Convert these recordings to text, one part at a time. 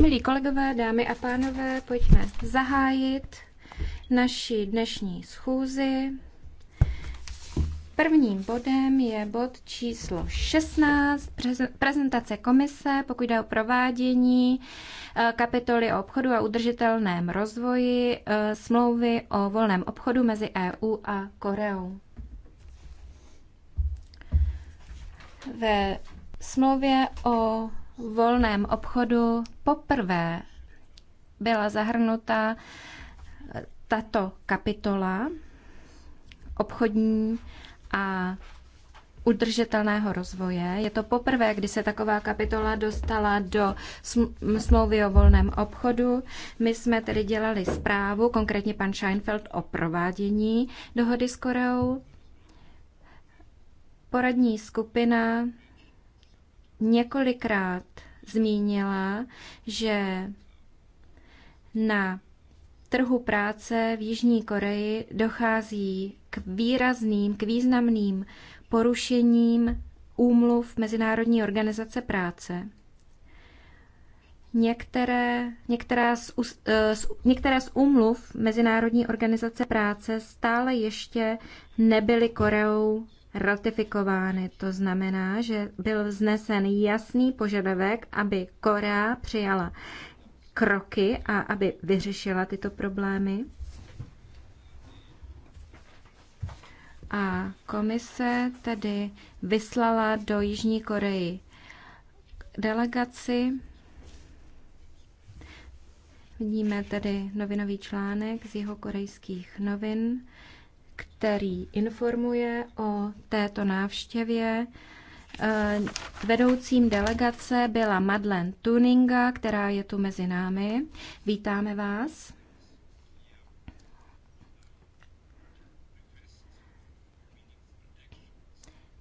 Milí kolegové, dámy a pánové, pojďme zahájit naši dnešní schůzi. Prvním bodem je bod číslo 16, prezentace komise, pokud jde o provádění eh, kapitoly o obchodu a udržitelném rozvoji eh, smlouvy o volném obchodu mezi EU a Koreou. Ve smlouvě o volném obchodu poprvé byla zahrnuta tato kapitola obchodní a udržitelného rozvoje. Je to poprvé, kdy se taková kapitola dostala do smlouvy o volném obchodu. My jsme tedy dělali zprávu, konkrétně pan Scheinfeld, o provádění dohody s Koreou. Poradní skupina několikrát zmínila, že na trhu práce v Jižní Koreji dochází k výrazným, k významným porušením úmluv Mezinárodní organizace práce. Některé, některá z, eh, z, některé z úmluv Mezinárodní organizace práce stále ještě nebyly Koreou ratifikovány. To znamená, že byl vznesen jasný požadavek, aby Korea přijala kroky a aby vyřešila tyto problémy. A komise tedy vyslala do Jižní Koreji delegaci. Vidíme tedy novinový článek z jeho korejských novin který informuje o této návštěvě. E, vedoucím delegace byla Madeleine Tuninga, která je tu mezi námi. Vítáme vás.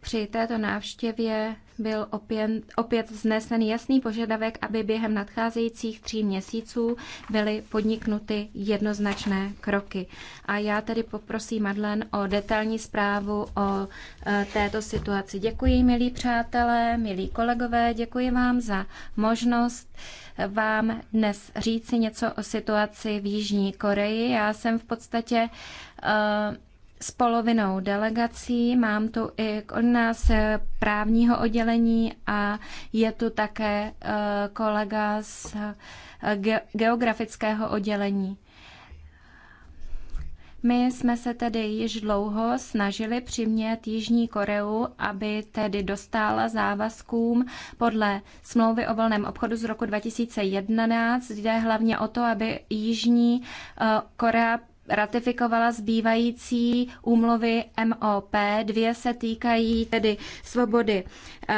Při této návštěvě byl opět, opět vznesen jasný požadavek, aby během nadcházejících tří měsíců byly podniknuty jednoznačné kroky. A já tedy poprosím Madlen o detailní zprávu o e, této situaci. Děkuji, milí přátelé, milí kolegové, děkuji vám za možnost e, vám dnes říci něco o situaci v Jižní Koreji. Já jsem v podstatě E, s polovinou delegací. Mám tu i od nás eh, právního oddělení a je tu také eh, kolega z eh, geografického oddělení. My jsme se tedy již dlouho snažili přimět Jižní Koreu, aby tedy dostála závazkům podle smlouvy o volném obchodu z roku 2011. Jde hlavně o to, aby Jižní Korea ratifikovala zbývající úmluvy MOP. Dvě se týkají tedy svobody uh,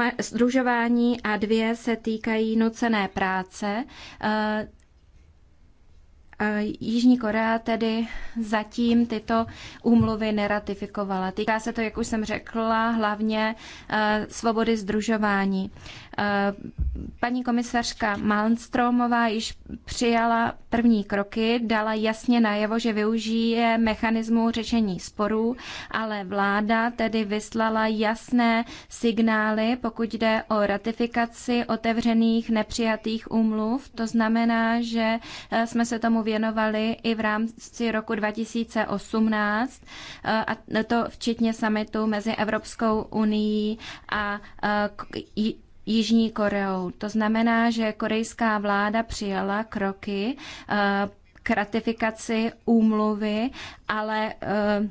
eh, združování a dvě se týkají nucené práce. Uh, Jižní Korea tedy zatím tyto úmluvy neratifikovala. Týká se to, jak už jsem řekla, hlavně svobody združování. Eh, paní komisařka Malmstromová již přijala první kroky, dala jasně najevo, že využije mechanismu řešení sporů, ale vláda tedy vyslala jasné signály, pokud jde o ratifikaci otevřených nepřijatých úmluv. To znamená, že eh, jsme se tomu věnovali i v rámci roku 2018, eh, a to včetně summitu mezi Evropskou unii a Jižní Koreou. To znamená, že korejská vláda přijala kroky eh, k ratifikaci úmluvy, ale eh,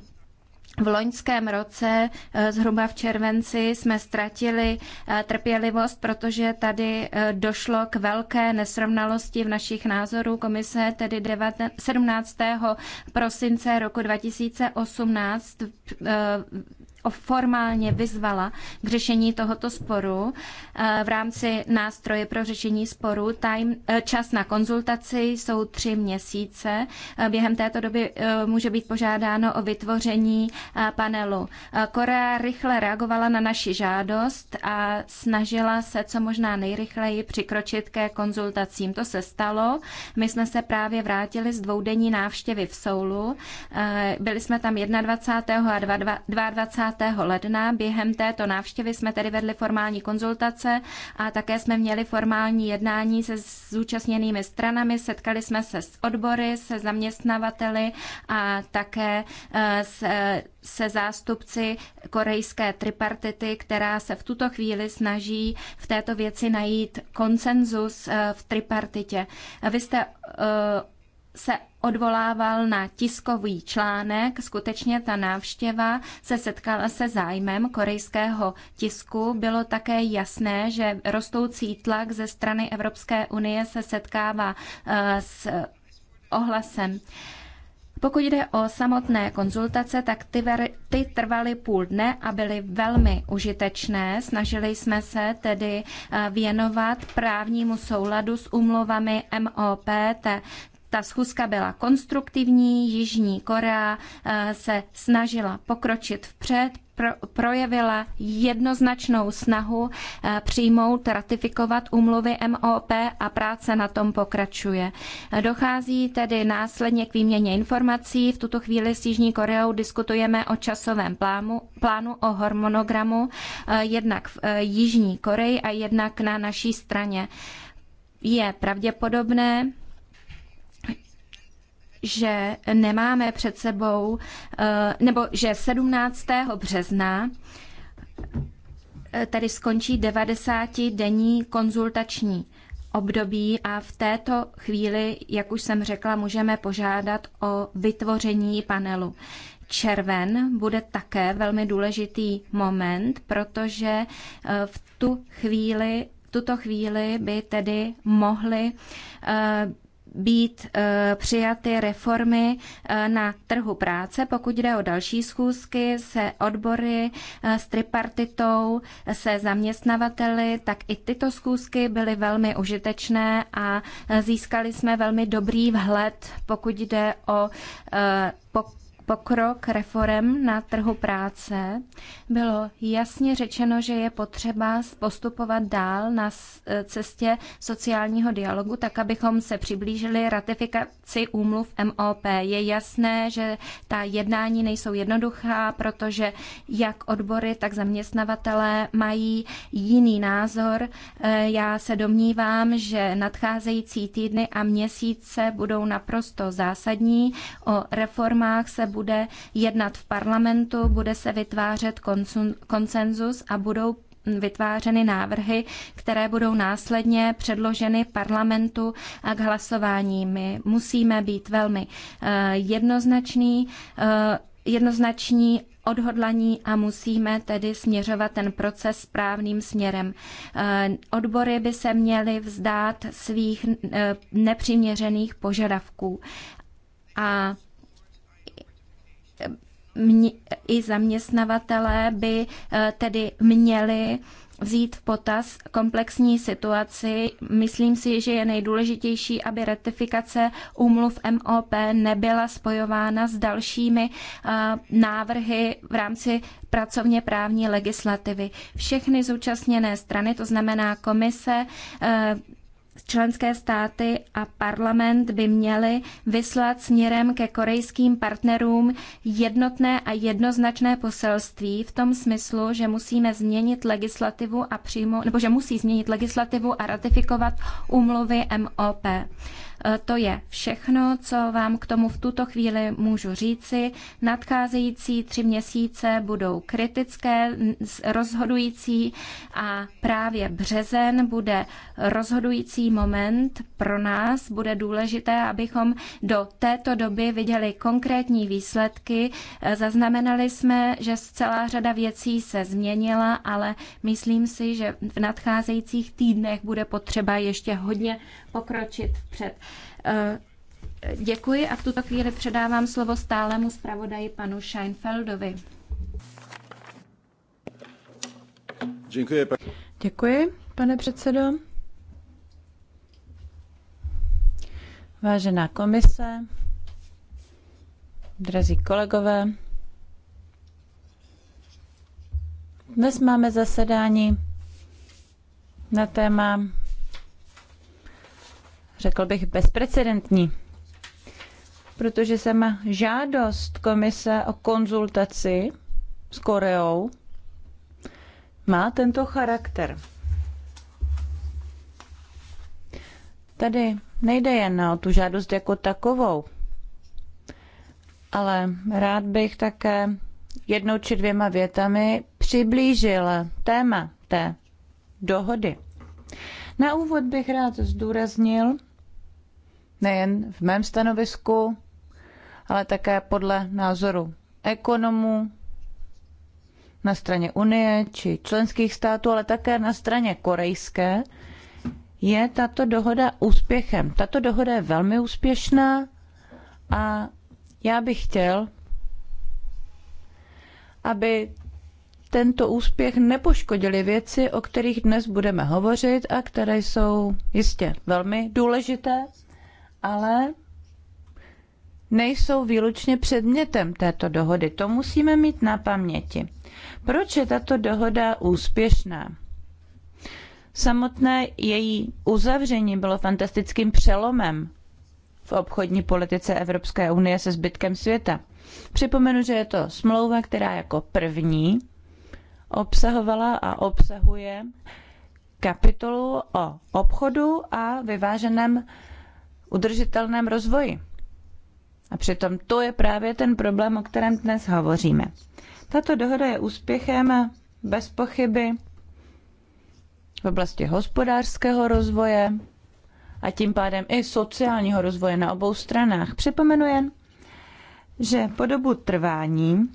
v loňském roce, eh, zhruba v červenci, jsme ztratili trpělivost, protože tady došlo k velké nesrovnalosti v našich názorů. Komise tedy 17. prosince roku 2018 formálně vyzvala k řešení tohoto sporu eh, v rámci nástroje pro řešení sporu. Time, eh, čas na konzultaci jsou tři měsíce. Eh, během této doby může být požádáno o vytvoření panelu. Korea rychle reagovala na naši žádost a snažila se co možná nejrychleji přikročit ke konzultacím. To se stalo. My jsme se právě vrátili z dvoudenní návštěvy v Soulu. Byli jsme tam 21. a 22. 30. ledna. Během této návštěvy jsme tedy vedli formální konzultace a také jsme měli formální jednání se zúčastněnými stranami. Setkali jsme se s odbory, se zaměstnavateli a také eh, se, eh, se zástupci korejské tripartity, která se v tuto chvíli snaží v této věci najít konsenzus eh, v tripartitě. Vy jste se odvolával na tiskový článek. Skutečně ta návštěva se setkala se zájmem korejského tisku. Bylo také jasné, že rostoucí tlak ze strany Evropské unie se setkává eh, s ohlasem. Pokud jde o samotné konzultace, tak ty, ver, ty trvaly půl dne a byly velmi užitečné. Snažili jsme se tedy eh, věnovat právnímu souladu s umluvami MOP, té ta schůzka byla konstruktivní, Jižní Korea eh, se snažila pokročit vpřed, projevila jednoznačnou snahu eh, přijmout, ratifikovat umluvy MOP a práce na tom pokračuje. Dochází tedy následně k výměně informací. V tuto chvíli s Jižní Koreou diskutujeme o časovém plánu, plánu o hormonogramu eh, jednak v Jižní Koreji a jednak na naší straně. Je pravděpodobné, že nemáme před sebou, eh, nebo že 17. března eh, tady skončí 90-denní konzultační období a v této chvíli, jak už jsem řekla, můžeme požádat o vytvoření panelu. Červen bude také velmi důležitý moment, protože eh, v tu chvíli, tuto chvíli by tedy mohly být eh, přijaty reformy eh, na trhu práce. Pokud jde o další schůzky se odbory eh, s tripartitou, se zaměstnavateli, tak i tyto schůzky byly velmi užitečné a získali jsme velmi dobrý vhled, pokud jde o pokrok reform na trhu práce, bylo jasně řečeno, že je potřeba postupovat dál na e, cestě sociálního dialogu, tak abychom se přiblížili ratifikaci úmluv MOP. Je jasné, že ta jednání nejsou jednoduchá, protože jak odbory, tak zaměstnavatelé mají jiný názor. E, já se domnívám, že nadcházející týdny a měsíce budou naprosto zásadní. O reformách se bude bude jednat v parlamentu, bude se vytvářet konsenzus a budou vytvářeny návrhy, které budou následně předloženy parlamentu a k hlasování. My musíme být velmi eh, jednoznační, eh, jednoznační odhodlaní a musíme tedy směřovat ten proces správným směrem. Eh, odbory by se měly vzdát svých nepřiměřených požadavků. A mě, i zaměstnavatelé by eh, tedy měli vzít v potaz komplexní situaci. Myslím si, že je nejdůležitější, aby ratifikace úmluv MOP nebyla spojována s dalšími eh, návrhy v rámci pracovně právní legislativy. Všechny zúčastněné strany, to znamená komise, eh, členské státy a parlament by měly vyslat směrem ke korejským partnerům jednotné a jednoznačné poselství v tom smyslu, že musíme změnit legislativu a přijmout, nebo že musí změnit legislativu a ratifikovat úmluvy MOP. Eh, to je všechno, co vám k tomu v tuto chvíli můžu říci. Nadcházející tři měsíce budou kritické, rozhodující a právě březen bude rozhodující moment pro nás. Bude důležité, abychom do této doby viděli konkrétní výsledky. Eh, zaznamenali jsme, že celá řada věcí se změnila, ale myslím si, že v nadcházejících týdnech bude potřeba ještě hodně pokročit vpřed. Eh, děkuji a v tuto chvíli předávám slovo stálemu zpravodaji panu Scheinfeldovi. Děkuji. Děkuji, pane předsedo. Vážená komise, drazí kolegové, dnes máme zasedání na téma řekl bych, bezprecedentní, protože se má žádost komise o konzultaci s Koreou má tento charakter. Tady nejde jen o tu žádost jako takovou, ale rád bych také jednou či dvěma větami přiblížil téma té dohody. Na úvod bych rád zdůraznil, nejen v mém stanovisku, ale také podle názoru ekonomů na straně Unie či členských států, ale také na straně korejské, je tato dohoda úspěchem. Tato dohoda je velmi úspěšná a já bych chtěl, aby tento úspěch nepoškodili věci, o kterých dnes budeme hovořit a které jsou jistě velmi důležité ale nejsou výlučně předmětem této dohody. To musíme mít na paměti. Proč je tato dohoda úspěšná? Samotné její uzavření bylo fantastickým přelomem v obchodní politice Evropské unie se zbytkem světa. Připomenu, že je to smlouva, která jako první obsahovala a obsahuje kapitolu o obchodu a vyváženém udržitelném rozvoji. A přitom to je právě ten problém, o kterém dnes hovoříme. Tato dohoda je úspěchem bez pochyby v oblasti hospodářského rozvoje a tím pádem i sociálního rozvoje na obou stranách. Připomenu jen, že po dobu trvání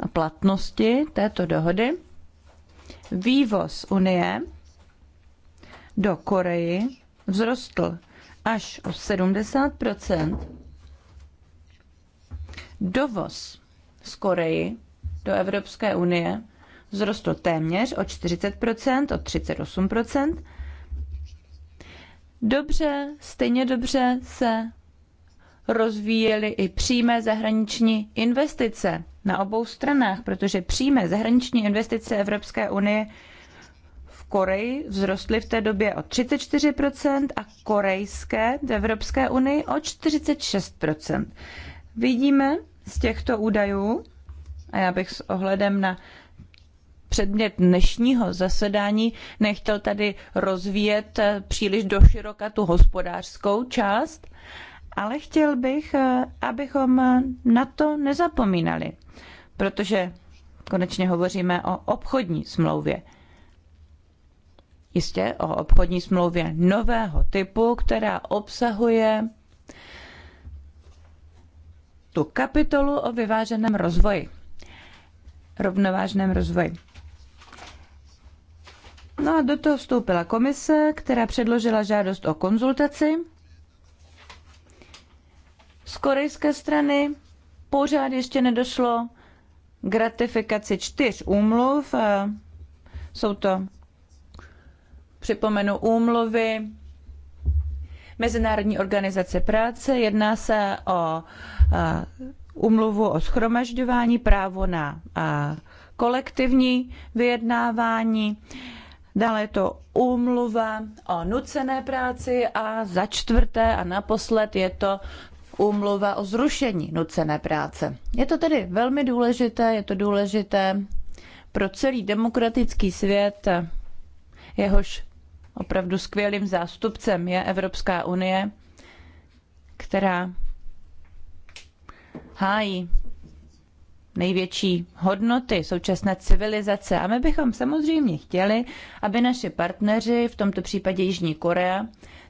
a platnosti této dohody vývoz Unie do Koreji vzrostl až o 70 dovoz z Koreji do Evropské unie vzrostl téměř o 40 o 38 Dobře, stejně dobře se rozvíjely i přímé zahraniční investice na obou stranách, protože přímé zahraniční investice Evropské unie Koreji vzrostly v té době o 34% a korejské v Evropské unii o 46%. Vidíme z těchto údajů, a já bych s ohledem na předmět dnešního zasedání nechtěl tady rozvíjet eh, příliš doširoka tu hospodářskou část, ale chtěl bych, eh, abychom eh, na to nezapomínali, protože konečně hovoříme o obchodní smlouvě jistě o obchodní smlouvě nového typu, která obsahuje tu kapitolu o vyváženém rozvoji, rovnovážném rozvoji. No a do toho vstoupila komise, která předložila žádost o konzultaci. Z korejské strany pořád ještě nedošlo k ratifikaci čtyř úmluv. Jsou to Připomenu úmluvy Mezinárodní organizace práce. Jedná se o úmluvu o schromažďování, právo na kolektivní vyjednávání. Dále je to úmluva o nucené práci a za čtvrté a naposled je to úmluva o zrušení nucené práce. Je to tedy velmi důležité, je to důležité pro celý demokratický svět, jehož Opravdu skvělým zástupcem je Evropská unie, která hájí největší hodnoty současné civilizace. A my bychom samozřejmě chtěli, aby naši partneři, v tomto případě Jižní Korea,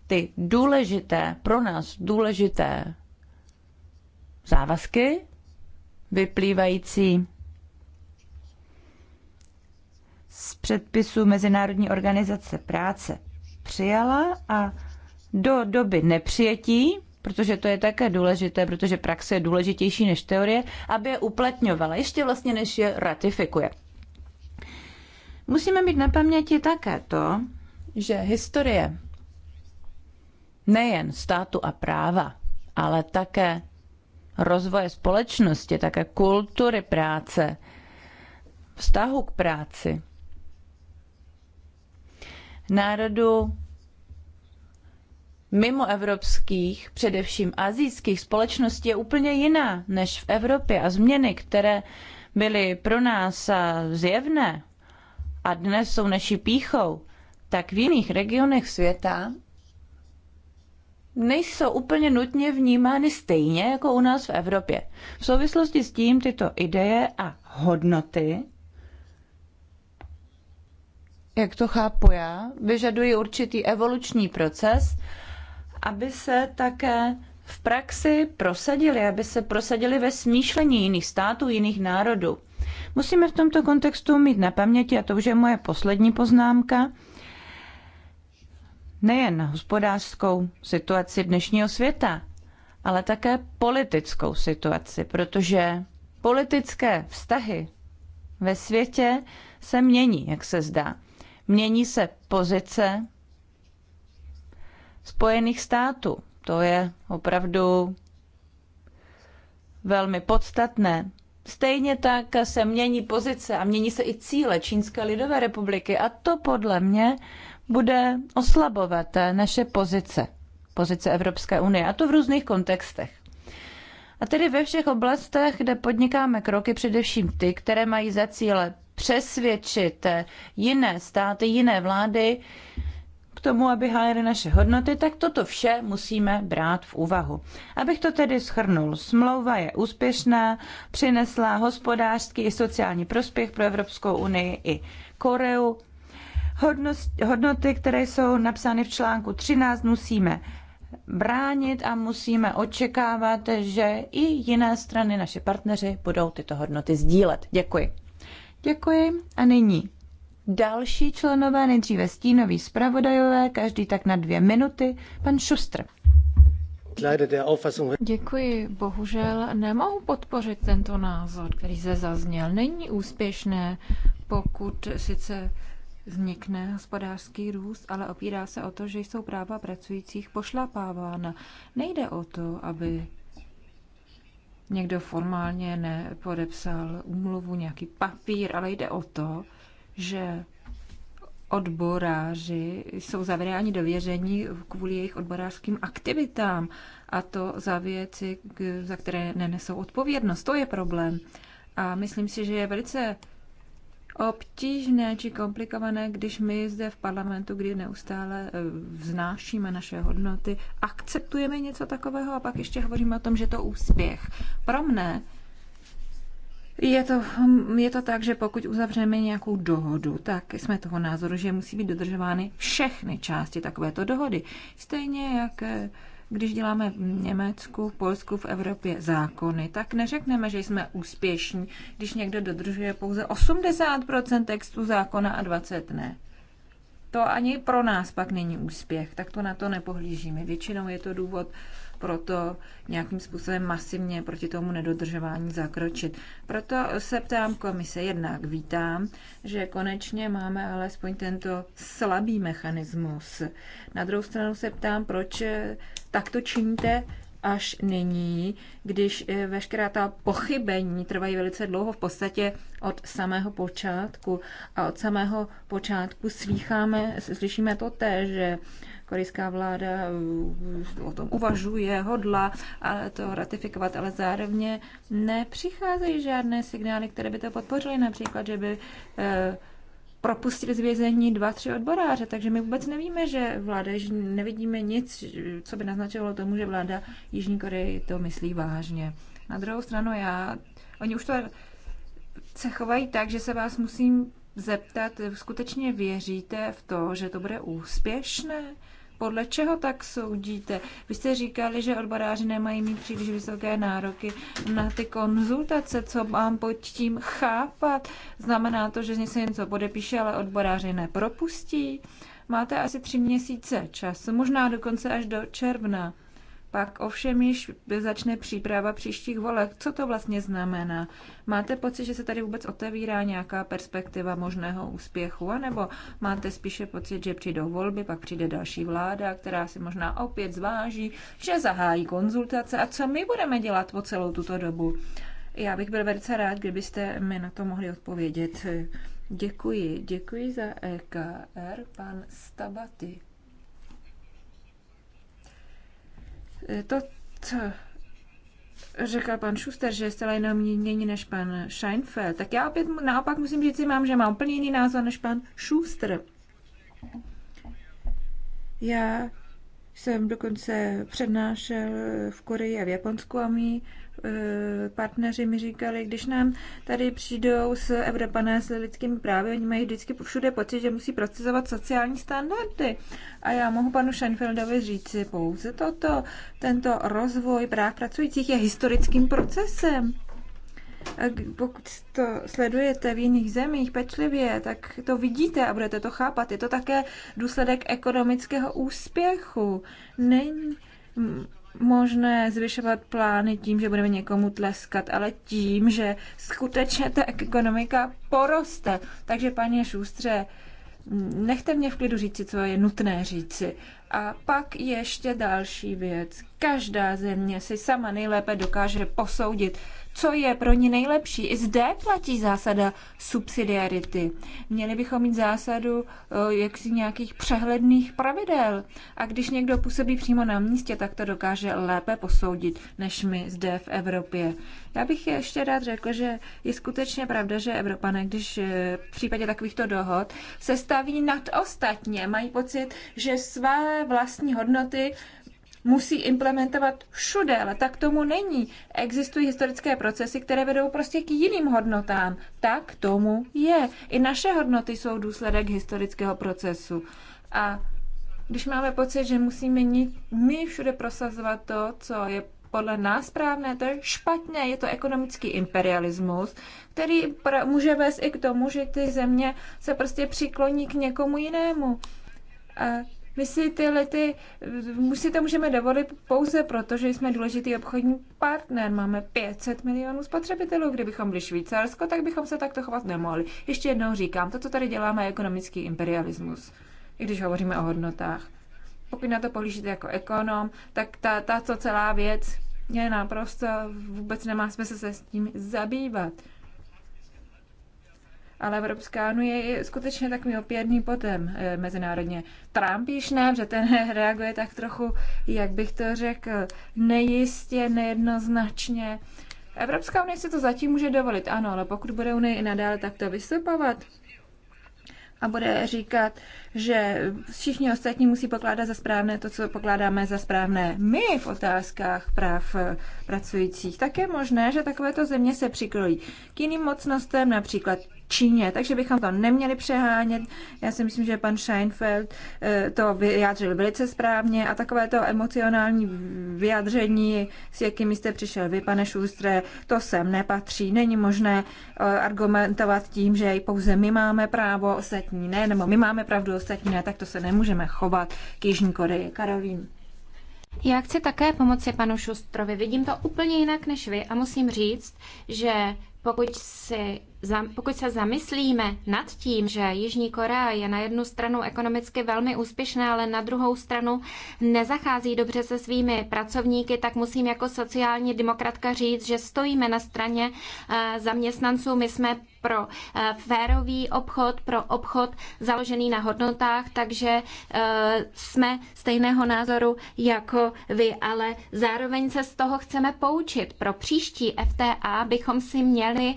ty důležité, pro nás důležité závazky, vyplývající z předpisů Mezinárodní organizace práce přijala a do doby nepřijetí, protože to je také důležité, protože praxe je důležitější než teorie, aby je uplatňovala, ještě vlastně než je ratifikuje. Musíme mít na paměti také to, že historie nejen státu a práva, ale také rozvoje společnosti, také kultury práce, vztahu k práci, národů mimo evropských, především azijských společností je úplně jiná než v Evropě a změny, které byly pro nás zjevné a dnes jsou naší píchou, tak v jiných regionech světa nejsou úplně nutně vnímány stejně jako u nás v Evropě. V souvislosti s tím tyto ideje a hodnoty jak to chápu já, vyžadují určitý evoluční proces, aby se také v praxi prosadili, aby se prosadili ve smýšlení jiných států, jiných národů. Musíme v tomto kontextu mít na paměti, a to už je moje poslední poznámka, nejen hospodářskou situaci dnešního světa, ale také politickou situaci, protože politické vztahy ve světě se mění, jak se zdá. Mění se pozice Spojených států. To je opravdu velmi podstatné. Stejně tak se mění pozice a mění se i cíle Čínské lidové republiky a to podle mě bude oslabovat naše pozice, pozice Evropské unie a to v různých kontextech. A tedy ve všech oblastech, kde podnikáme kroky, především ty, které mají za cíle přesvědčit jiné státy, jiné vlády k tomu, aby hájily naše hodnoty, tak toto vše musíme brát v úvahu. Abych to tedy schrnul, smlouva je úspěšná, přinesla hospodářský i sociální prospěch pro Evropskou unii i Koreu. Hodnoty, které jsou napsány v článku 13, musíme bránit a musíme očekávat, že i jiné strany, naše partneři, budou tyto hodnoty sdílet. Děkuji. Děkuji a nyní další členové, nejdříve stínoví zpravodajové, každý tak na dvě minuty. Pan Šustr. Děkuji. Bohužel nemohu podpořit tento názor, který se zazněl. Není úspěšné, pokud sice vznikne hospodářský růst, ale opírá se o to, že jsou práva pracujících pošlapávána. Nejde o to, aby někdo formálně nepodepsal umluvu, nějaký papír, ale jde o to, že odboráři jsou zavíráni do věření kvůli jejich odborářským aktivitám a to za věci, za které nenesou odpovědnost. To je problém. A myslím si, že je velice obtížné či komplikované, když my zde v parlamentu, kdy neustále eh, vznášíme naše hodnoty, akceptujeme něco takového a pak ještě hovoříme o tom, že to úspěch. Pro mne je to, hm, je to tak, že pokud uzavřeme nějakou dohodu, tak jsme toho názoru, že musí být dodržovány všechny části takovéto dohody. Stejně jak eh, když děláme v Německu, v Polsku, v Evropě zákony, tak neřekneme, že jsme úspěšní, když někdo dodržuje pouze 80% textu zákona a 20 ne. To ani pro nás pak není úspěch, tak to na to nepohlížíme. Většinou je to důvod proto nějakým způsobem masivně proti tomu nedodržování zakročit. Proto se ptám komise, jednak vítám, že konečně máme alespoň tento slabý mechanismus. Na druhou stranu se ptám, proč eh, takto činíte až nyní, když eh, veškerá ta pochybení trvají velice dlouho, v podstatě od samého počátku. A od samého počátku slycháme, slyšíme to té, že Korejská vláda eh, o tom uvažuje, hodla ale to ratifikovat, ale zároveň nepřicházejí žádné signály, které by to podpořily, například, že by eh, propustili z vězení dva, tři odboráře, takže my vůbec nevíme, že vláda, že nevidíme nic, co by naznačovalo tomu, že vláda Jižní Koreje to myslí vážně. Na druhou stranu já, oni už to se chovají tak, že se vás musím zeptat, skutečně věříte v to, že to bude úspěšné? Podle čeho tak soudíte? Vy jste říkali, že odboráři nemají mít příliš vysoké nároky na ty konzultace. Co mám pod tím chápat? Znamená to, že se něco podepíše, ale odboráři nepropustí? Máte asi tři měsíce času, možná dokonce až do června pak ovšem již začne příprava příštích voleb. Co to vlastně znamená? Máte pocit, že se tady vůbec otevírá nějaká perspektiva možného úspěchu, a nebo máte spíše pocit, že přijdou volby, pak přijde další vláda, která si možná opět zváží, že zahájí konzultace a co my budeme dělat po celou tuto dobu? Já bych byl velice rád, kdybyste mi na to mohli odpovědět. Děkuji. Děkuji za EKR, pan Stabaty. To, co řekl pan Schuster, že je zcela jenom mění než pan Scheinfeld, tak já opět naopak musím říct že mám, že mám úplně jiný názor než pan Schuster. Já jsem dokonce přednášel v Koreji a v Japonsku a mý Eh, partneři mi říkali, když nám tady přijdou s Evropané s lidskými právy, oni mají vždycky všude pocit, že musí procesovat sociální standardy. A já mohu panu Scheinfeldovi říci pouze toto. Tento rozvoj práv pracujících je historickým procesem. A pokud to sledujete v jiných zemích pečlivě, tak to vidíte a budete to chápat. Je to také důsledek ekonomického úspěchu. Není, možné zvyšovat plány tím, že budeme někomu tleskat, ale tím, že skutečně ta ekonomika poroste. Takže, paní Šustře, nechte mě v klidu říci, co je nutné říci. A pak ještě další věc. Každá země si sama nejlépe dokáže posoudit, co je pro ně nejlepší. I zde platí zásada subsidiarity. Měli bychom mít zásadu eh, jaksi nějakých přehledných pravidel. A když někdo působí přímo na místě, tak to dokáže lépe posoudit, než my zde v Evropě. Já bych ještě rád řekl, že je skutečně pravda, že Evropané, když eh, v případě takovýchto dohod se staví nad ostatně, mají pocit, že své vlastní hodnoty musí implementovat všude, ale tak tomu není. Existují historické procesy, které vedou prostě k jiným hodnotám. Tak tomu je. I naše hodnoty jsou důsledek historického procesu. A když máme pocit, že musíme my všude prosazovat to, co je podle nás správné, to je špatně, je to ekonomický imperialismus, který může vést i k tomu, že ty země se prostě přikloní k někomu jinému. A my si ty lety, my si to můžeme dovolit pouze proto, že jsme důležitý obchodní partner. Máme 500 milionů spotřebitelů. Kdybychom byli Švýcarsko, tak bychom se takto chovat nemohli. Ještě jednou říkám, to, co tady děláme, je ekonomický imperialismus. I když hovoříme o hodnotách. Pokud na to pohlížíte jako ekonom, tak ta, ta co celá věc je naprosto, vůbec nemá smysl se s tím zabývat ale Evropská unie je skutečně takový opěrný potem eh, mezinárodně. Trump již ne, že ten reaguje tak trochu, jak bych to řekl, nejistě, nejednoznačně. Evropská unie si to zatím může dovolit, ano, ale pokud bude unie i nadále takto vystupovat, a bude říkat, že všichni ostatní musí pokládat za správné to, co pokládáme za správné my v otázkách práv eh, pracujících, tak je možné, že takovéto země se přikrojí k jiným mocnostem, například Číně. Takže bychom to neměli přehánět. Já si myslím, že pan Scheinfeld eh, to vyjádřil velice správně a takové to emocionální vyjádření, s jakými jste přišel vy, pane Šustre, to sem nepatří. Není možné eh, argumentovat tím, že pouze my máme právo, ostatní ne, nebo my máme pravdu, ostatní ne, tak to se nemůžeme chovat k Jižní Koreji. Karolín. Já chci také pomoci panu Šustrovi. Vidím to úplně jinak než vy a musím říct, že pokud si pokud se zamyslíme nad tím, že Jižní Korea je na jednu stranu ekonomicky velmi úspěšná, ale na druhou stranu nezachází dobře se svými pracovníky, tak musím jako sociální demokratka říct, že stojíme na straně eh, zaměstnanců. My jsme pro eh, férový obchod, pro obchod založený na hodnotách, takže eh, jsme stejného názoru jako vy, ale zároveň se z toho chceme poučit. Pro příští FTA bychom si měli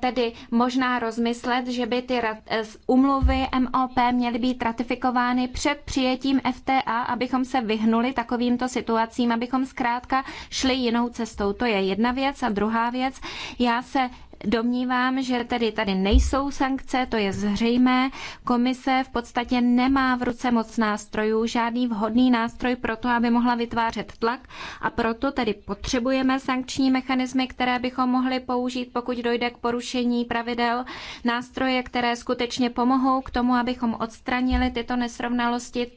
tedy možná rozmyslet, že by ty eh, umluvy MOP měly být ratifikovány před přijetím FTA, abychom se vyhnuli takovýmto situacím, abychom zkrátka šli jinou cestou. To je jedna věc. A druhá věc, já se domnívám, že tedy tady nejsou sankce, to je zřejmé. Komise v podstatě nemá v ruce moc nástrojů, žádný vhodný nástroj pro to, aby mohla vytvářet tlak a proto tedy potřebujeme sankční mechanismy, které bychom mohli použít, pokud dojde k porušení pravidel, nástroje, které skutečně pomohou k tomu, abychom odstranili tyto nesrovnalosti,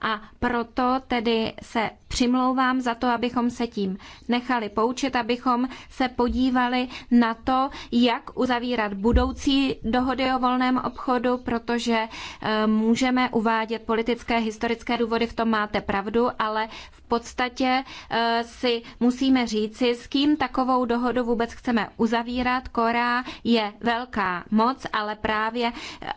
a proto tedy se přimlouvám za to, abychom se tím nechali poučit, abychom se podívali na to, jak uzavírat budoucí dohody o volném obchodu, protože eh, můžeme uvádět politické, historické důvody, v tom máte pravdu, ale podstatě eh, si musíme říci, s kým takovou dohodu vůbec chceme uzavírat. Korea je velká moc, ale právě,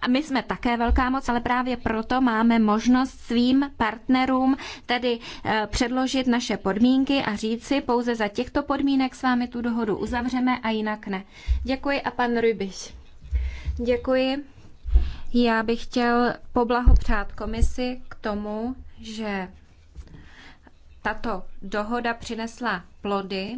my jsme také velká moc, ale právě proto máme možnost svým partnerům tedy eh, předložit naše podmínky a říci, pouze za těchto podmínek s vámi tu dohodu uzavřeme a jinak ne. Děkuji a pan Rybiš. Děkuji. Já bych chtěl poblahopřát komisi k tomu, že tato dohoda přinesla plody,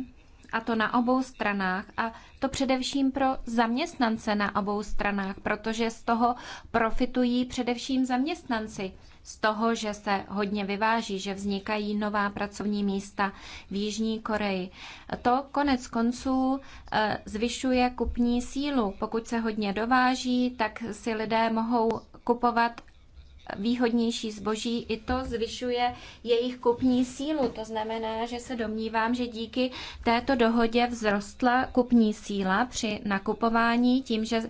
a to na obou stranách, a to především pro zaměstnance na obou stranách, protože z toho profitují především zaměstnanci. Z toho, že se hodně vyváží, že vznikají nová pracovní místa v Jižní Koreji. To konec konců e, zvyšuje kupní sílu. Pokud se hodně dováží, tak si lidé mohou kupovat výhodnější zboží, i to zvyšuje jejich kupní sílu. To znamená, že se domnívám, že díky této dohodě vzrostla kupní síla při nakupování tím, že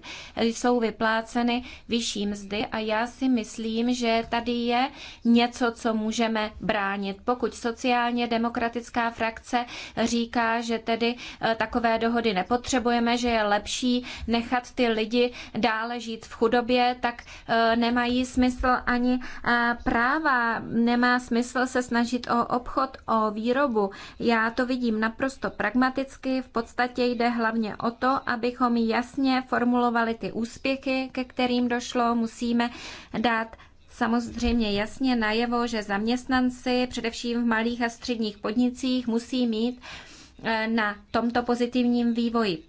jsou vypláceny vyšší mzdy a já si myslím, že tady je něco, co můžeme bránit. Pokud sociálně demokratická frakce říká, že tedy eh, takové dohody nepotřebujeme, že je lepší nechat ty lidi dále žít v chudobě, tak eh, nemají smysl ani práva. Nemá smysl se snažit o obchod, o výrobu. Já to vidím naprosto pragmaticky. V podstatě jde hlavně o to, abychom jasně formulovali ty úspěchy, ke kterým došlo. Musíme dát samozřejmě jasně najevo, že zaměstnanci, především v malých a středních podnicích, musí mít e, na tomto pozitivním vývoji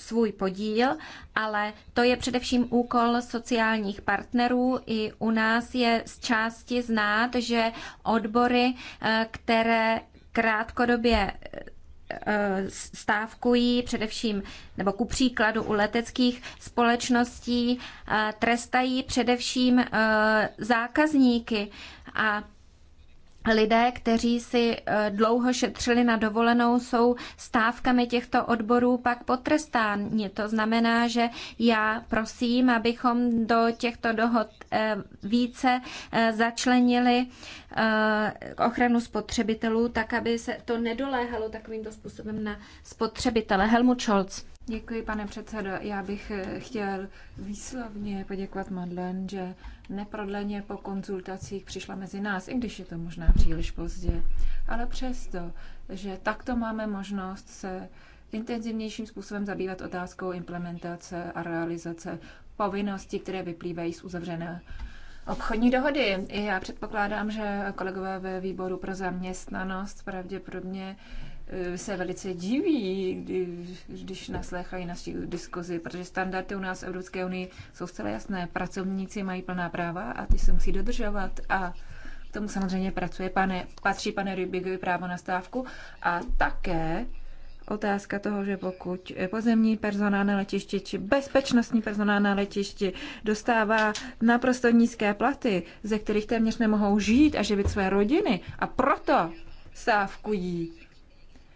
svůj podíl, ale to je především úkol sociálních partnerů. I u nás je z části znát, že odbory, eh, které krátkodobě eh, stávkují především, nebo ku příkladu u leteckých společností, eh, trestají především zákazníky a Lidé, kteří si eh, dlouho šetřili na dovolenou, jsou stávkami těchto odborů pak potrestáni. To znamená, že já prosím, abychom do těchto dohod eh, více eh, začlenili ochranu spotřebitelů, tak aby se to nedoléhalo takovýmto způsobem na spotřebitele. Helmut Scholz. Děkuji, pane předsedo. Já bych eh, chtěl výslovně poděkovat Madlen, že neprodleně po konzultacích přišla mezi nás, i když je to možná příliš pozdě. Ale přesto, že takto máme možnost se intenzivnějším způsobem zabývat otázkou implementace a realizace povinností, které vyplývají z uzavřené obchodní dohody. Já předpokládám, že kolegové ve výboru pro zaměstnanost pravděpodobně Eh, se velice diví, když nasléchají naši diskuzi, protože standardy u nás v Evropské unii jsou zcela jasné. Pracovníci mají plná práva a ty se musí dodržovat a k tomu samozřejmě pracuje pane, patří pane Rybigovi právo na stávku a také otázka toho, že pokud pozemní personál na letišti či bezpečnostní personál na letišti dostává naprosto nízké platy, ze kterých téměř nemohou žít a živit své rodiny a proto stávkují,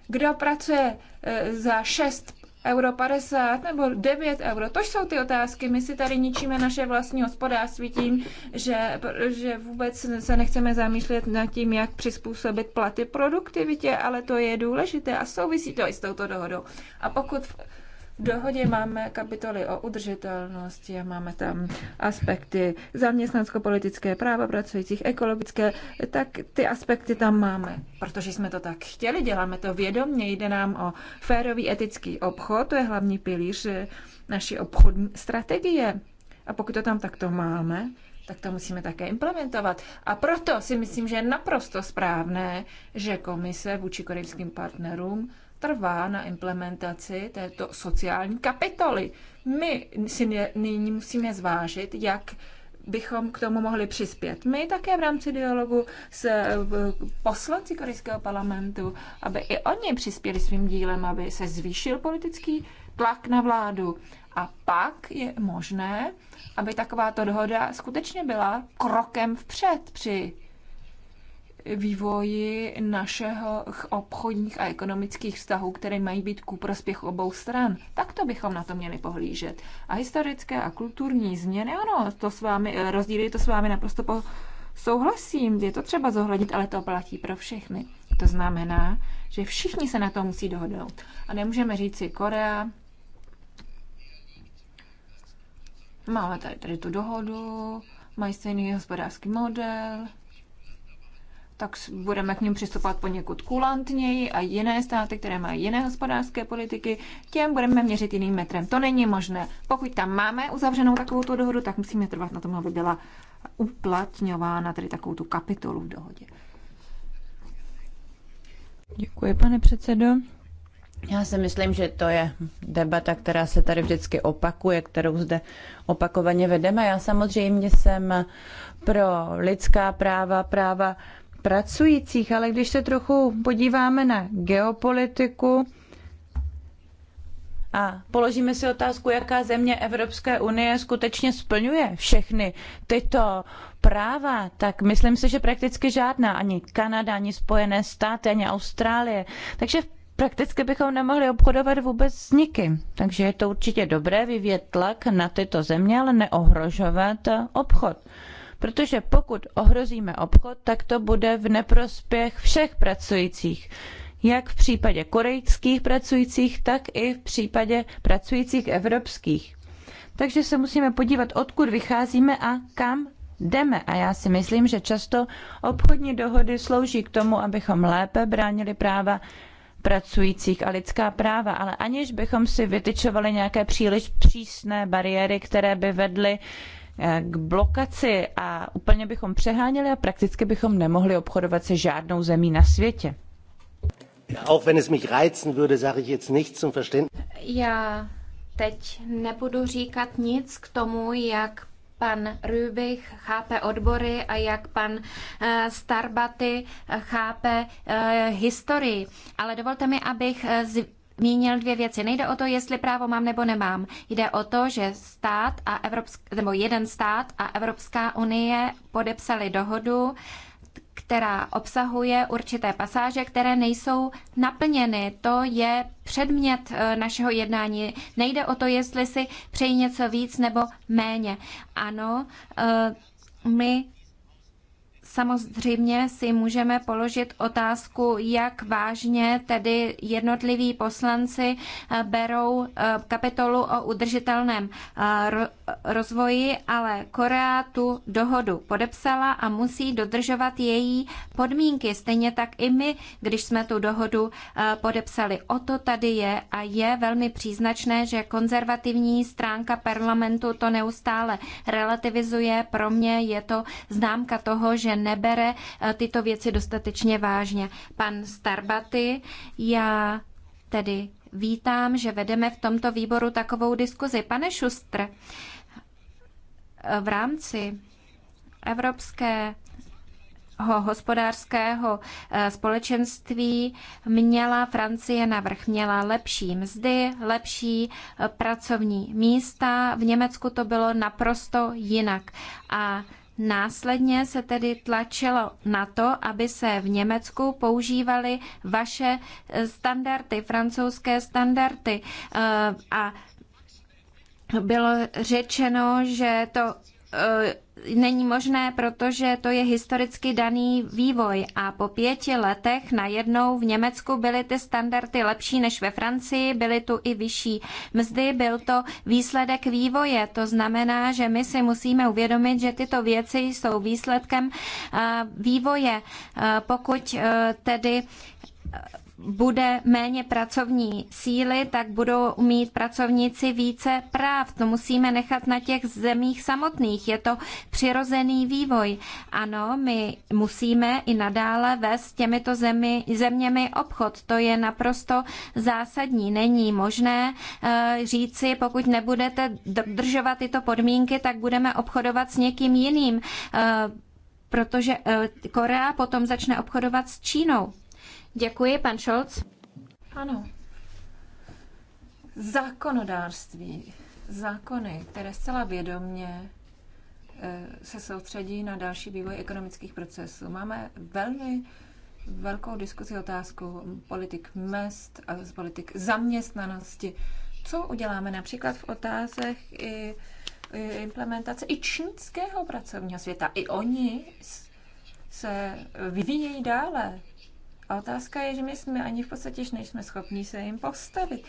kdo pracuje e, za 6 euro 50 nebo 9 euro. To jsou ty otázky. My si tady ničíme naše vlastní hospodářství tím, že, že vůbec se nechceme zamýšlet nad tím, jak přizpůsobit platy produktivitě, ale to je důležité a souvisí to i s touto dohodou. A pokud v dohodě máme kapitoly o udržitelnosti a máme tam aspekty zaměstnansko-politické práva pracujících, ekologické, tak ty aspekty tam máme, protože jsme to tak chtěli, děláme to vědomně, jde nám o férový etický obchod, to je hlavní pilíř eh, naší obchodní strategie. A pokud to tam takto máme, tak to musíme také implementovat. A proto si myslím, že je naprosto správné, že komise vůči korejským partnerům trvá na implementaci této sociální kapitoly. My si nyní musíme zvážit, jak bychom k tomu mohli přispět. My také v rámci dialogu s poslanci Korejského parlamentu, aby i oni přispěli svým dílem, aby se zvýšil politický tlak na vládu. A pak je možné, aby takováto dohoda skutečně byla krokem vpřed při vývoji našeho obchodních a ekonomických vztahů, které mají být ku prospěchu obou stran. Tak to bychom na to měli pohlížet. A historické a kulturní změny, ano, to s vámi, rozdíly to s vámi naprosto po, souhlasím, je to třeba zohlednit, ale to platí pro všechny. To znamená, že všichni se na to musí dohodnout. A nemůžeme říct si Korea, máme tady, tady tu dohodu, mají stejný hospodářský model, tak budeme k ním přistupovat poněkud kulantněji a jiné státy, které mají jiné hospodářské politiky, těm budeme měřit jiným metrem. To není možné. Pokud tam máme uzavřenou takovou tu dohodu, tak musíme trvat na tom, aby byla uplatňována tedy takovou tu kapitolu v dohodě. Děkuji, pane předsedo. Já si myslím, že to je debata, která se tady vždycky opakuje, kterou zde opakovaně vedeme. Já samozřejmě jsem pro lidská práva, práva pracujících, ale když se trochu podíváme na geopolitiku a položíme si otázku, jaká země Evropské unie skutečně splňuje všechny tyto práva, tak myslím si, že prakticky žádná, ani Kanada, ani Spojené státy, ani Austrálie. Takže prakticky bychom nemohli obchodovat vůbec s nikým. Takže je to určitě dobré vyvět tlak na tyto země, ale neohrožovat obchod. Protože pokud ohrozíme obchod, tak to bude v neprospěch všech pracujících. Jak v případě korejských pracujících, tak i v případě pracujících evropských. Takže se musíme podívat, odkud vycházíme a kam jdeme. A já si myslím, že často obchodní dohody slouží k tomu, abychom lépe bránili práva pracujících a lidská práva, ale aniž bychom si vytyčovali nějaké příliš přísné bariéry, které by vedly k blokaci a úplně bychom přeháněli a prakticky bychom nemohli obchodovat se žádnou zemí na světě. Auch wenn es mich reizen würde, sage ich jetzt nichts zum Verständnis. Já teď nebudu říkat nic k tomu, jak pan Rübich chápe odbory a jak pan eh, Starbaty eh, chápe eh, historii. Ale dovolte mi, abych zmínil dvě věci. Nejde o to, jestli právo mám nebo nemám. Jde o to, že stát a Evropsk, nebo jeden stát a Evropská unie podepsali dohodu, která obsahuje určité pasáže, které nejsou naplněny. To je předmět eh, našeho jednání. Nejde o to, jestli si přeji něco víc nebo méně. Ano, eh, my Samozřejmě si můžeme položit otázku, jak vážně tedy jednotliví poslanci eh, berou eh, kapitolu o udržitelném eh, rozvoji, ale Korea tu dohodu podepsala a musí dodržovat její podmínky. Stejně tak i my, když jsme tu dohodu podepsali. O to tady je a je velmi příznačné, že konzervativní stránka parlamentu to neustále relativizuje. Pro mě je to známka toho, že nebere eh, tyto věci dostatečně vážně. Pan Starbaty, já tedy vítám, že vedeme v tomto výboru takovou diskuzi. Pane Šustr, eh, v rámci Evropské hospodářského eh, společenství měla Francie navrh, měla lepší mzdy, lepší pracovní místa. V Německu to bylo naprosto jinak. A Následně se tedy tlačilo na to, aby se v Německu používaly vaše eh, standardy, francouzské standardy eh, a bylo řečeno, že to Eh, není možné, protože to je historicky daný vývoj a po pěti letech najednou v Německu byly ty standardy lepší než ve Francii, byly tu i vyšší mzdy, byl to výsledek vývoje. To znamená, že my si musíme uvědomit, že tyto věci jsou výsledkem eh, vývoje. Eh, pokud tedy bude méně pracovní síly, tak budou mít pracovníci více práv. To musíme nechat na těch zemích samotných. Je to přirozený vývoj. Ano, my musíme i nadále vést těmito zemi, zeměmi obchod. To je naprosto zásadní. Není možné e, říci, pokud nebudete držovat tyto podmínky, tak budeme obchodovat s někým jiným. E, protože eh, Korea potom začne obchodovat s Čínou. Děkuji, pan Scholz. Ano. Zákonodárství, zákony, které zcela vědomně eh, se soustředí na další vývoj ekonomických procesů. Máme velmi velkou diskuzi otázku politik mest a z politik zaměstnanosti. Co uděláme například v otázech i implementace i čínského pracovního světa? I oni se vyvíjejí dále. A otázka je, že my jsme ani v podstatě nejsme schopni se jim postavit.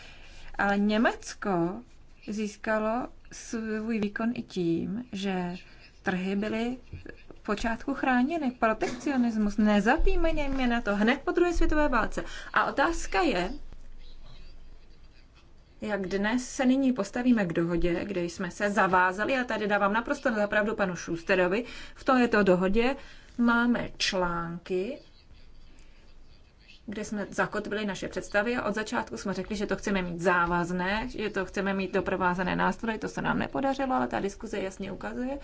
Ale Německo získalo svůj výkon i tím, že trhy byly v počátku chráněny. Protekcionismus, mě na to, hned po druhé světové válce. A otázka je, jak dnes se nyní postavíme k dohodě, kde jsme se zavázali, a tady dávám naprosto zapravdu panu Šusterovi, v to dohodě máme články, kde jsme zakotvili naše představy a od začátku jsme řekli, že to chceme mít závazné, že to chceme mít doprovázené nástroje, to se nám nepodařilo, ale ta diskuze jasně ukazuje,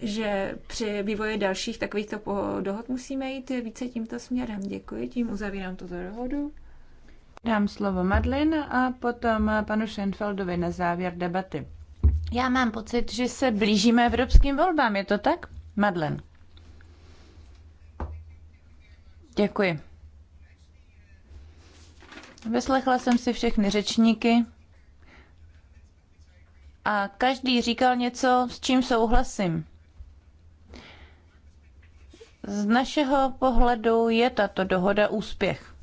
že při vývoji dalších takovýchto dohod musíme jít více tímto směrem. Děkuji, tím uzavírám tuto dohodu. Dám slovo Madlin a potom panu Schenfeldovi na závěr debaty. Já mám pocit, že se blížíme evropským volbám, je to tak? Madlen. Děkuji. Vyslechla jsem si všechny řečníky a každý říkal něco, s čím souhlasím. Z našeho pohledu je tato dohoda úspěch.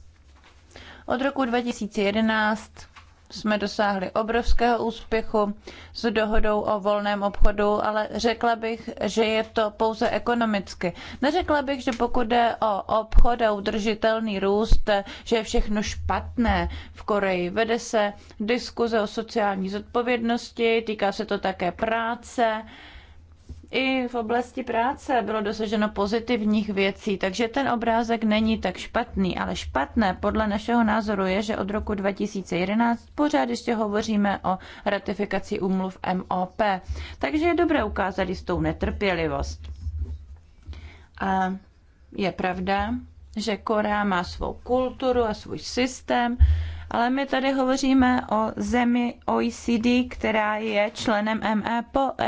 Od roku 2011 jsme dosáhli obrovského úspěchu s dohodou o volném obchodu, ale řekla bych, že je to pouze ekonomicky. Neřekla bych, že pokud jde o obchod a udržitelný růst, že je všechno špatné v Koreji. Vede se diskuze o sociální zodpovědnosti, týká se to také práce i v oblasti práce bylo dosaženo pozitivních věcí, takže ten obrázek není tak špatný, ale špatné podle našeho názoru je, že od roku 2011 pořád ještě hovoříme o ratifikaci úmluv MOP. Takže je dobré ukázat jistou netrpělivost. A je pravda, že Korea má svou kulturu a svůj systém, ale my tady hovoříme o zemi OECD, která je členem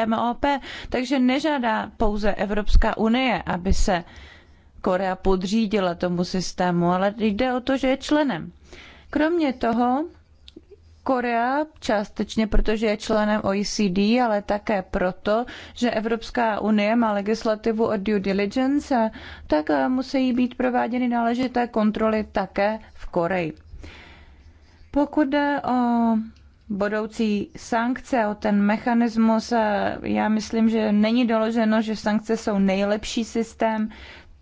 MOP, e takže nežádá pouze Evropská unie, aby se Korea podřídila tomu systému, ale jde o to, že je členem. Kromě toho, Korea částečně, protože je členem OECD, ale také proto, že Evropská unie má legislativu o due diligence, tak eh, musí být prováděny náležité kontroly také v Koreji. Pokud jde o budoucí sankce, o ten mechanismus, eh, já myslím, že není doloženo, že sankce jsou nejlepší systém.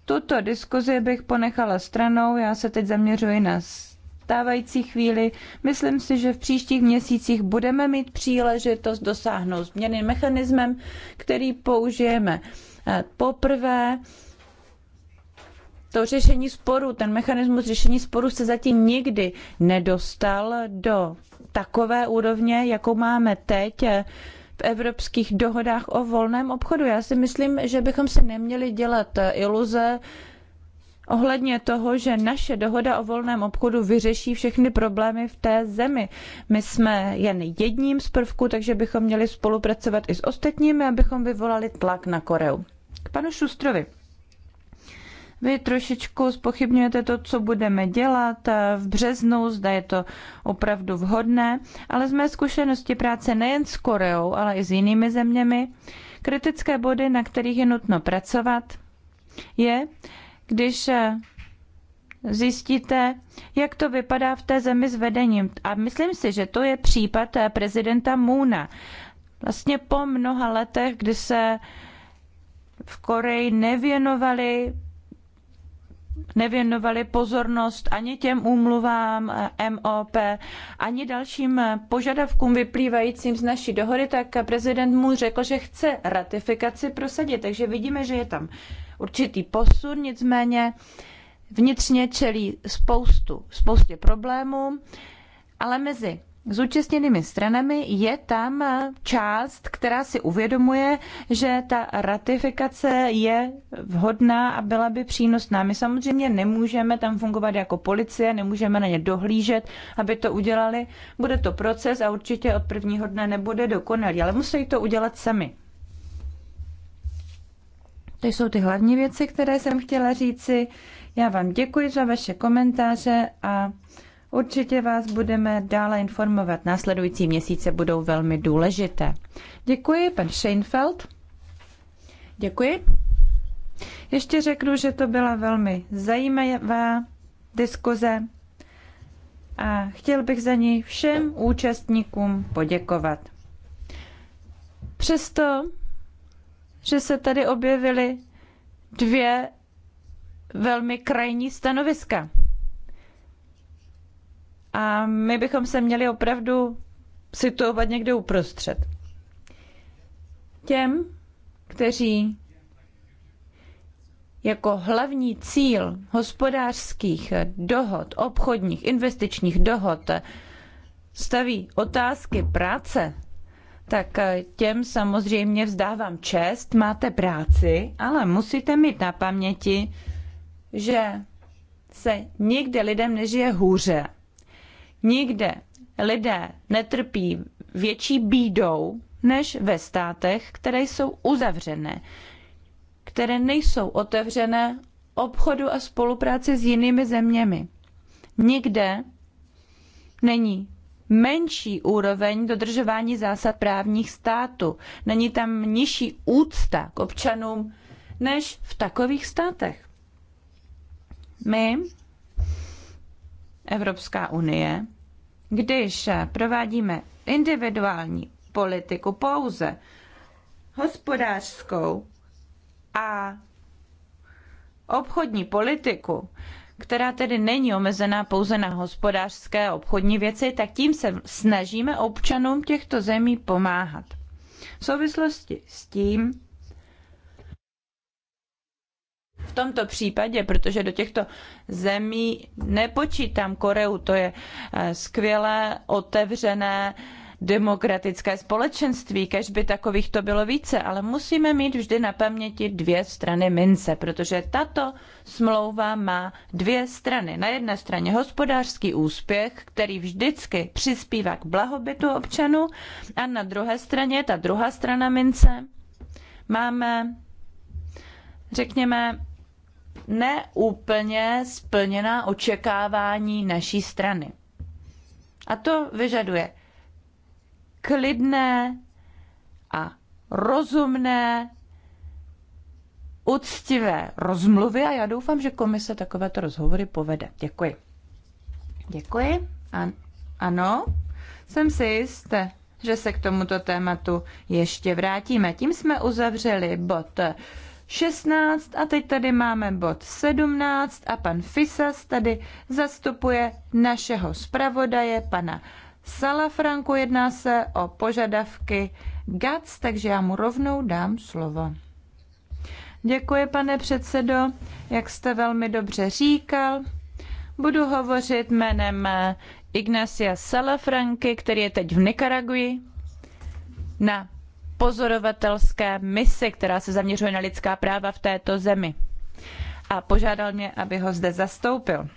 Tuto diskuzi bych ponechala stranou, já se teď zaměřuji na stávající chvíli. Myslím si, že v příštích měsících budeme mít příležitost dosáhnout změny mechanismem, který použijeme eh, poprvé to řešení sporu, ten mechanismus řešení sporu se zatím nikdy nedostal do takové úrovně, jakou máme teď eh, v evropských dohodách o volném obchodu. Já si myslím, že bychom si neměli dělat eh, iluze ohledně toho, že naše dohoda o volném obchodu vyřeší všechny problémy v té zemi. My jsme jen jedním z prvků, takže bychom měli spolupracovat i s ostatními, abychom vyvolali tlak na Koreu. K panu Šustrovi. Vy trošičku spochybňujete to, co budeme dělat eh, v březnu, zda je to opravdu vhodné, ale z mé zkušenosti práce nejen s Koreou, ale i s jinými zeměmi, kritické body, na kterých je nutno pracovat, je, když eh, zjistíte, jak to vypadá v té zemi s vedením. A myslím si, že to je případ eh, prezidenta Moona. Vlastně po mnoha letech, kdy se v Koreji nevěnovali nevěnovali pozornost ani těm úmluvám eh, MOP, ani dalším eh, požadavkům vyplývajícím z naší dohody, tak prezident mu řekl, že chce ratifikaci prosadit. Takže vidíme, že je tam určitý posun, nicméně vnitřně čelí spoustu, spoustě problémů, ale mezi zúčastněnými stranami je tam část, která si uvědomuje, že ta ratifikace je vhodná a byla by přínosná. My samozřejmě nemůžeme tam fungovat jako policie, nemůžeme na ně dohlížet, aby to udělali. Bude to proces a určitě od prvního dne nebude dokonalý, ale musí to udělat sami. To jsou ty hlavní věci, které jsem chtěla říci. Já vám děkuji za vaše komentáře a Určitě vás budeme dále informovat. Následující měsíce budou velmi důležité. Děkuji, pan Scheinfeld. Děkuji. Ještě řeknu, že to byla velmi zajímavá diskuze a chtěl bych za ní všem účastníkům poděkovat. Přesto, že se tady objevily dvě velmi krajní stanoviska. A my bychom se měli opravdu situovat někde uprostřed. Těm, kteří jako hlavní cíl hospodářských dohod, obchodních, investičních dohod staví otázky práce, tak těm samozřejmě vzdávám čest, máte práci, ale musíte mít na paměti, že se nikde lidem nežije hůře Nikde lidé netrpí větší bídou než ve státech, které jsou uzavřené, které nejsou otevřené obchodu a spolupráci s jinými zeměmi. Nikde není menší úroveň dodržování zásad právních států. Není tam nižší úcta k občanům než v takových státech. My, Evropská unie, když provádíme individuální politiku pouze hospodářskou a obchodní politiku, která tedy není omezená pouze na hospodářské a obchodní věci, tak tím se snažíme občanům těchto zemí pomáhat. V souvislosti s tím tomto případě, protože do těchto zemí nepočítám Koreu, to je eh, skvělé, otevřené, demokratické společenství, kež by takových to bylo více, ale musíme mít vždy na paměti dvě strany mince, protože tato smlouva má dvě strany. Na jedné straně hospodářský úspěch, který vždycky přispívá k blahobytu občanů a na druhé straně, ta druhá strana mince, máme, řekněme, neúplně splněná očekávání naší strany. A to vyžaduje klidné a rozumné, uctivé rozmluvy a já doufám, že komise takovéto rozhovory povede. Děkuji. Děkuji. An- ano, jsem si jist, že se k tomuto tématu ještě vrátíme. Tím jsme uzavřeli bod 16 a teď tady máme bod 17 a pan Fisas tady zastupuje našeho zpravodaje, pana Salafranku. Jedná se o požadavky GATS, takže já mu rovnou dám slovo. Děkuji, pane předsedo, jak jste velmi dobře říkal. Budu hovořit jménem eh, Ignacia Salafranky, který je teď v Nikaraguji na pozorovatelské misi, která se zaměřuje na lidská práva v této zemi. A požádal mě, aby ho zde zastoupil.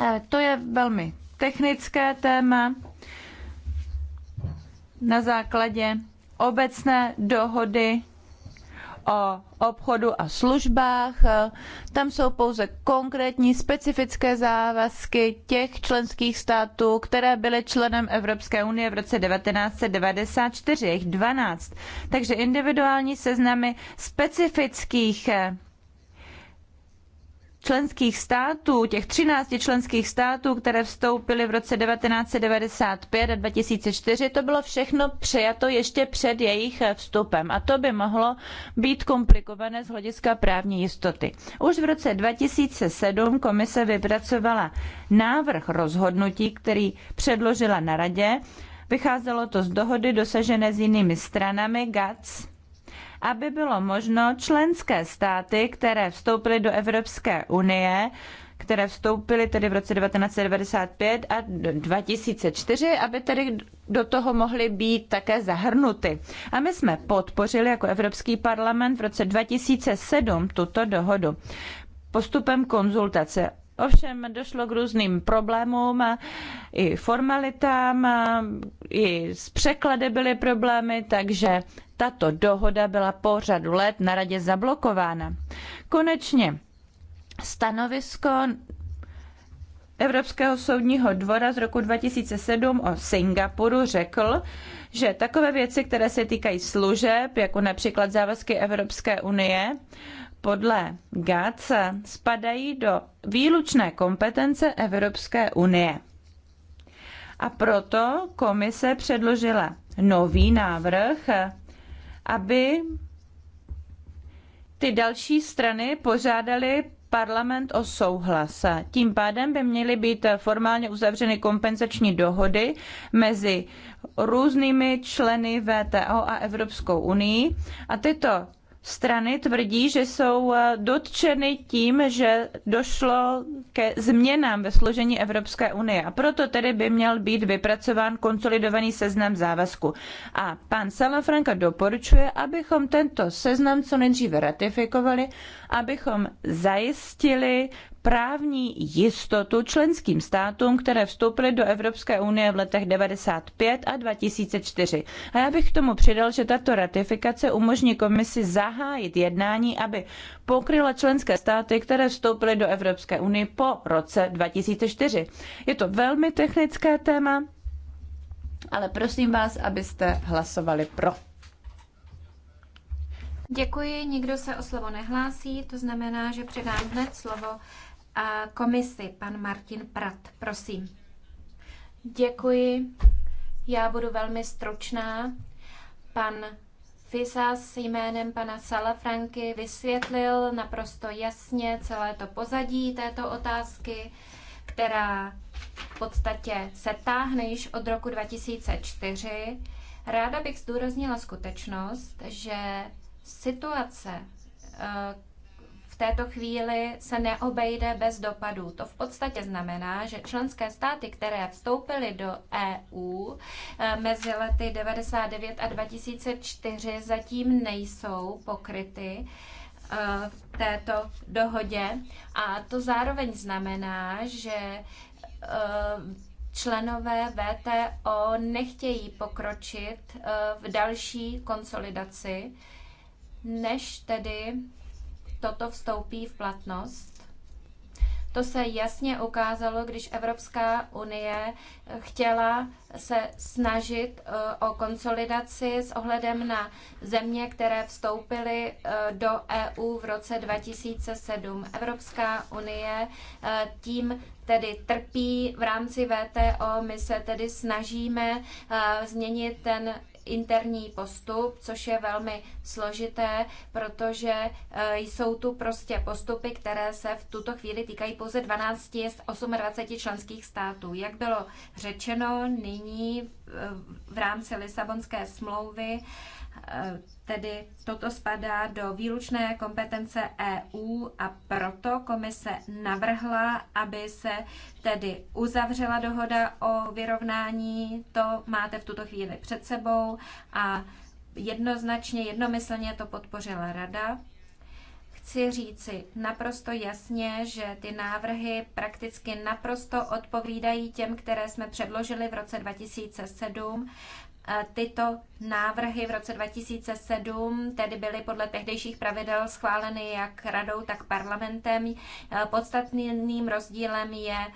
E, to je velmi technické téma na základě obecné dohody o obchodu a službách. Tam jsou pouze konkrétní specifické závazky těch členských států, které byly členem Evropské unie v roce 1994, jich 12. Takže individuální seznamy specifických členských států, těch 13 členských států, které vstoupily v roce 1995 a 2004, to bylo všechno přijato ještě před jejich vstupem a to by mohlo být komplikované z hlediska právní jistoty. Už v roce 2007 komise vypracovala návrh rozhodnutí, který předložila na radě. Vycházelo to z dohody dosažené s jinými stranami GATS aby bylo možno členské státy, které vstoupily do Evropské unie, které vstoupily tedy v roce 1995 a 2004, aby tedy do toho mohly být také zahrnuty. A my jsme podpořili jako Evropský parlament v roce 2007 tuto dohodu. Postupem konzultace Ovšem došlo k různým problémům, i formalitám, i s překlady byly problémy, takže tato dohoda byla po řadu let na radě zablokována. Konečně stanovisko Evropského soudního dvora z roku 2007 o Singapuru řekl, že takové věci, které se týkají služeb, jako například závazky Evropské unie, podle GACE spadají do výlučné kompetence Evropské unie. A proto komise předložila nový návrh, aby ty další strany požádaly parlament o souhlas. Tím pádem by měly být formálně uzavřeny kompenzační dohody mezi různými členy VTO a Evropskou unii a tyto strany tvrdí, že jsou eh, dotčeny tím, že došlo ke změnám ve složení Evropské unie a proto tedy by měl být vypracován konsolidovaný seznam závazku. A pan Salafranka doporučuje, abychom tento seznam co nejdříve ratifikovali, abychom zajistili právní jistotu členským státům, které vstoupily do Evropské unie v letech 95 a 2004. A já bych k tomu přidal, že tato ratifikace umožní komisi zahájit jednání, aby pokryla členské státy, které vstoupily do Evropské unie po roce 2004. Je to velmi technické téma, ale prosím vás, abyste hlasovali pro. Děkuji, nikdo se o slovo nehlásí, to znamená, že předám hned slovo komisi, pan Martin Prat. Prosím. Děkuji. Já budu velmi stručná. Pan Fisa, s jménem pana Salafranky vysvětlil naprosto jasně celé to pozadí této otázky, která v podstatě se táhne již od roku 2004. Ráda bych zdůraznila skutečnost, že situace, eh, této chvíli se neobejde bez dopadů. To v podstatě znamená, že členské státy, které vstoupily do EU eh, mezi lety 99 a 2004, zatím nejsou pokryty eh, v této dohodě. A to zároveň znamená, že eh, členové VTO nechtějí pokročit v další konsolidaci, než tedy toto vstoupí v platnost. To se jasně ukázalo, když Evropská unie eh, chtěla se snažit eh, o konsolidaci s ohledem na země, které vstoupily eh, do EU v roce 2007. Evropská unie tím tedy trpí v rámci VTO. My se tedy snažíme změnit ten interní postup, což je velmi složité, protože eh, jsou tu prostě postupy, které se v tuto chvíli týkají pouze 12 z 28 členských států. Jak bylo řečeno, nyní eh, v rámci Lisabonské smlouvy tedy toto spadá do výlučné kompetence EU a proto komise navrhla, aby se tedy uzavřela dohoda o vyrovnání. To máte v tuto chvíli před sebou a jednoznačně, jednomyslně to podpořila Rada chci říci naprosto jasně, že ty návrhy prakticky naprosto odpovídají těm, které jsme předložili v roce 2007 tyto návrhy v roce 2007 tedy byly podle tehdejších pravidel schváleny jak radou, tak parlamentem. E, podstatným rozdílem je e,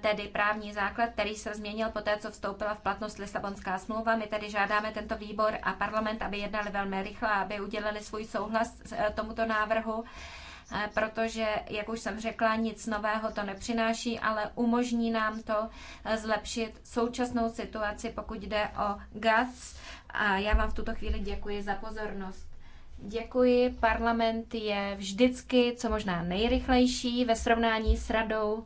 tedy právní základ, který se změnil poté, co vstoupila v platnost Lisabonská smlouva. My tedy žádáme tento výbor a parlament, aby jednali velmi rychle, aby udělali svůj souhlas e, tomuto návrhu. Eh, protože, jak už jsem řekla, nic nového to nepřináší, ale umožní nám to eh, zlepšit současnou situaci, pokud jde o GAS. A já vám v tuto chvíli děkuji za pozornost. Děkuji. Parlament je vždycky co možná nejrychlejší ve srovnání s radou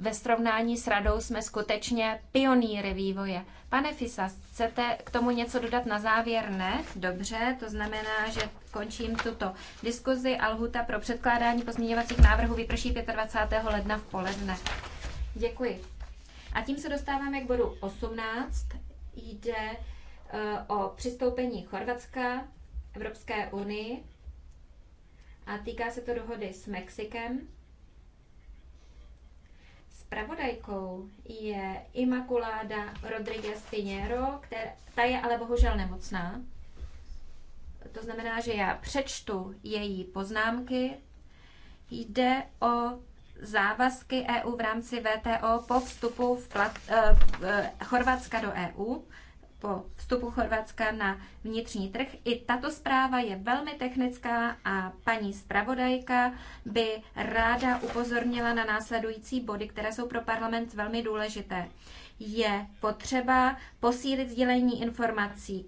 ve srovnání s radou jsme skutečně pionýry vývoje. Pane Fisas, chcete k tomu něco dodat na závěr? Ne? Dobře, to znamená, že končím tuto diskuzi a lhuta pro předkládání pozměňovacích návrhů vyprší 25. ledna v poledne. Děkuji. A tím se dostáváme k bodu 18. Jde eh, o přistoupení Chorvatska Evropské unii a týká se to dohody s Mexikem zpravodajkou je Imakuláda Rodriguez Pinheiro, která, ta je ale bohužel nemocná. To znamená, že já přečtu její poznámky. Jde o závazky EU v rámci VTO po vstupu v plat, eh, eh Chorvatska do EU po vstupu Chorvatska na vnitřní trh. I tato zpráva je velmi technická a paní zpravodajka by ráda upozornila na následující body, které jsou pro parlament velmi důležité. Je potřeba posílit sdělení informací.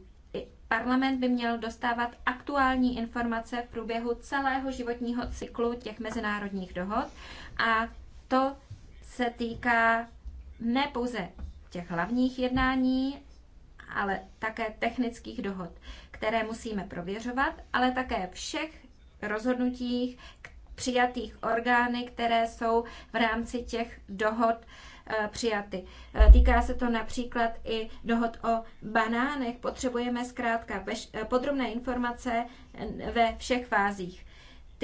Parlament by měl dostávat aktuální informace v průběhu celého životního cyklu těch mezinárodních dohod a to se týká ne pouze těch hlavních jednání ale také technických dohod, které musíme prověřovat, ale také všech rozhodnutích přijatých orgány, které jsou v rámci těch dohod eh, přijaty. Eh, týká se to například i dohod o banánech. Potřebujeme zkrátka eh, podrobné informace ve všech fázích.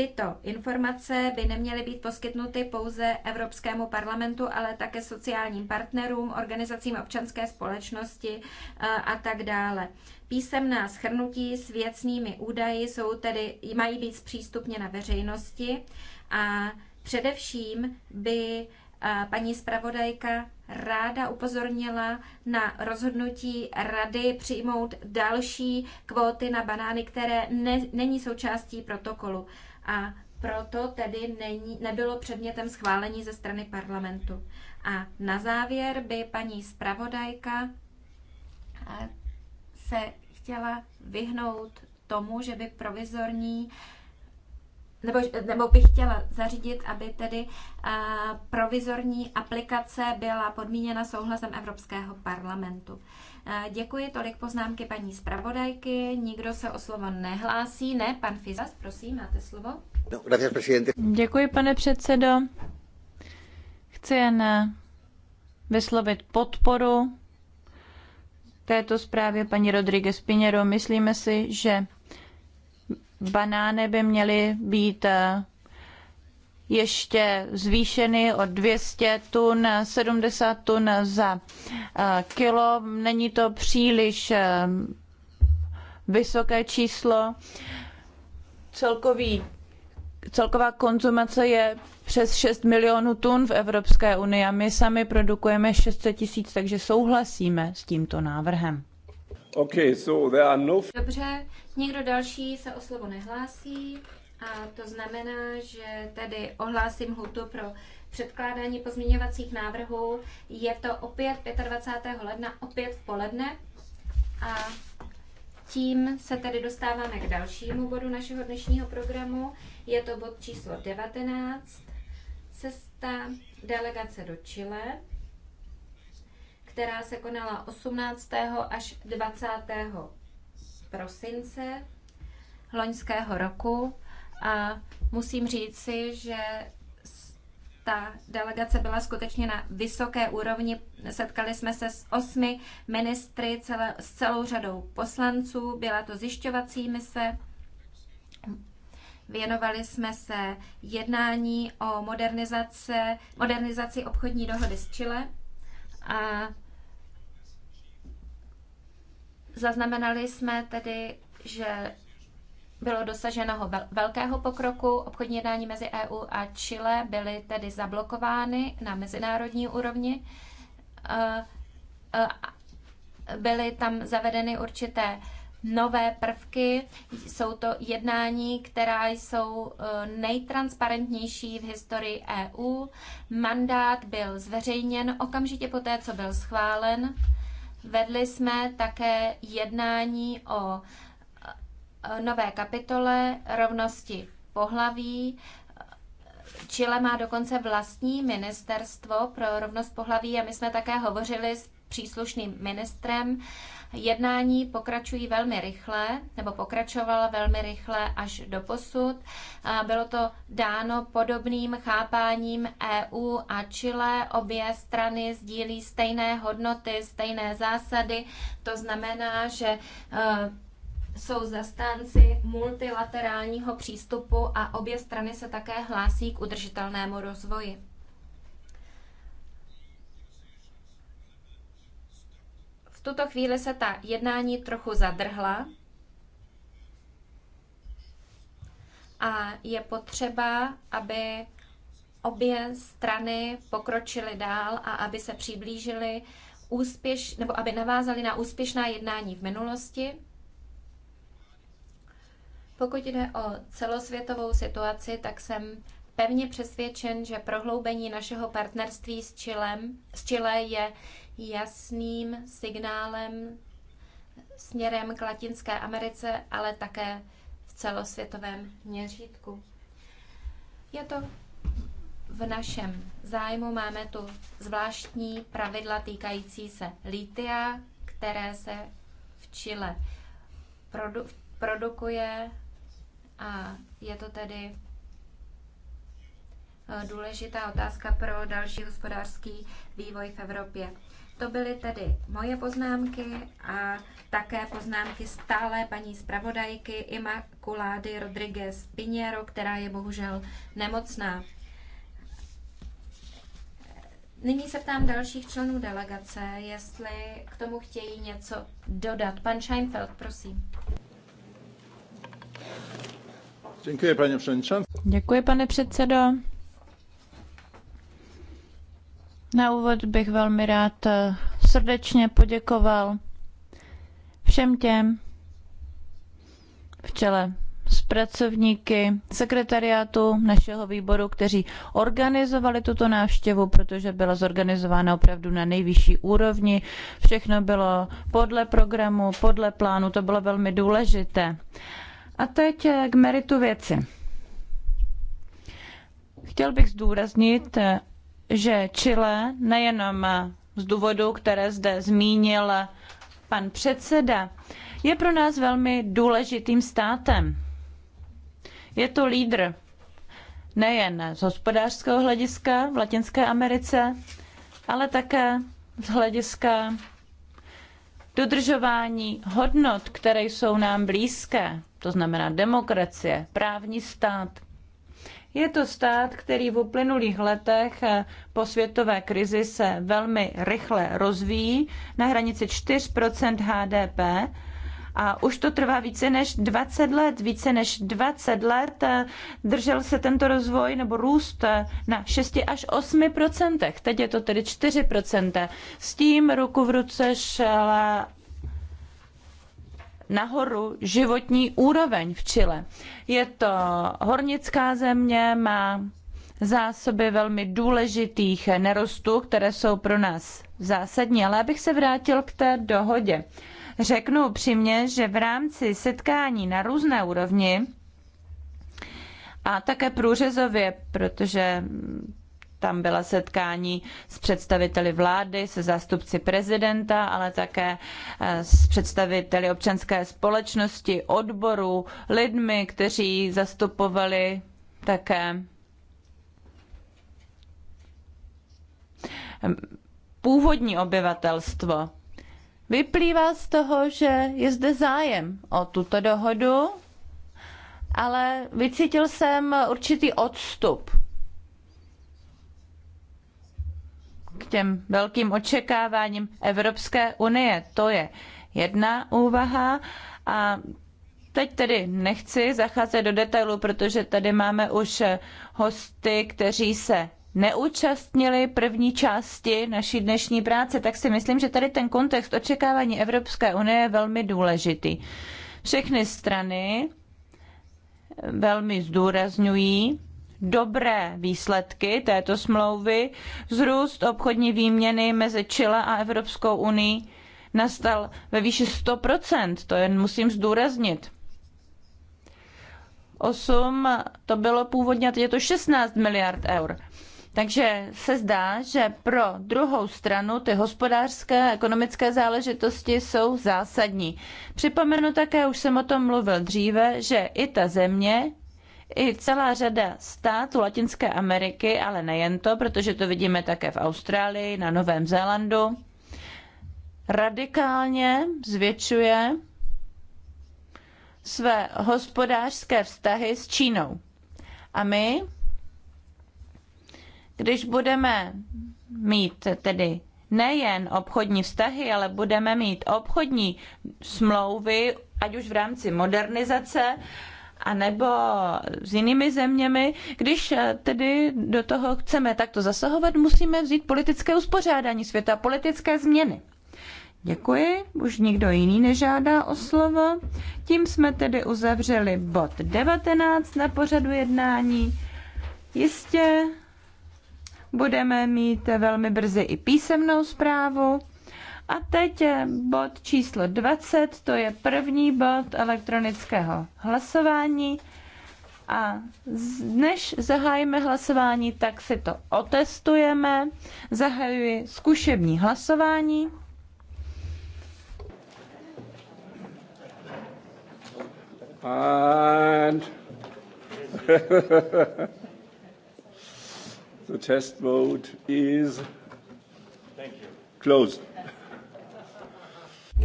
Tyto informace by neměly být poskytnuty pouze Evropskému parlamentu, ale také sociálním partnerům, organizacím občanské společnosti eh, a tak dále. Písemná schrnutí s věcnými údaji jsou tedy, mají být zpřístupněna veřejnosti a především by eh, paní zpravodajka ráda upozornila na rozhodnutí rady přijmout další kvóty na banány, které ne, není součástí protokolu a proto tedy není, nebylo předmětem schválení ze strany parlamentu. A na závěr by paní zpravodajka eh, se chtěla vyhnout tomu, že by provizorní nebo, nebo bych chtěla zařídit, aby tedy eh, provizorní aplikace byla podmíněna souhlasem Evropského parlamentu. Děkuji, tolik poznámky paní zpravodajky. Nikdo se o slovo nehlásí. Ne, pan Fizas, prosím, máte slovo. No, děkuji, pane předsedo. Chci jen eh, vyslovit podporu této zprávě paní Rodriguez Pinero. Myslíme si, že banány by měly být eh, ještě zvýšeny o 200 tun, 70 tun za eh, kilo. Není to příliš eh, vysoké číslo. Celkový, celková konzumace je přes 6 milionů tun v Evropské unii a my sami produkujeme 600 tisíc, takže souhlasíme s tímto návrhem. Okay, so there are no... Dobře, nikdo další se o slovo nehlásí. A to znamená, že tedy ohlásím hutu pro předkládání pozměňovacích návrhů. Je to opět 25. ledna, opět v poledne. A tím se tedy dostáváme k dalšímu bodu našeho dnešního programu. Je to bod číslo 19. Cesta delegace do Chile, která se konala 18. až 20. prosince loňského roku a musím říct si, že ta delegace byla skutečně na vysoké úrovni. Setkali jsme se s osmi ministry, celé, s celou řadou poslanců, byla to zjišťovací mise. Věnovali jsme se jednání o modernizace, modernizaci obchodní dohody s Chile a zaznamenali jsme tedy, že bylo dosaženo velkého pokroku. Obchodní jednání mezi EU a Chile byly tedy zablokovány na mezinárodní úrovni. Eh, eh, byly tam zavedeny určité nové prvky. Jsou to jednání, která jsou eh, nejtransparentnější v historii EU. Mandát byl zveřejněn okamžitě poté, co byl schválen. Vedli jsme také jednání o Eh, nové kapitole rovnosti pohlaví. Chile má dokonce vlastní ministerstvo pro rovnost pohlaví a my jsme také hovořili s příslušným ministrem. Jednání pokračují velmi rychle, nebo pokračovala velmi rychle až do posud. Bylo to dáno podobným chápáním EU a Chile. Obě strany sdílí stejné hodnoty, stejné zásady. To znamená, že eh, jsou zastánci multilaterálního přístupu a obě strany se také hlásí k udržitelnému rozvoji. V tuto chvíli se ta jednání trochu zadrhla a je potřeba, aby obě strany pokročily dál a aby se přiblížily úspěš, nebo aby navázali na úspěšná jednání v minulosti pokud jde o celosvětovou situaci, tak jsem pevně přesvědčen, že prohloubení našeho partnerství s, Chilem, s Chile je jasným signálem směrem k Latinské Americe, ale také v celosvětovém měřítku. Je to v našem zájmu máme tu zvláštní pravidla týkající se litia, které se v Chile produ- produkuje a je to tedy eh, důležitá otázka pro další hospodářský vývoj v Evropě. To byly tedy moje poznámky a také poznámky stále paní zpravodajky Kulády Rodriguez Piniero, která je bohužel nemocná. Nyní se ptám dalších členů delegace, jestli k tomu chtějí něco dodat. Pan Scheinfeld, prosím. Děkuji, paní Děkuji, pane předsedo. Na úvod bych velmi rád eh, srdečně poděkoval všem těm v čele s pracovníky sekretariátu našeho výboru, kteří organizovali tuto návštěvu, protože byla zorganizována opravdu na nejvyšší úrovni. Všechno bylo podle programu, podle plánu, to bylo velmi důležité. A teď eh, k meritu věci. Chtěl bych zdůraznit, eh, že Chile nejenom eh, z důvodu, které zde zmínil pan předseda, je pro nás velmi důležitým státem. Je to lídr nejen z hospodářského hlediska v Latinské Americe, ale také z hlediska dodržování hodnot, které jsou nám blízké, to znamená demokracie, právní stát. Je to stát, který v uplynulých letech eh, po světové krizi se velmi rychle rozvíjí na hranici 4 HDP a už to trvá více než 20 let. Více než 20 let eh, držel se tento rozvoj nebo růst eh, na 6 až 8 Teď je to tedy 4 S tím ruku v ruce šla nahoru životní úroveň v Chile. Je to hornická země, má zásoby velmi důležitých nerostů, které jsou pro nás zásadní. Ale abych se vrátil k té dohodě. Řeknu upřímně, že v rámci setkání na různé úrovni a také průřezově, protože tam byla setkání s představiteli vlády, se zástupci prezidenta, ale také eh, s představiteli občanské společnosti, odborů, lidmi, kteří zastupovali také původní obyvatelstvo. Vyplývá z toho, že je zde zájem o tuto dohodu, ale vycítil jsem určitý odstup k těm velkým očekáváním Evropské unie. To je jedna úvaha a Teď tedy nechci zacházet do detailů, protože tady máme už hosty, kteří se neúčastnili první části naší dnešní práce, tak si myslím, že tady ten kontext očekávání Evropské unie je velmi důležitý. Všechny strany velmi zdůrazňují, dobré výsledky této smlouvy, zrůst obchodní výměny mezi Chile a Evropskou unii nastal ve výši 100%, to jen musím zdůraznit. 8 to bylo původně, a teď je to 16 miliard eur. Takže se zdá, že pro druhou stranu ty hospodářské a ekonomické záležitosti jsou zásadní. Připomenu také, už jsem o tom mluvil dříve, že i ta země, i celá řada států Latinské Ameriky, ale nejen to, protože to vidíme také v Austrálii, na Novém Zélandu, radikálně zvětšuje své hospodářské vztahy s Čínou. A my, když budeme mít tedy nejen obchodní vztahy, ale budeme mít obchodní smlouvy, ať už v rámci modernizace, anebo s jinými zeměmi, když eh, tedy do toho chceme takto zasahovat, musíme vzít politické uspořádání světa, politické změny. Děkuji, už nikdo jiný nežádá o slovo. Tím jsme tedy uzavřeli bod 19 na pořadu jednání. Jistě budeme mít velmi brzy i písemnou zprávu a teď bod číslo 20, to je první bod elektronického hlasování. A než zahájíme hlasování, tak si to otestujeme. Zahajuji zkušební hlasování. And the test vote is closed.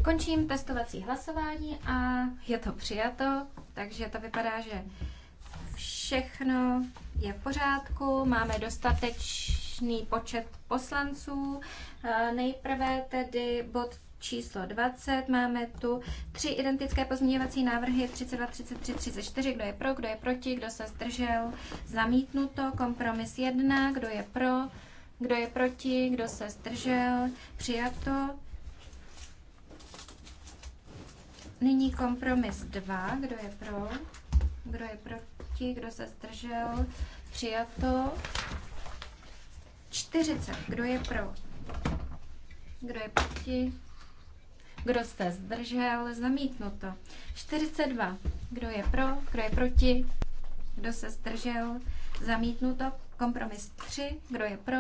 Končím testovací hlasování a je to přijato, takže to vypadá, že všechno je v pořádku, máme dostatečný počet poslanců. Eh, nejprve tedy bod číslo 20. Máme tu tři identické pozměňovací návrhy 32, 33, 34. Kdo je pro, kdo je proti, kdo se zdržel, zamítnuto. Kompromis 1. Kdo je pro, kdo je proti, kdo se zdržel, přijato. Nyní kompromis 2. Kdo je pro? Kdo je proti? Kdo se zdržel? Přijato. 40. Kdo je pro? Kdo je proti? Kdo se zdržel? Zamítnuto. 42. Kdo je pro? Kdo je proti? Kdo se zdržel? Zamítnuto. Kompromis 3. Kdo je pro?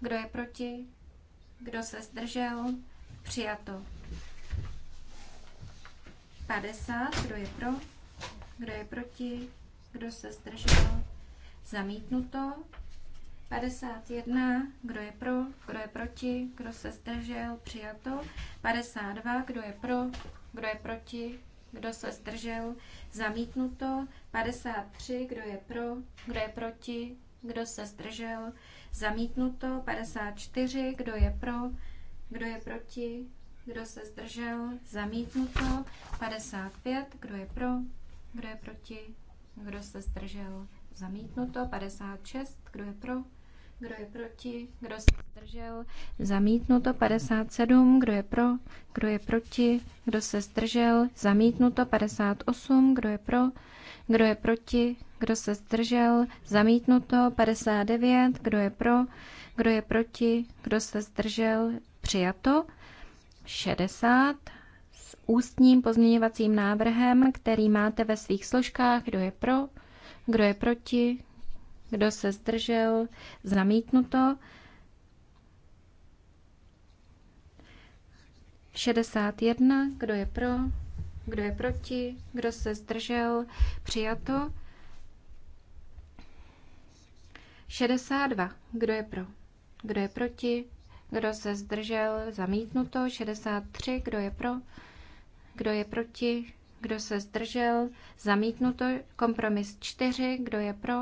Kdo je proti? Kdo se zdržel? Přijato. 50, kdo je pro, kdo je proti, kdo se zdržel, zamítnuto. 51, kdo je pro, kdo je proti, kdo se zdržel, přijato. 52, kdo je pro, kdo je proti, kdo se zdržel, zamítnuto. 53, kdo je pro, kdo je proti, kdo se zdržel, zamítnuto. 54, kdo je pro, kdo je proti, kdo se zdržel, zamítnuto. 55, kdo je pro, kdo je proti, kdo se zdržel, zamítnuto. 56, kdo je pro, kdo je proti, kdo se zdržel, zamítnuto. 57, kdo je pro, kdo je proti, kdo se zdržel, zamítnuto. 58, kdo je pro, kdo je proti, kdo se zdržel, zamítnuto. 59, kdo je pro, kdo je proti, kdo se zdržel, přijato. 60 s ústním pozměňovacím návrhem, který máte ve svých složkách. Kdo je pro? Kdo je proti? Kdo se zdržel? Zamítnuto. 61. Kdo je pro? Kdo je proti? Kdo se zdržel? Přijato. 62. Kdo je pro? Kdo je proti? Kdo se zdržel? Zamítnuto. 63. Kdo je pro? Kdo je proti? Kdo se zdržel? Zamítnuto. Kompromis 4. Kdo je pro?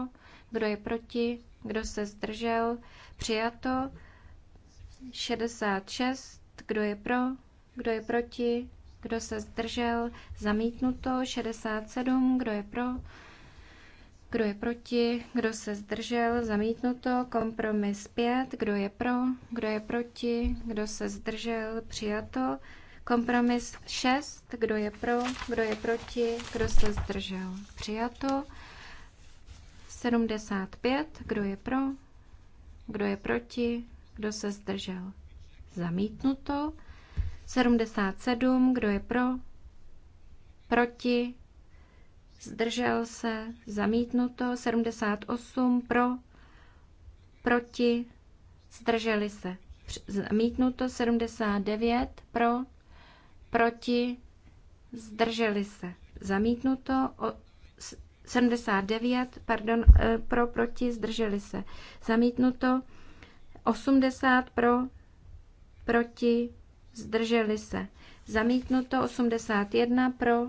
Kdo je proti? Kdo se zdržel? Přijato. 66. Kdo je pro? Kdo je proti? Kdo se zdržel? Zamítnuto. 67. Kdo je pro? Kdo je proti? Kdo se zdržel? Zamítnuto. Kompromis 5. Kdo je pro? Kdo je proti? Kdo se zdržel? Přijato. Kompromis 6. Kdo je pro? Kdo je proti? Kdo se zdržel? Přijato. 75. Kdo je pro? Kdo je proti? Kdo se zdržel? Zamítnuto. 77. Kdo je pro? Proti? zdržel se, zamítnuto, 78 pro, proti, zdrželi se, zamítnuto, 79 e, pro, proti, zdrželi se, zamítnuto, 79, pardon, pro, proti, zdrželi se, zamítnuto, 80 pro, proti, zdrželi se, zamítnuto, 81 pro,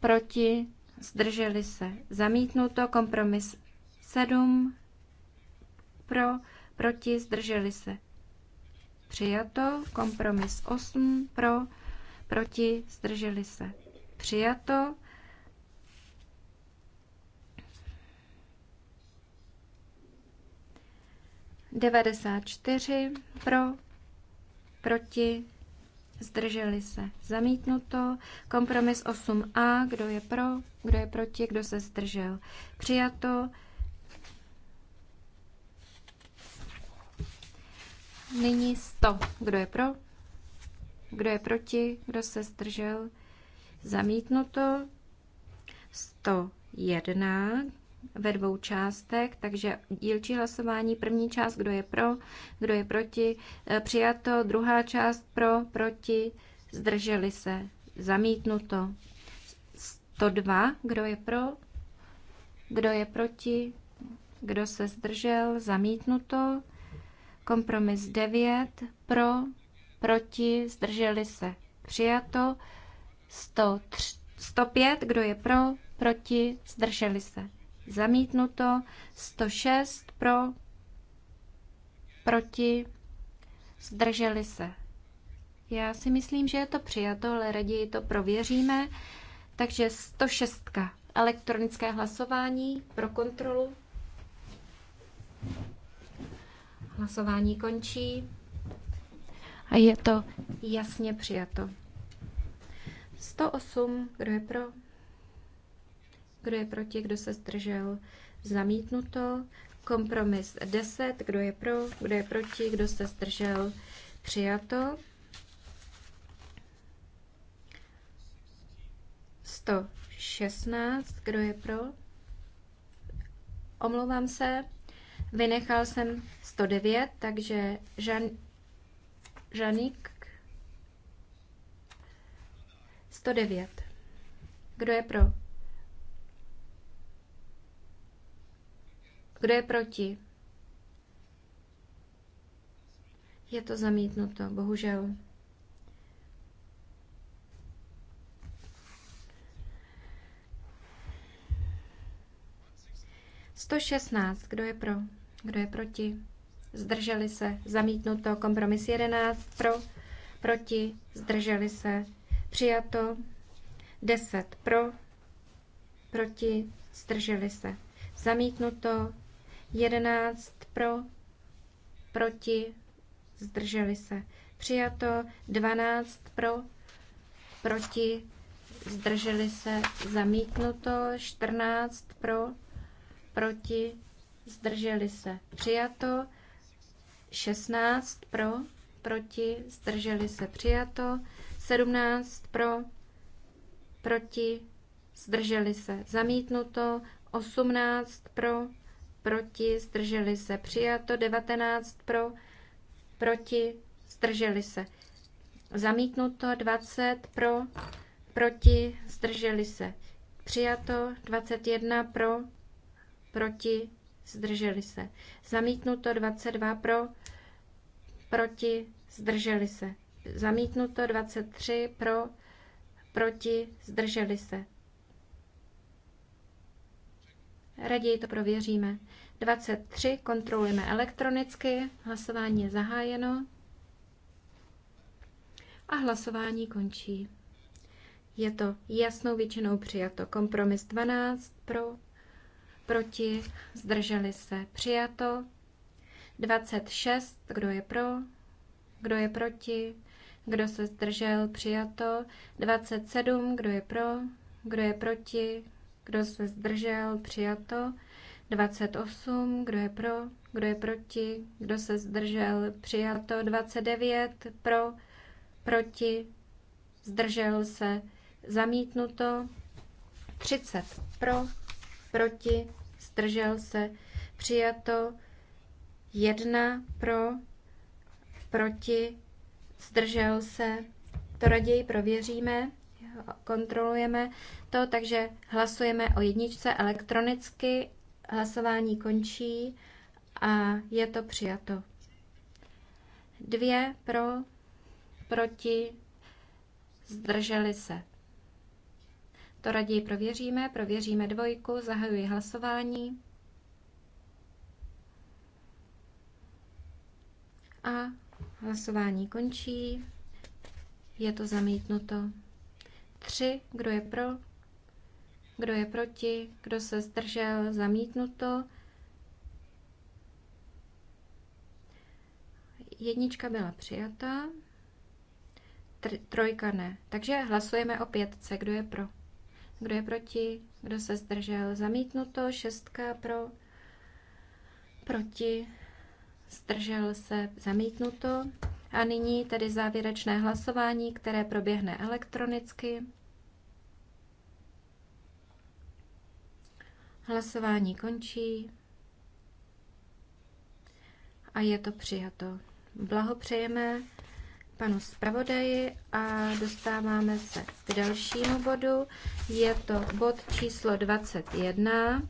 proti, zdrželi se, zamítnuto, kompromis 7, pro, proti, zdrželi se, přijato, kompromis 8, pro, proti, zdrželi se, přijato, Devadesát čtyři pro, proti, zdrželi se, zamítnuto. Kompromis 8a, kdo je pro, kdo je proti, kdo se zdržel, přijato. Nyní 100, kdo je pro, kdo je proti, kdo se zdržel, zamítnuto. 101, ve dvou částech, takže dílčí hlasování, první část, kdo je pro, kdo je proti, e, přijato, druhá část pro, proti, zdrželi se, zamítnuto. 102, kdo je pro, kdo je proti, kdo se zdržel, zamítnuto. Kompromis 9, pro, proti, zdrželi se, přijato. 103, 105, kdo je pro, proti, zdrželi se, zamítnuto, 106 pro, proti, zdrželi se. Já si myslím, že je to přijato, ale raději to prověříme. Takže 106. Elektronické hlasování pro kontrolu. Hlasování končí a je to jasně přijato. 108, kdo je pro? kdo je proti, kdo se zdržel, zamítnuto. Kompromis 10, kdo je pro, kdo je proti, kdo se zdržel, přijato. 116, kdo je pro? Omlouvám se, vynechal jsem 109, takže Žan, Žanik 109. Kdo je pro? Kdo je proti? Je to zamítnuto, bohužel. Sto šestnáct. Kdo je pro? Kdo je proti? Zdrželi se. Zamítnuto. Kompromis jedenáct. Pro. Proti. Zdrželi se. Přijato. Deset. Pro. Proti. Zdrželi se. Zamítnuto. 11 pro, proti, zdrželi se. Přijato 12 pro, proti, zdrželi se. Zamítnuto 14 pro, proti, zdrželi se. Přijato 16 pro, proti, zdrželi se. Přijato 17 pro, proti, zdrželi se. Zamítnuto 18 pro, proti, zdrželi se. Přijato 19 pro, proti, zdrželi se. Zamítnuto 20 pro, proti, zdrželi se. Přijato 21 pro, proti, zdrželi se. Zamítnuto 22 pro, proti, zdrželi se. Zamítnuto 23 pro, proti, zdrželi se. Raději to prověříme. 23 kontrolujeme elektronicky. Hlasování je zahájeno. A hlasování končí. Je to jasnou většinou přijato. Kompromis 12 pro, proti, zdrželi se přijato. 26, kdo je pro, kdo je proti, kdo se zdržel přijato. 27, kdo je pro, kdo je proti, kdo se zdržel, přijato. 28, kdo je pro, kdo je proti, kdo se zdržel, přijato. 29, pro, proti, zdržel se, zamítnuto. 30, pro, proti, zdržel se, přijato. 1, pro, proti, zdržel se. To raději prověříme kontrolujeme to, takže hlasujeme o jedničce elektronicky, hlasování končí a je to přijato. Dvě pro, proti, zdrželi se. To raději prověříme. Prověříme dvojku, zahajuji hlasování. A hlasování končí. Je to zamítnuto. 3. Kdo je pro? Kdo je proti? Kdo se zdržel? Zamítnuto. Jednička byla přijata. Tr- trojka ne. Takže hlasujeme o pětce. Kdo je pro? Kdo je proti? Kdo se zdržel? Zamítnuto. Šestka pro. Proti. Zdržel se. Zamítnuto. A nyní tedy závěrečné hlasování, které proběhne elektronicky. Hlasování končí a je to přijato. Blahopřejeme panu zpravodaji a dostáváme se k dalšímu bodu. Je to bod číslo 21.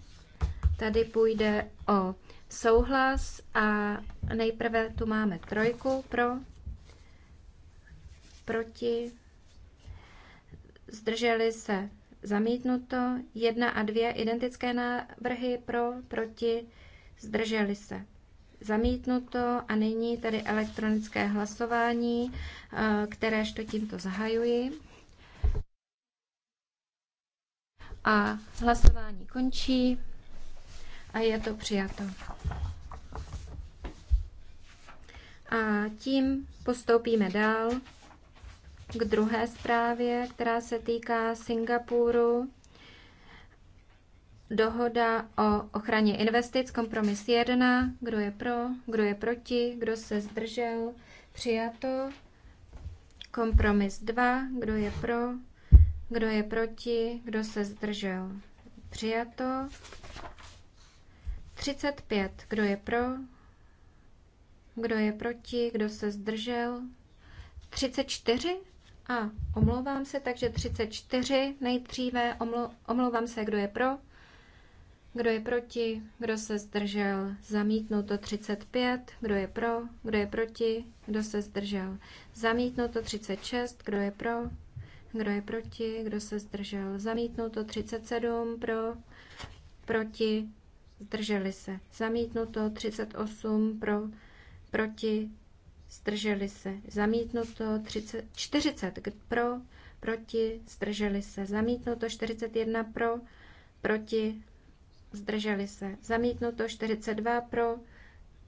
Tady půjde o souhlas a nejprve tu máme trojku pro, proti, zdrželi se Zamítnuto jedna a dvě identické návrhy pro, proti, zdrželi se. Zamítnuto a nyní tedy elektronické hlasování, eh, kteréž to tímto zahajuji. A hlasování končí a je to přijato. A tím postoupíme dál k druhé zprávě, která se týká Singapuru. Dohoda o ochraně investic, kompromis 1. Kdo je pro, kdo je proti, kdo se zdržel, přijato. Kompromis 2. Kdo je pro, kdo je proti, kdo se zdržel, přijato. 35. Kdo je pro, kdo je proti, kdo se zdržel, 34. A omlouvám se, takže 34 nejdříve. omlouvám se, kdo je pro, kdo je proti, kdo se zdržel. Zamítnuto 35, kdo je pro, kdo je proti, kdo se zdržel. Zamítnuto 36, kdo je pro, kdo je proti, kdo se zdržel. Zamítnuto 37, pro, proti, zdrželi se. Zamítnuto 38, pro, proti, zdrželi se, zamítnuto 30, 40 pro, proti, zdrželi se, zamítnuto 41 pro, proti, zdrželi se, zamítnuto 42 pro,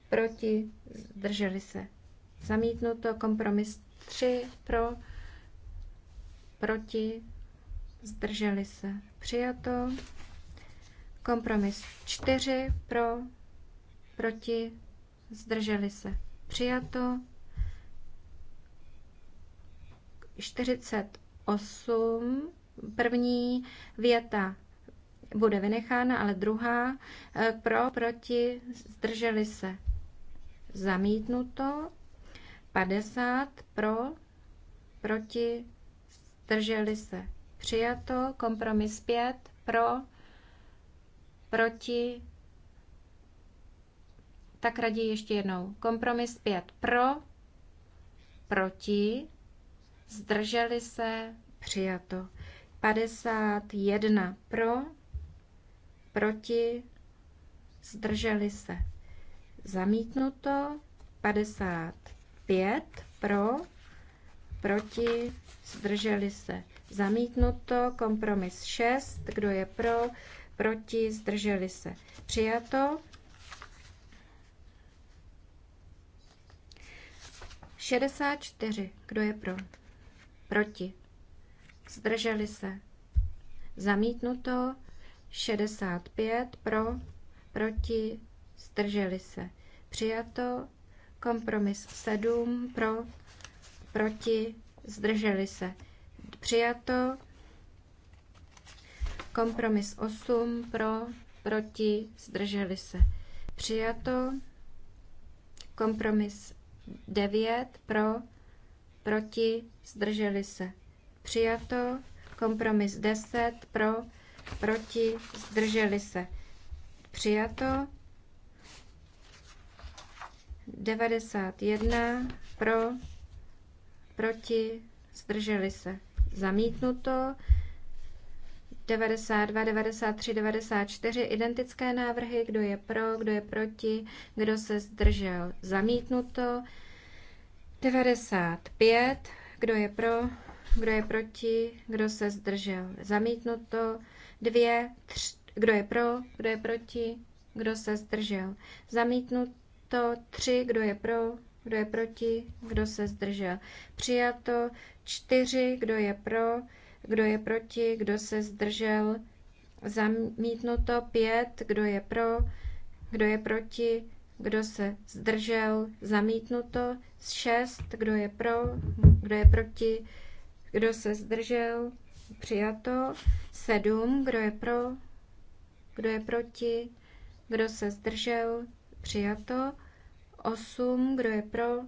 proti, zdrželi se, zamítnuto kompromis 3 pro, proti, zdrželi se, přijato, kompromis 4 pro, proti, zdrželi se, přijato, 48, první věta bude vynechána, ale druhá eh, pro, proti, zdrželi se. Zamítnuto. 50 pro, proti, zdrželi se. Přijato. Kompromis 5 pro, proti, tak raději ještě jednou. Kompromis 5 pro, proti, zdrželi se, přijato. 51 pro, proti, zdrželi se. Zamítnuto 55 pro, proti, zdrželi se. Zamítnuto kompromis 6, kdo je pro, proti, zdrželi se. Přijato 64, kdo je pro proti, zdrželi se, zamítnuto, 65 pro, proti, zdrželi se, přijato, kompromis 7 pro, proti, zdrželi se, přijato, kompromis 8 pro, proti, zdrželi se, přijato, kompromis 9 pro, proti, zdrželi se. Přijato, kompromis 10, pro, proti, zdrželi se. Přijato, 91, pro, proti, zdrželi se. Zamítnuto, 92, 93, 94, identické návrhy, kdo je pro, kdo je proti, kdo se zdržel. Zamítnuto, 95. Kdo je pro? Kdo je proti? Kdo se zdržel? Zamítnuto. 2. Kdo je pro? Kdo je proti? Kdo se zdržel? Zamítnuto. 3. Kdo je pro? Kdo je proti? Kdo se zdržel? Přijato. 4. Kdo je pro? Kdo je proti? Kdo se zdržel? Zamítnuto. 5. Kdo je pro? Kdo je proti? kdo se zdržel, zamítnuto, 6, kdo je pro, kdo je proti, kdo se zdržel, přijato, 7, kdo je pro, kdo je proti, kdo se zdržel, přijato, 8, kdo je pro,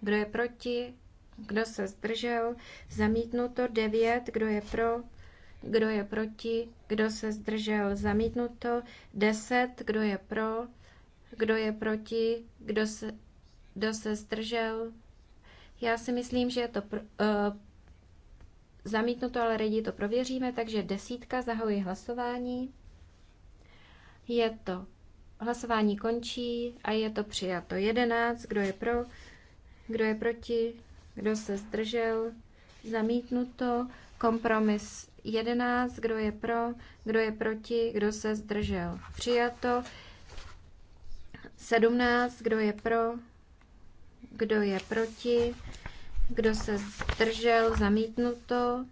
kdo je proti, kdo se zdržel, zamítnuto, 9, kdo je pro, kdo je proti, kdo se zdržel, zamítnuto, 10, kdo je pro, kdo je proti, kdo se, kdo se zdržel. Já si myslím, že je to pro, uh, zamítnuto, ale raději to prověříme, takže desítka, zahajuji hlasování. Je to. Hlasování končí a je to přijato. Jedenáct. Kdo je pro? Kdo je proti? Kdo se zdržel? Zamítnuto. Kompromis 11. Kdo je pro? Kdo je proti? Kdo se zdržel? Přijato. 17, kdo je pro, kdo je proti, kdo se zdržel, zamítnuto.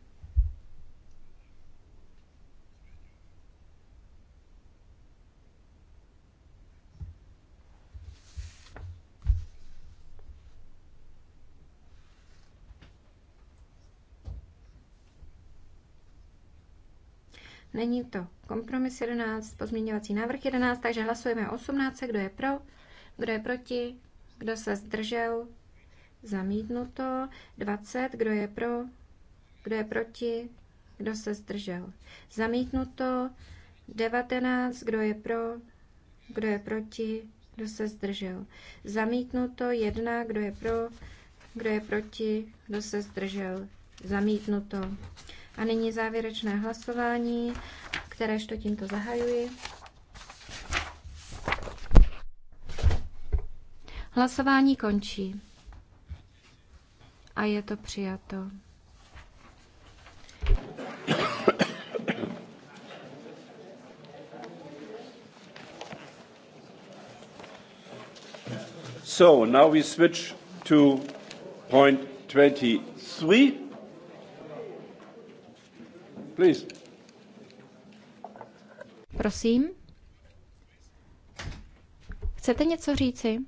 Není to kompromis 11, pozměňovací návrh 11, takže hlasujeme 18, kdo je pro, kdo je proti, kdo se zdržel, zamítnuto, 20, kdo je pro, kdo je proti, kdo se zdržel, zamítnuto, 19, kdo je pro, kdo je proti, kdo se zdržel, zamítnuto, 1, kdo je pro, kdo je proti, kdo se zdržel, zamítnuto. A nyní závěrečné hlasování, kteréžto tímto zahajuji. Hlasování končí. A je to přijato. So now we switch to point 23. Please. Prosím. Chcete něco říci?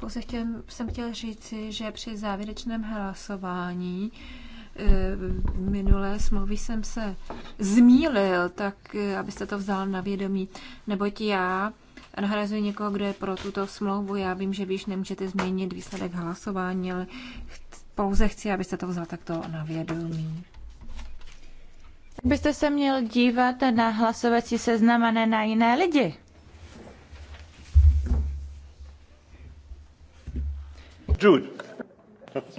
Pouze chtěl, jsem chtěl říci, že při závěrečném hlasování eh, minulé smlouvy jsem se zmílil, tak eh, abyste to vzal na vědomí, neboť já nahrazuje někoho, kdo je pro tuto smlouvu. Já vím, že vy již nemůžete změnit výsledek hlasování, ale pouze chci, abyste to vzal takto na vědomí. Byste se měl dívat na hlasovací seznam a ne na jiné lidi. Jude.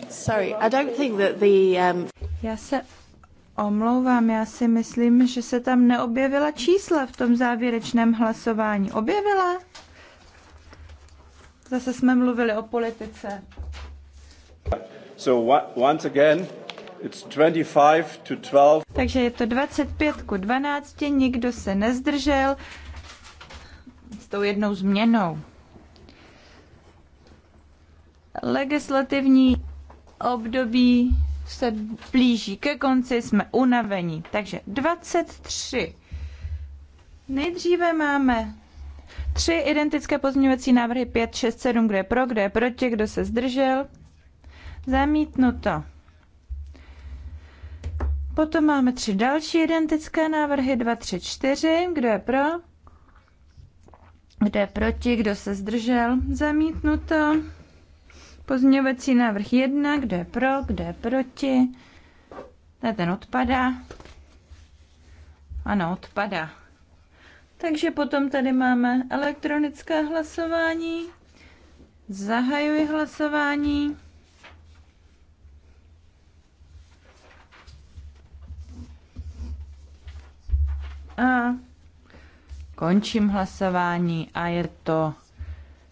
Sorry, I don't think that the, um... Já se omlouvám, já si myslím, že se tam neobjevila čísla v tom závěrečném hlasování. Objevila? Zase jsme mluvili o politice. So once again, it's 25 to 12. Takže je to 25 ku 12, nikdo se nezdržel s tou jednou změnou. Legislativní období se blíží ke konci, jsme unavení. Takže 23. Nejdříve máme tři identické pozměňovací návrhy 5, 6, 7, kde je pro, kde je proti, kdo se zdržel. Zamítnuto. Potom máme tři další identické návrhy 2, 3, 4, kdo je pro, kdo je proti, kdo se zdržel. Zamítnuto. Pozměňovací návrh 1, kdo je pro, kdo je proti. Ne, ten odpadá. Ano, odpadá. Takže potom tady máme elektronické hlasování. Zahajuji hlasování. A končím hlasování a je to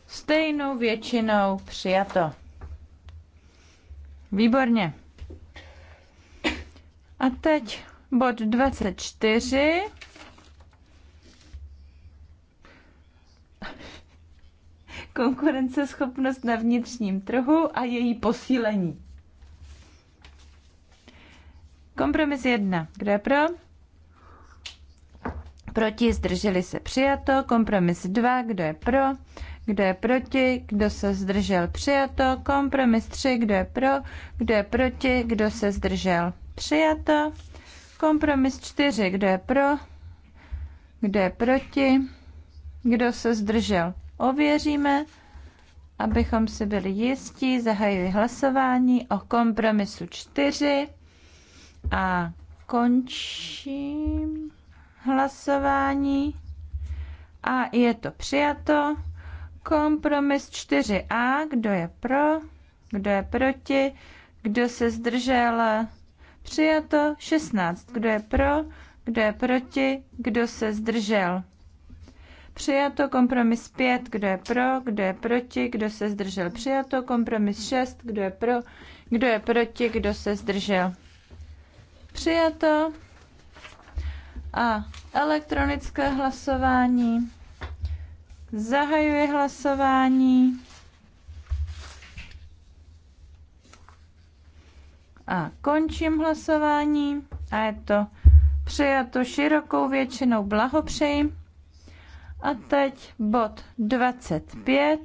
stejnou většinou přijato. Výborně. A teď bod 24. Konkurenceschopnost na vnitřním trhu a její posílení. Kompromis 1. Kdo je pro? Proti zdrželi se přijato. Kompromis 2. Kdo je pro? kdo je proti, kdo se zdržel přijato, kompromis 3, kdo je pro, kdo je proti, kdo se zdržel přijato, kompromis 4, kdo je pro, kdo je proti, kdo se zdržel ověříme, abychom si byli jistí, zahajuji hlasování o kompromisu 4 a končím hlasování a je to přijato. Kompromis 4a, kdo je pro, kdo je proti, kdo se zdržel, přijato 16, kdo je pro, kdo je proti, kdo se zdržel. Přijato kompromis 5, kdo je pro, kdo je proti, kdo se zdržel. Přijato kompromis 6, kdo je pro, kdo je proti, kdo se zdržel. Přijato a elektronické hlasování. Zahajuji hlasování. A končím hlasování. A je to přijato širokou většinou. Blahopřeji. A teď bod 25.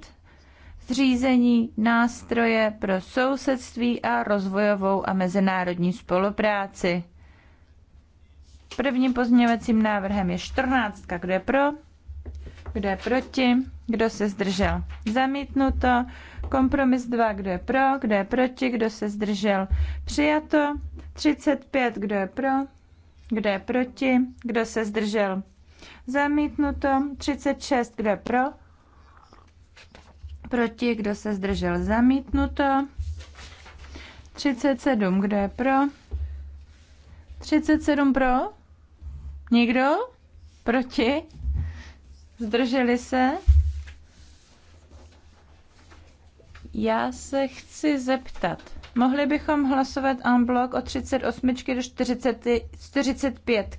Zřízení nástroje pro sousedství a rozvojovou a mezinárodní spolupráci. Prvním pozměňovacím návrhem je 14. Kdo je pro? kdo je proti, kdo se zdržel. Zamítnuto. Kompromis 2, kdo je pro, kdo je proti, kdo se zdržel. Přijato. 35, kdo je pro, kdo je proti, kdo se zdržel. Zamítnuto. 36, kdo je pro, proti, kdo se zdržel. Zamítnuto. 37, kdo je pro? 37 pro? Nikdo? Proti? Zdrželi se? Já se chci zeptat. Mohli bychom hlasovat en bloc od 38 do 40, 45?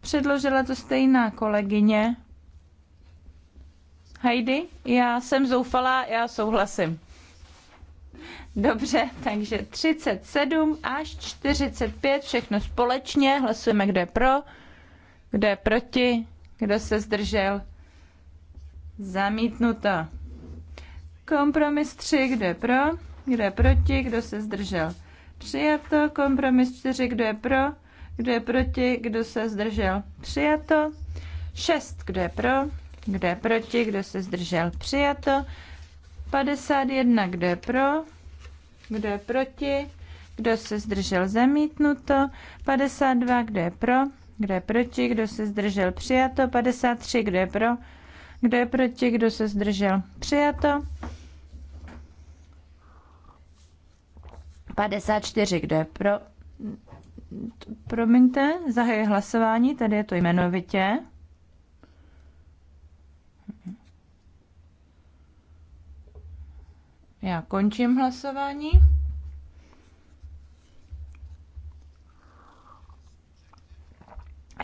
Předložila to stejná kolegyně. Heidi, já jsem zoufalá, já souhlasím. Dobře, takže 37 až 45, všechno společně. Hlasujeme, kdo je pro, kdo je proti, kdo se zdržel? Zamítnuto. Kompromis 3, kdo je pro? Kdo je proti? Kdo se zdržel? Přijato. Kompromis 4, kdo je pro? Kdo je proti? Kdo se zdržel? Přijato. 6, kdo je pro? Kdo je proti? Kdo se zdržel? Přijato. 51, kdo je pro? Kdo je proti? Kdo se zdržel? Zamítnuto. 52, kdo je pro? kdo je proti, kdo se zdržel, přijato. 53, kdo je pro, kdo je proti, kdo se zdržel, přijato. 54, kdo je pro, promiňte, zahajuji hlasování, tady je to jmenovitě. Já končím hlasování.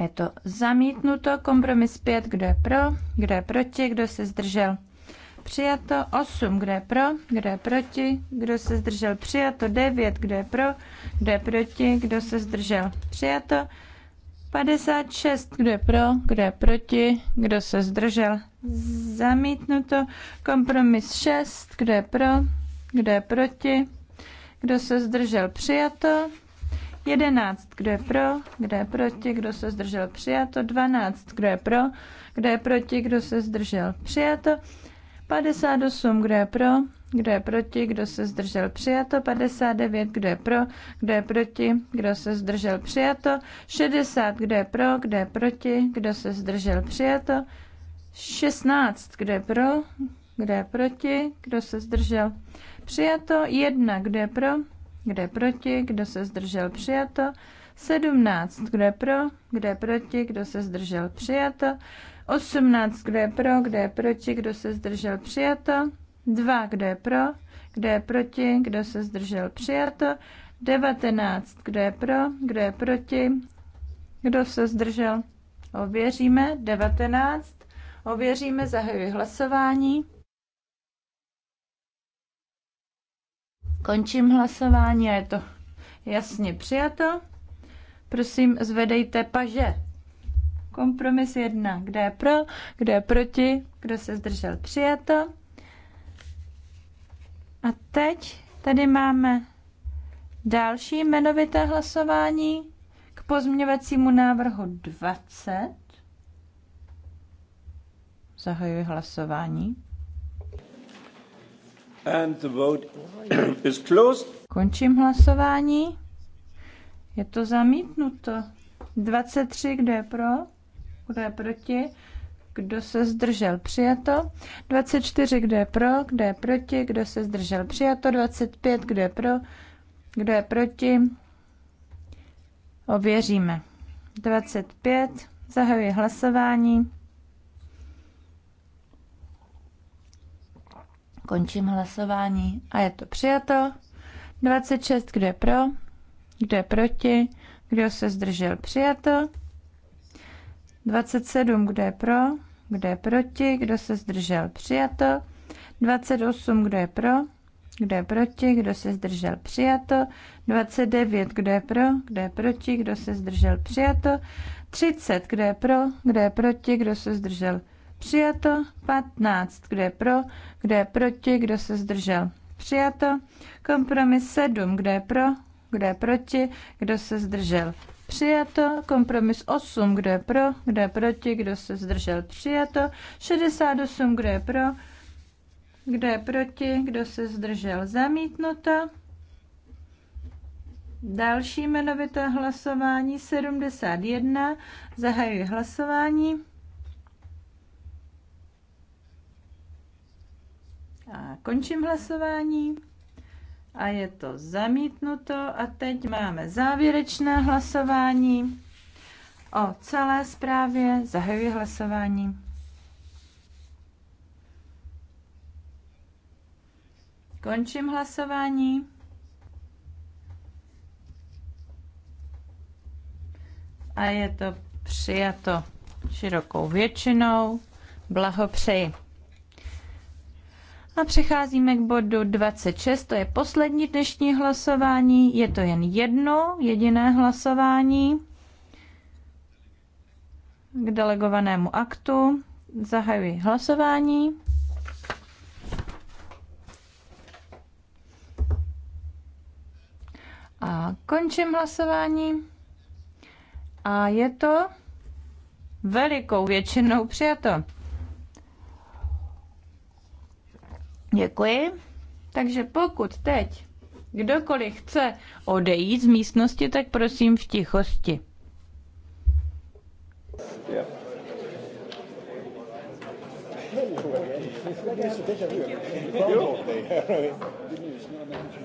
je to zamítnuto. Kompromis 5, kdo je pro, kdo je proti, kdo se zdržel. Přijato 8, kdo je pro, kdo je proti, kdo se zdržel. Přijato 9, kdo je pro, kdo je proti, kdo se zdržel. Přijato 56, kdo je pro, kdo je proti, kdo se zdržel. Zamítnuto. Kompromis 6, kdo je pro, kdo je proti, kdo se zdržel. Přijato 11. Kdo je pro? Kdo je proti? Kdo se zdržel? Přijato. 12. Kdo je pro? Kdo je proti? Kdo se zdržel? Přijato. 58. Kdo je pro? Kdo je proti? Kdo se zdržel? Přijato. 59. Kdo je pro? Kdo je proti? Kdo se zdržel? Přijato. 60. Kdo je pro? Kdo je proti? Kdo se zdržel? Přijato. 16. Kdo je pro? Kdo je proti? Kdo se zdržel? Přijato. 1. Kdo je pro? Kdo je proti? Kdo se zdržel? Přijato. 17. Kdo je pro? Kdo je proti? Kdo se zdržel? Přijato. 18. Kdo je pro? Kdo je proti? Kdo se zdržel? Přijato. 2. Kdo je pro? Kdo je proti? Kdo se zdržel? Přijato. 19. Kdo je pro? Kdo je proti? Kdo se zdržel? Ověříme. 19. Ověříme. Zahajuji hlasování. Končím hlasování a je to jasně přijato. Prosím, zvedejte paže. Kompromis jedna. Kdo je pro, kdo je proti, kdo se zdržel přijato. A teď tady máme další jmenovité hlasování k pozměňovacímu návrhu 20. Zahajuji hlasování. And the vote is closed. Končím hlasování. Je to zamítnuto. 23, kdo je pro, kdo je proti, kdo se zdržel, přijato. 24, kdo je pro, kdo je proti, kdo se zdržel, přijato. 25, kdo je pro, kdo je proti, ověříme. 25, zahajuji hlasování. Končím hlasování a je to přijato. 26, kdo je pro, kdo je proti, kdo se zdržel, přijato. 27, kdo je pro, kdo je proti, kdo se zdržel, přijato. 28, kdo je pro, kdo je proti, kdo se zdržel, přijato. 29, kdo je pro, kdo je proti, kdo se zdržel, přijato. 30, kdo je pro, kdo je proti, kdo se zdržel, přijato. Přijato 15. Kdo je pro? Kdo je proti? Kdo se zdržel? Přijato. Kompromis 7. Kdo je pro? Kdo je proti? Kdo se zdržel? Přijato. Kompromis 8. Kdo je pro? Kdo je proti? Kdo se zdržel? Přijato. 68. Kdo je pro? Kdo je proti? Kdo se zdržel? Zamítnuto. Další jmenovité hlasování 71. Zahajuji hlasování. A končím hlasování. A je to zamítnuto. A teď máme závěrečné hlasování o celé zprávě. Zahajuji hlasování. Končím hlasování. A je to přijato širokou většinou. Blahopřeji. A přecházíme k bodu 26, to je poslední dnešní hlasování, je to jen jedno, jediné hlasování k delegovanému aktu. Zahajuji hlasování. A končím hlasování. A je to velikou většinou přijato. Děkuji. Takže pokud teď kdokoliv chce odejít z místnosti, tak prosím v tichosti.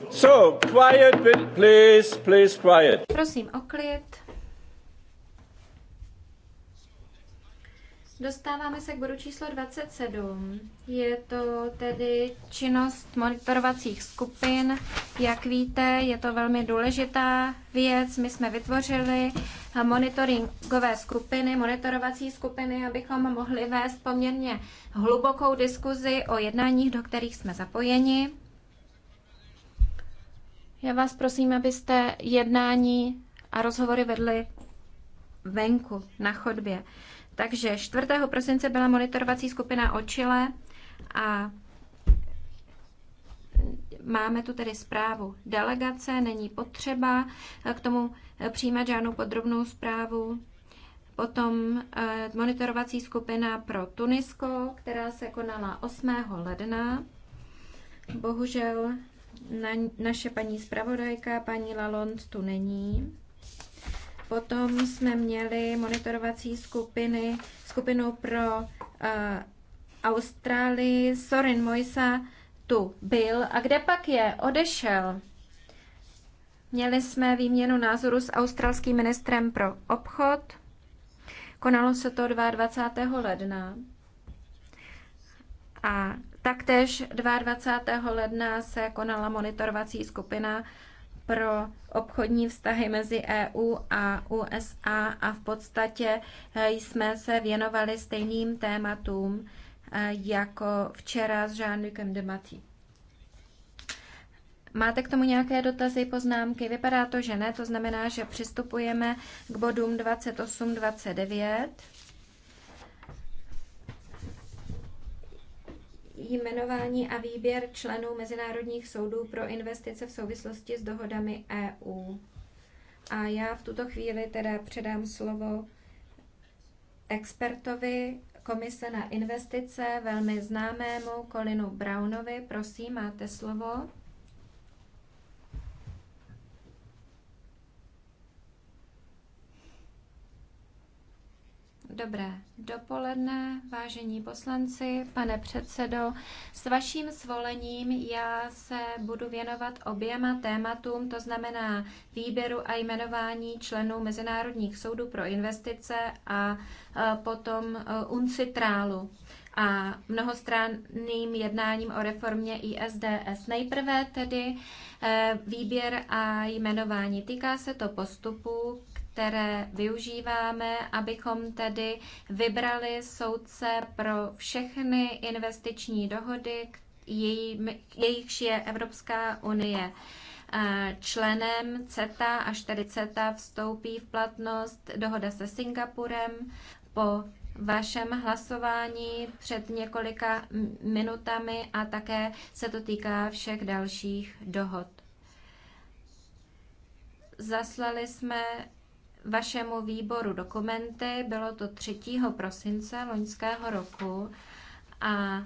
So, quiet, please, please, quiet. Prosím o klid. Dostáváme se k bodu číslo 27. Je to tedy činnost monitorovacích skupin. Jak víte, je to velmi důležitá věc. My jsme vytvořili monitoringové skupiny, monitorovací skupiny, abychom mohli vést poměrně hlubokou diskuzi o jednáních, do kterých jsme zapojeni. Já vás prosím, abyste jednání a rozhovory vedli venku, na chodbě. Takže 4. prosince byla monitorovací skupina o Chile a máme tu tedy zprávu delegace, není potřeba k tomu přijímat žádnou podrobnou zprávu. Potom eh, monitorovací skupina pro Tunisko, která se konala 8. ledna. Bohužel na, naše paní zpravodajka, paní Lalonde, tu není. Potom jsme měli monitorovací skupiny, skupinu pro uh, Austrálii. Sorin Moisa tu byl a kde pak je? Odešel. Měli jsme výměnu názoru s australským ministrem pro obchod. Konalo se to 22. ledna. A taktéž 22. ledna se konala monitorovací skupina pro obchodní vztahy mezi EU a USA a v podstatě e, jsme se věnovali stejným tématům e, jako včera s Jean-Lucem Dematí. Máte k tomu nějaké dotazy, poznámky? Vypadá to, že ne, to znamená, že přistupujeme k bodům 28-29. jmenování a výběr členů mezinárodních soudů pro investice v souvislosti s dohodami EU. A já v tuto chvíli teda předám slovo expertovi Komise na investice, velmi známému Colinu Brownovi. Prosím, máte slovo. Dobré dopoledne, vážení poslanci, pane předsedo. S vaším svolením já se budu věnovat oběma tématům, to znamená výběru a jmenování členů Mezinárodních soudů pro investice a e, potom e, UNCITRÁLu a mnohostranným jednáním o reformě ISDS. Nejprve tedy e, výběr a jmenování. Týká se to postupu, které využíváme, abychom tedy vybrali soudce pro všechny investiční dohody, jejichž je Evropská unie eh, členem CETA, až tedy CETA vstoupí v platnost dohoda se Singapurem po vašem hlasování před několika minutami a také se to týká všech dalších dohod. Zaslali jsme vašemu výboru dokumenty. Bylo to 3. prosince loňského roku a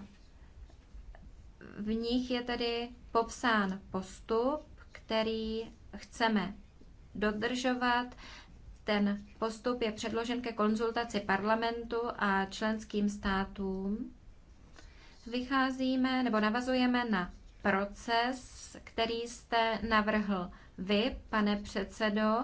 v nich je tedy popsán postup, který chceme dodržovat. Ten postup je předložen ke konzultaci parlamentu a členským státům. Vycházíme nebo navazujeme na proces, který jste navrhl vy, pane předsedo,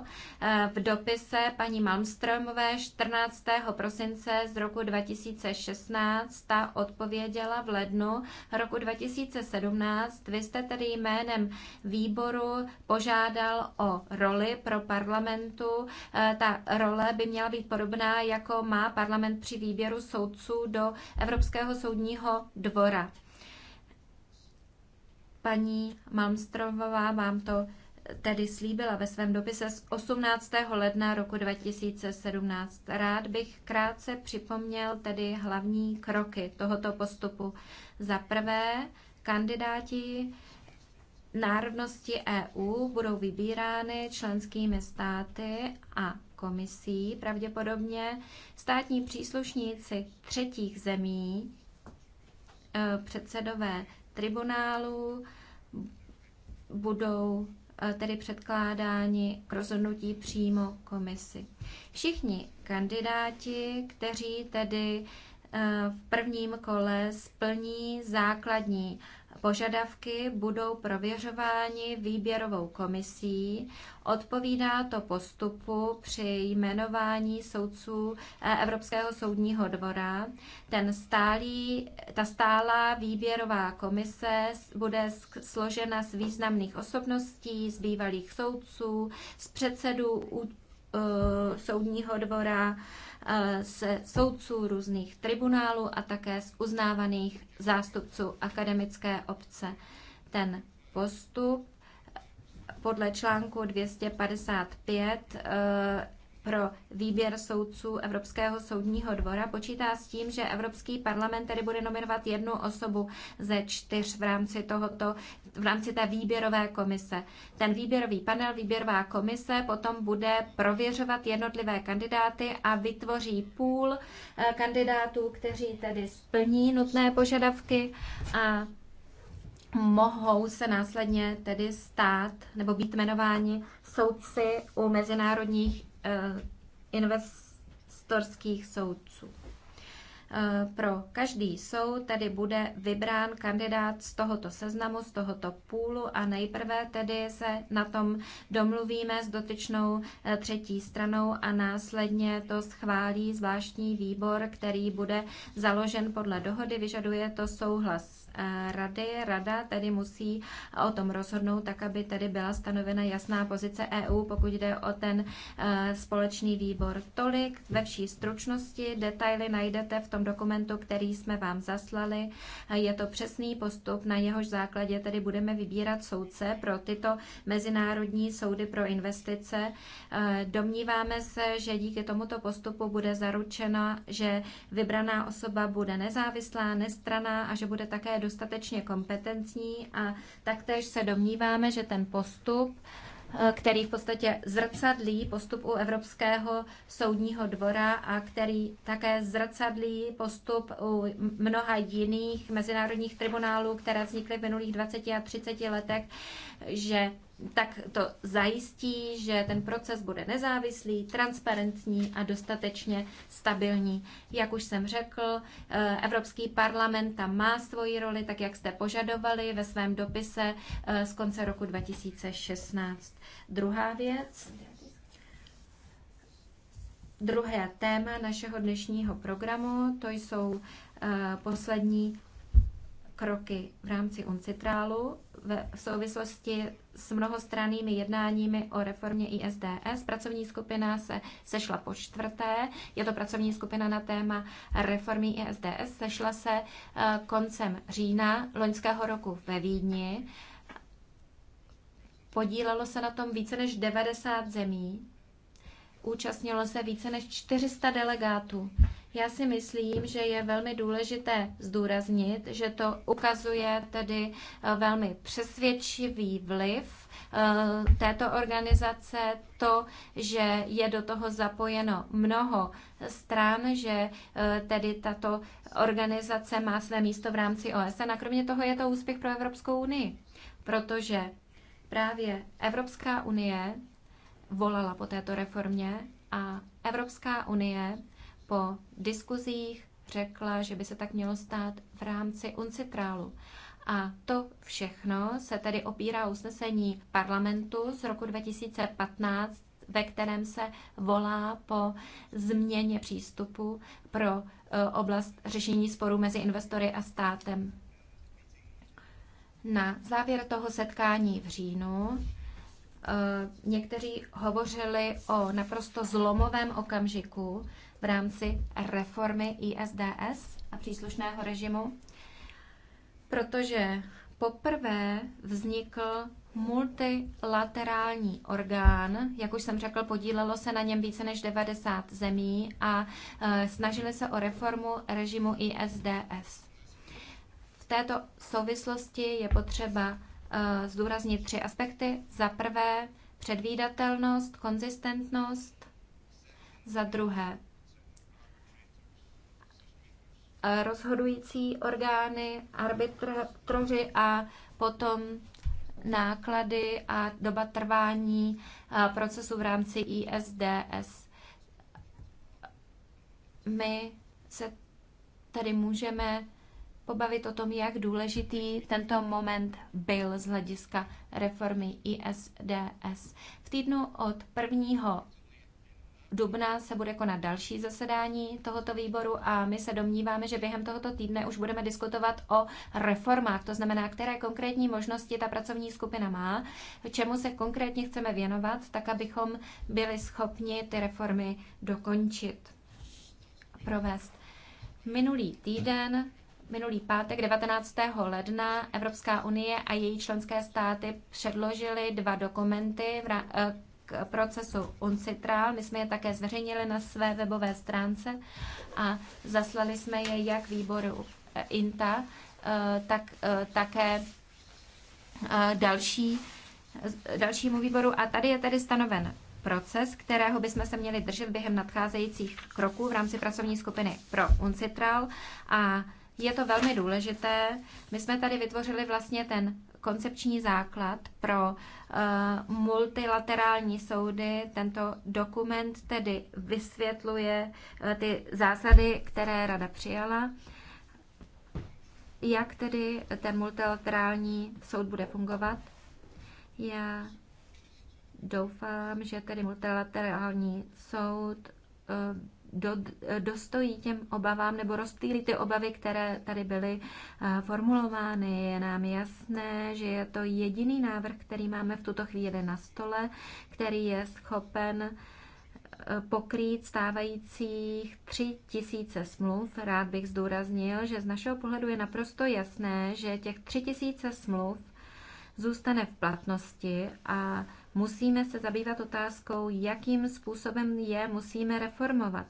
eh, v dopise paní Malmströmové 14. prosince z roku 2016. Ta odpověděla v lednu roku 2017. Vy jste tedy jménem výboru požádal o roli pro parlamentu. Eh, ta role by měla být podobná, jako má parlament při výběru soudců do Evropského soudního dvora. Paní Malmstrovová vám to tedy slíbila ve svém dopise z 18. ledna roku 2017. Rád bych krátce připomněl tedy hlavní kroky tohoto postupu. Za prvé, kandidáti národnosti EU budou vybírány členskými státy a komisí, pravděpodobně státní příslušníci třetích zemí, eh, předsedové tribunálu budou Eh, tedy předkládáni k rozhodnutí přímo komisi. Všichni kandidáti, kteří tedy eh, v prvním kole splní základní požadavky budou prověřováni výběrovou komisí. Odpovídá to postupu při jmenování soudců eh, Evropského soudního dvora. Ten stálý, ta stálá výběrová komise bude složena z významných osobností, z bývalých soudců, z předsedů eh, soudního dvora, Eh, se soudců různých tribunálů a také z uznávaných zástupců akademické obce. Ten postup podle článku 255 pro výběr soudců Evropského soudního dvora. Počítá s tím, že Evropský parlament tedy bude nominovat jednu osobu ze čtyř v rámci, tohoto, v rámci té výběrové komise. Ten výběrový panel, výběrová komise potom bude prověřovat jednotlivé kandidáty a vytvoří půl eh, kandidátů, kteří tedy splní nutné požadavky a mohou se následně tedy stát nebo být jmenováni soudci u mezinárodních Eh, investorských soudců. Eh, pro každý soud tedy bude vybrán kandidát z tohoto seznamu, z tohoto půlu a nejprve tedy se na tom domluvíme s dotyčnou eh, třetí stranou a následně to schválí zvláštní výbor, který bude založen podle dohody. Vyžaduje to souhlas rady. Rada tedy musí o tom rozhodnout, tak aby tedy byla stanovena jasná pozice EU, pokud jde o ten e, společný výbor. Tolik ve vší stručnosti. Detaily najdete v tom dokumentu, který jsme vám zaslali. E, je to přesný postup, na jehož základě tedy budeme vybírat soudce pro tyto mezinárodní soudy pro investice. E, domníváme se, že díky tomuto postupu bude zaručena, že vybraná osoba bude nezávislá, nestraná a že bude také dostatečně kompetentní a taktéž se domníváme, že ten postup, eh, který v podstatě zrcadlí postup u Evropského soudního dvora a který také zrcadlí postup u mnoha jiných mezinárodních tribunálů, které vznikly v minulých 20 a 30 letech, že tak to zajistí, že ten proces bude nezávislý, transparentní a dostatečně stabilní. Jak už jsem řekl, eh, Evropský parlament tam má svoji roli, tak jak jste požadovali ve svém dopise eh, z konce roku 2016. Druhá věc. Druhé téma našeho dnešního programu, to jsou eh, poslední kroky v rámci UNCITRÁLu v souvislosti s mnohostrannými jednáními o reformě ISDS. Pracovní skupina se sešla po čtvrté. Je to pracovní skupina na téma reformy ISDS. Sešla se eh, koncem října loňského roku ve Vídni. Podílelo se na tom více než 90 zemí účastnilo se více než 400 delegátů. Já si myslím, že je velmi důležité zdůraznit, že to ukazuje tedy eh, velmi přesvědčivý vliv eh, této organizace, to, že je do toho zapojeno mnoho stran, že eh, tedy tato organizace má své místo v rámci OSN a kromě toho je to úspěch pro Evropskou unii, protože právě Evropská unie volala po této reformě a Evropská unie po diskuzích řekla, že by se tak mělo stát v rámci uncitrálu. A to všechno se tedy opírá usnesení parlamentu z roku 2015, ve kterém se volá po změně přístupu pro e, oblast řešení sporů mezi investory a státem. Na závěr toho setkání v říjnu Eh, někteří hovořili o naprosto zlomovém okamžiku v rámci reformy ISDS a příslušného režimu, protože poprvé vznikl multilaterální orgán. Jak už jsem řekl, podílelo se na něm více než 90 zemí a eh, snažili se o reformu režimu ISDS. V této souvislosti je potřeba Eh, zdůraznit tři aspekty. Za prvé předvídatelnost, konzistentnost, za druhé eh, rozhodující orgány, arbitroři a potom náklady a doba trvání eh, procesu v rámci ISDS. My se tady můžeme pobavit o tom, jak důležitý tento moment byl z hlediska reformy ISDS. V týdnu od 1. dubna se bude konat další zasedání tohoto výboru a my se domníváme, že během tohoto týdne už budeme diskutovat o reformách, to znamená, které konkrétní možnosti ta pracovní skupina má, čemu se konkrétně chceme věnovat, tak abychom byli schopni ty reformy dokončit, provést. Minulý týden Minulý pátek 19. ledna Evropská unie a její členské státy předložily dva dokumenty eh, k procesu UNCITRAL. My jsme je také zveřejnili na své webové stránce a zaslali jsme je jak výboru eh, INTA, eh, tak také další, dalšímu výboru. A tady je tedy stanoven proces, kterého bychom se měli držet během nadcházejících kroků v rámci pracovní skupiny pro UNCITRAL a je to velmi důležité. My jsme tady vytvořili vlastně ten koncepční základ pro eh, multilaterální soudy. Tento dokument tedy vysvětluje eh, ty zásady, které Rada přijala, jak tedy ten multilaterální soud bude fungovat. Já doufám, že tedy multilaterální soud eh, do, dostojí těm obavám nebo rozptýlí ty obavy, které tady byly eh, formulovány. Je nám jasné, že je to jediný návrh, který máme v tuto chvíli na stole, který je schopen eh, pokrýt stávajících tři tisíce smluv. Rád bych zdůraznil, že z našeho pohledu je naprosto jasné, že těch tři tisíce smluv zůstane v platnosti a musíme se zabývat otázkou, jakým způsobem je musíme reformovat.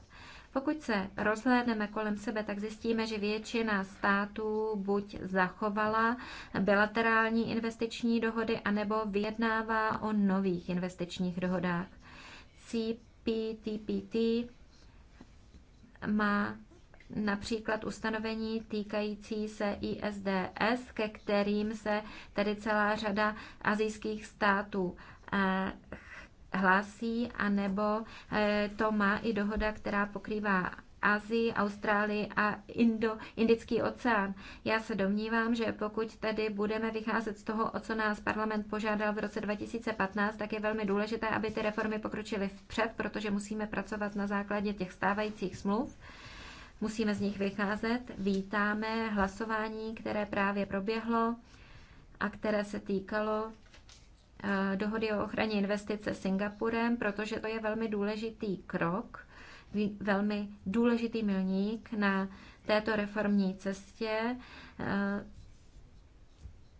Pokud se rozhlédneme kolem sebe, tak zjistíme, že většina států buď zachovala bilaterální investiční dohody, anebo vyjednává o nových investičních dohodách. CPTPT má například ustanovení týkající se ISDS, ke kterým se tedy celá řada azijských států eh, hlásí, anebo eh, to má i dohoda, která pokrývá Asii, Austrálii a Indo, Indický oceán. Já se domnívám, že pokud tedy budeme vycházet z toho, o co nás parlament požádal v roce 2015, tak je velmi důležité, aby ty reformy pokročily vpřed, protože musíme pracovat na základě těch stávajících smluv. Musíme z nich vycházet. Vítáme hlasování, které právě proběhlo a které se týkalo Eh, dohody o ochraně investice Singapurem, protože to je velmi důležitý krok, velmi důležitý milník na této reformní cestě. Eh,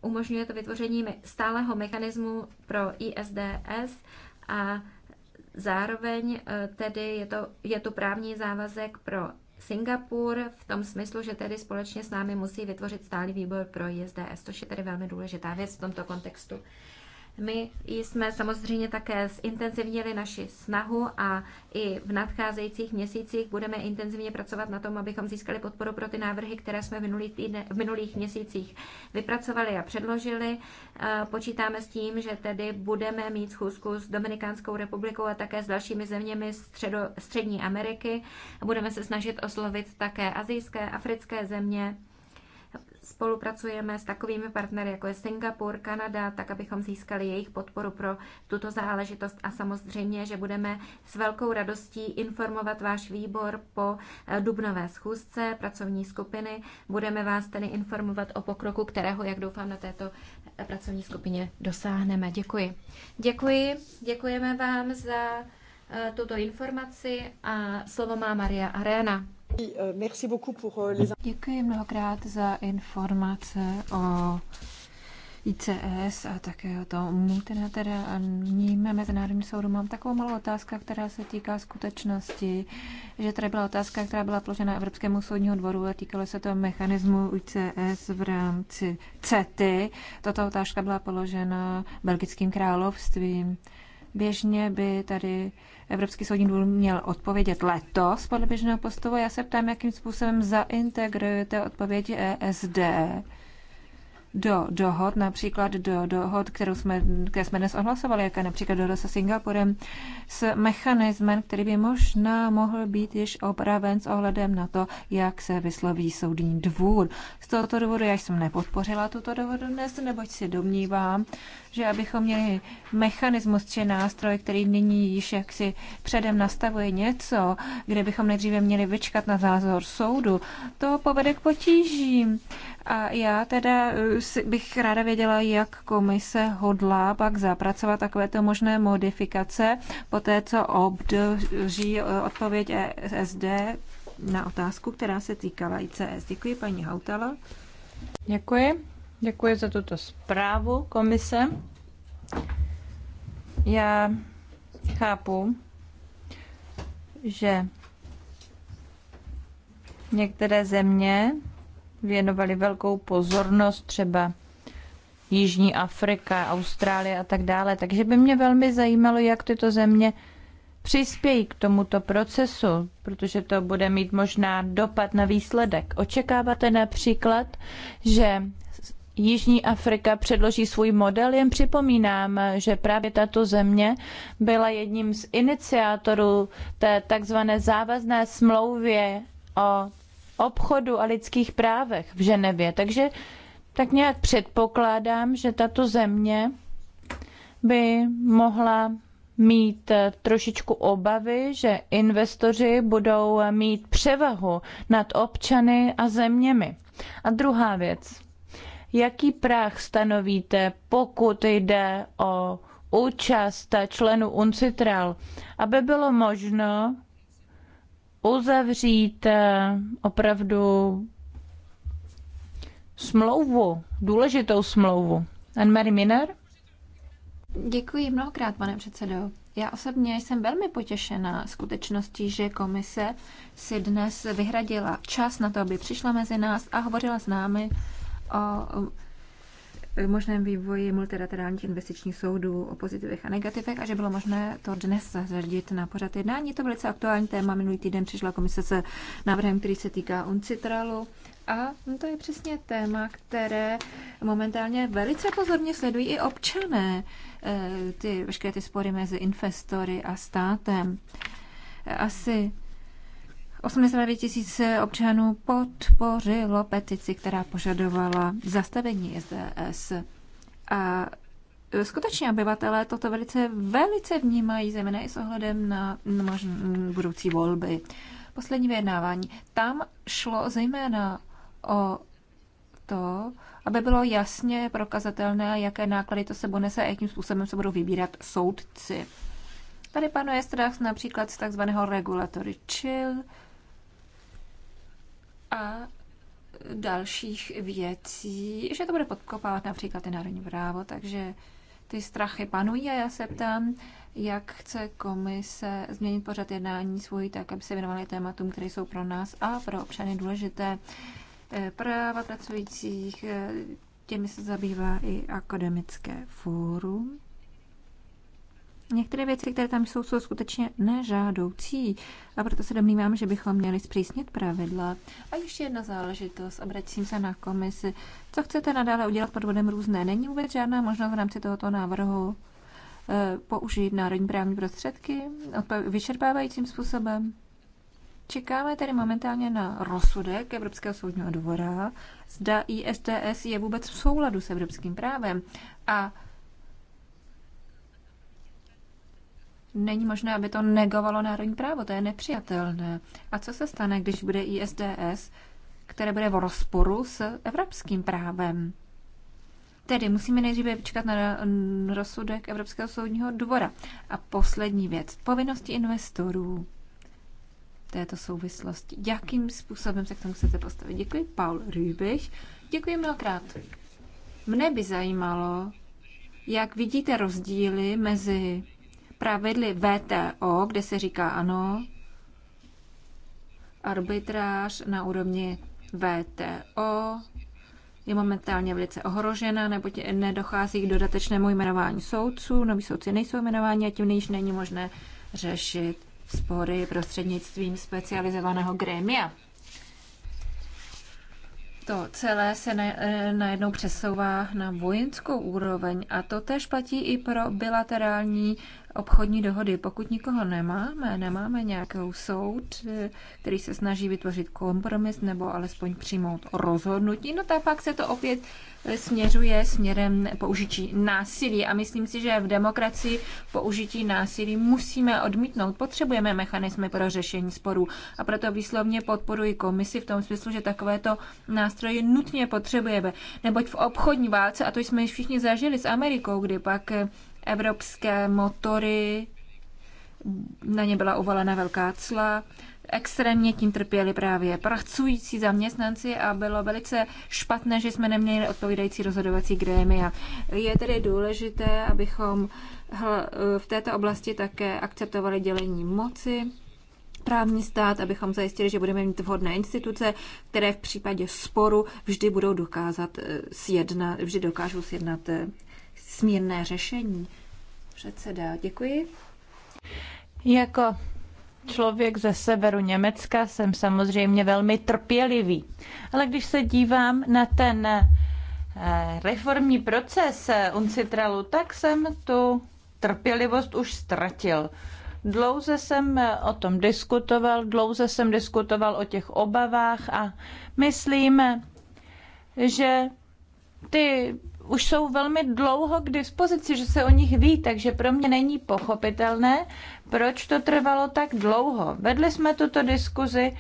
umožňuje to vytvoření stálého mechanismu pro ISDS a zároveň eh, tedy je, to, je to právní závazek pro Singapur v tom smyslu, že tedy společně s námi musí vytvořit stálý výbor pro ISDS, což je tedy velmi důležitá věc v tomto kontextu. My jsme samozřejmě také zintenzivnili naši snahu a i v nadcházejících měsících budeme intenzivně pracovat na tom, abychom získali podporu pro ty návrhy, které jsme v, minulý týdne, v minulých měsících vypracovali a předložili. Eh, počítáme s tím, že tedy budeme mít schůzku s Dominikánskou republikou a také s dalšími zeměmi středo, Střední Ameriky. Budeme se snažit oslovit také azijské, africké země spolupracujeme s takovými partnery, jako je Singapur, Kanada, tak abychom získali jejich podporu pro tuto záležitost a samozřejmě, že budeme s velkou radostí informovat váš výbor po eh, dubnové schůzce pracovní skupiny. Budeme vás tedy informovat o pokroku, kterého, jak doufám, na této eh, pracovní skupině dosáhneme. Děkuji. Děkuji. Děkujeme vám za eh, tuto informaci a slovo má Maria Arena. Euh, Děkuji mnohokrát za informace o ICS a také o tom multilaterálním mezinárodním soudu. Mám takovou malou otázku, která se týká skutečnosti, že tady byla otázka, která byla položena Evropskému soudního dvoru a týkalo se toho mechanismu ICS v rámci CETY. Tato otázka byla položena Belgickým královstvím. Běžně by tady Evropský soudní dvůr měl odpovědět letos podle běžného postupu. Já se ptám, jakým způsobem zaintegrujete odpovědi ESD do dohod, například do dohod, kterou jsme, které jsme dnes ohlasovali, jaké například dohoda se Singapurem, s mechanismem, který by možná mohl být již opraven s ohledem na to, jak se vysloví soudní dvůr. Z tohoto důvodu já jsem nepodpořila tuto dohodu dnes, neboť si domnívám, že abychom měli mechanismus či nástroj, který nyní již jaksi předem nastavuje něco, kde bychom nejdříve měli vyčkat na zázor soudu, to povede k potížím. A já teda eh, bych ráda věděla, jak komise hodlá pak zapracovat takovéto možné modifikace po té, co obdrží eh, odpověď ESD na otázku, která se týkala ICS. Děkuji, paní Hautala. Děkuji. Děkuji za tuto zprávu komise. Já chápu, že některé země věnovaly velkou pozornost, třeba Jižní Afrika, Austrálie a tak dále. Takže by mě velmi zajímalo, jak tyto země přispějí k tomuto procesu, protože to bude mít možná dopad na výsledek. Očekáváte například, že Jižní Afrika předloží svůj model, jen připomínám, že právě tato země byla jedním z iniciátorů té takzvané závazné smlouvě o obchodu a lidských právech v Ženevě. Takže tak nějak předpokládám, že tato země by mohla mít trošičku obavy, že investoři budou mít převahu nad občany a zeměmi. A druhá věc jaký práh stanovíte, pokud jde o účast členů UNCITRAL, aby bylo možno uzavřít eh, opravdu smlouvu, důležitou smlouvu. Anne-Marie Miner? Děkuji mnohokrát, pane předsedo. Já osobně jsem velmi potěšena skutečností, že komise si dnes vyhradila čas na to, aby přišla mezi nás a hovořila s námi o možném vývoji multilaterálních investičních soudů, o pozitivech a negativech a že bylo možné to dnes zařadit na pořad jednání. To velice aktuální téma. Minulý týden přišla komise se návrhem, který se týká UNCITRALu. A to je přesně téma, které momentálně velice pozorně sledují i občané, e, ty, veškeré ty spory mezi investory a státem. Asi 89 tisíc občanů podpořilo petici, která požadovala zastavení SDS. A skutečně obyvatelé toto velice, velice vnímají, zejména i s ohledem na budoucí volby. Poslední vyjednávání. Tam šlo zejména o to, aby bylo jasně prokazatelné, jaké náklady to se nese a jakým způsobem se budou vybírat soudci. Tady panuje strach například z takzvaného regulatory chill, a dalších věcí, že to bude podkopávat například ten národní právo, takže ty strachy panují a já se ptám, jak chce komise změnit pořad jednání svůj tak, aby se věnovali tématům, které jsou pro nás a pro občany důležité. Eh, práva pracujících, eh, těmi se zabývá i akademické fórum. Některé věci, které tam jsou, jsou skutečně nežádoucí a proto se domnívám, že bychom měli zpřísnit pravidla. A ještě jedna záležitost, obracím se na komisi. Co chcete nadále udělat pod vodem různé? Není vůbec žádná možnost v rámci tohoto návrhu eh, použít národní právní prostředky vyčerpávajícím způsobem? Čekáme tedy momentálně na rozsudek Evropského soudního dvora, zda ISDS je vůbec v souladu s evropským právem. A není možné, aby to negovalo národní právo, to je nepřijatelné. A co se stane, když bude ISDS, které bude v rozporu s evropským právem? Tedy musíme nejdříve vyčkat na rozsudek Evropského soudního dvora. A poslední věc, povinnosti investorů této souvislosti. Jakým způsobem se k tomu chcete postavit? Děkuji, Paul Rübich. Děkuji mnohokrát. Mne by zajímalo, jak vidíte rozdíly mezi pravidly VTO, kde se říká ano, arbitráž na úrovni VTO je momentálně velice ohrožena, neboť nedochází k dodatečnému jmenování soudců, noví soudci nejsou jmenováni a tím již není možné řešit spory prostřednictvím specializovaného grémia. To celé se eh, najednou přesouvá na vojenskou úroveň a to tež platí i pro bilaterální obchodní dohody. Pokud nikoho nemáme, nemáme nějakou soud, eh, který se snaží vytvořit kompromis nebo alespoň přijmout rozhodnutí, no tak pak se to opět eh, směřuje směrem použití násilí. A myslím si, že v demokracii použití násilí musíme odmítnout. Potřebujeme mechanismy pro řešení sporů. A proto výslovně podporuji komisi v tom smyslu, že takovéto nástroje nutně potřebujeme. Neboť v obchodní válce, a to jsme již všichni zažili s Amerikou, kdy pak eh, evropské motory, na ně byla uvalena velká cla. Extrémně tím trpěli právě pracující zaměstnanci a bylo velice špatné, že jsme neměli odpovídající rozhodovací grémia. Je tedy důležité, abychom v této oblasti také akceptovali dělení moci, právní stát, abychom zajistili, že budeme mít vhodné instituce, které v případě sporu vždy budou dokázat eh, sjednat, vždy dokážou sjednat eh, smírné řešení. Předseda, děkuji. Jako člověk ze severu Německa jsem samozřejmě velmi trpělivý, ale když se dívám na ten eh, reformní proces eh, Uncitralu, tak jsem tu trpělivost už ztratil. Dlouze jsem eh, o tom diskutoval, dlouze jsem diskutoval o těch obavách a myslím, že ty už jsou velmi dlouho k dispozici, že se o nich ví, takže pro mě není pochopitelné, proč to trvalo tak dlouho. Vedli jsme tuto diskuzi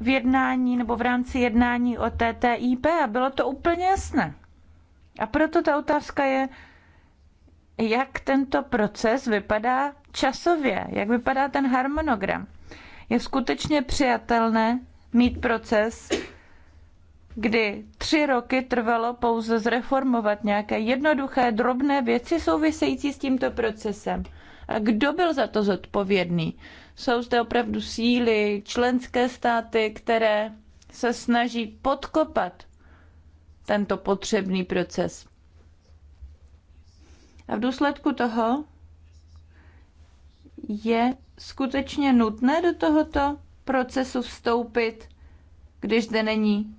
v jednání nebo v rámci jednání o TTIP a bylo to úplně jasné. A proto ta otázka je, jak tento proces vypadá časově, jak vypadá ten harmonogram. Je skutečně přijatelné mít proces, kdy tři roky trvalo pouze zreformovat nějaké jednoduché, drobné věci související s tímto procesem. A kdo byl za to zodpovědný? Jsou zde opravdu síly, členské státy, které se snaží podkopat tento potřebný proces. A v důsledku toho je skutečně nutné do tohoto procesu vstoupit, když zde není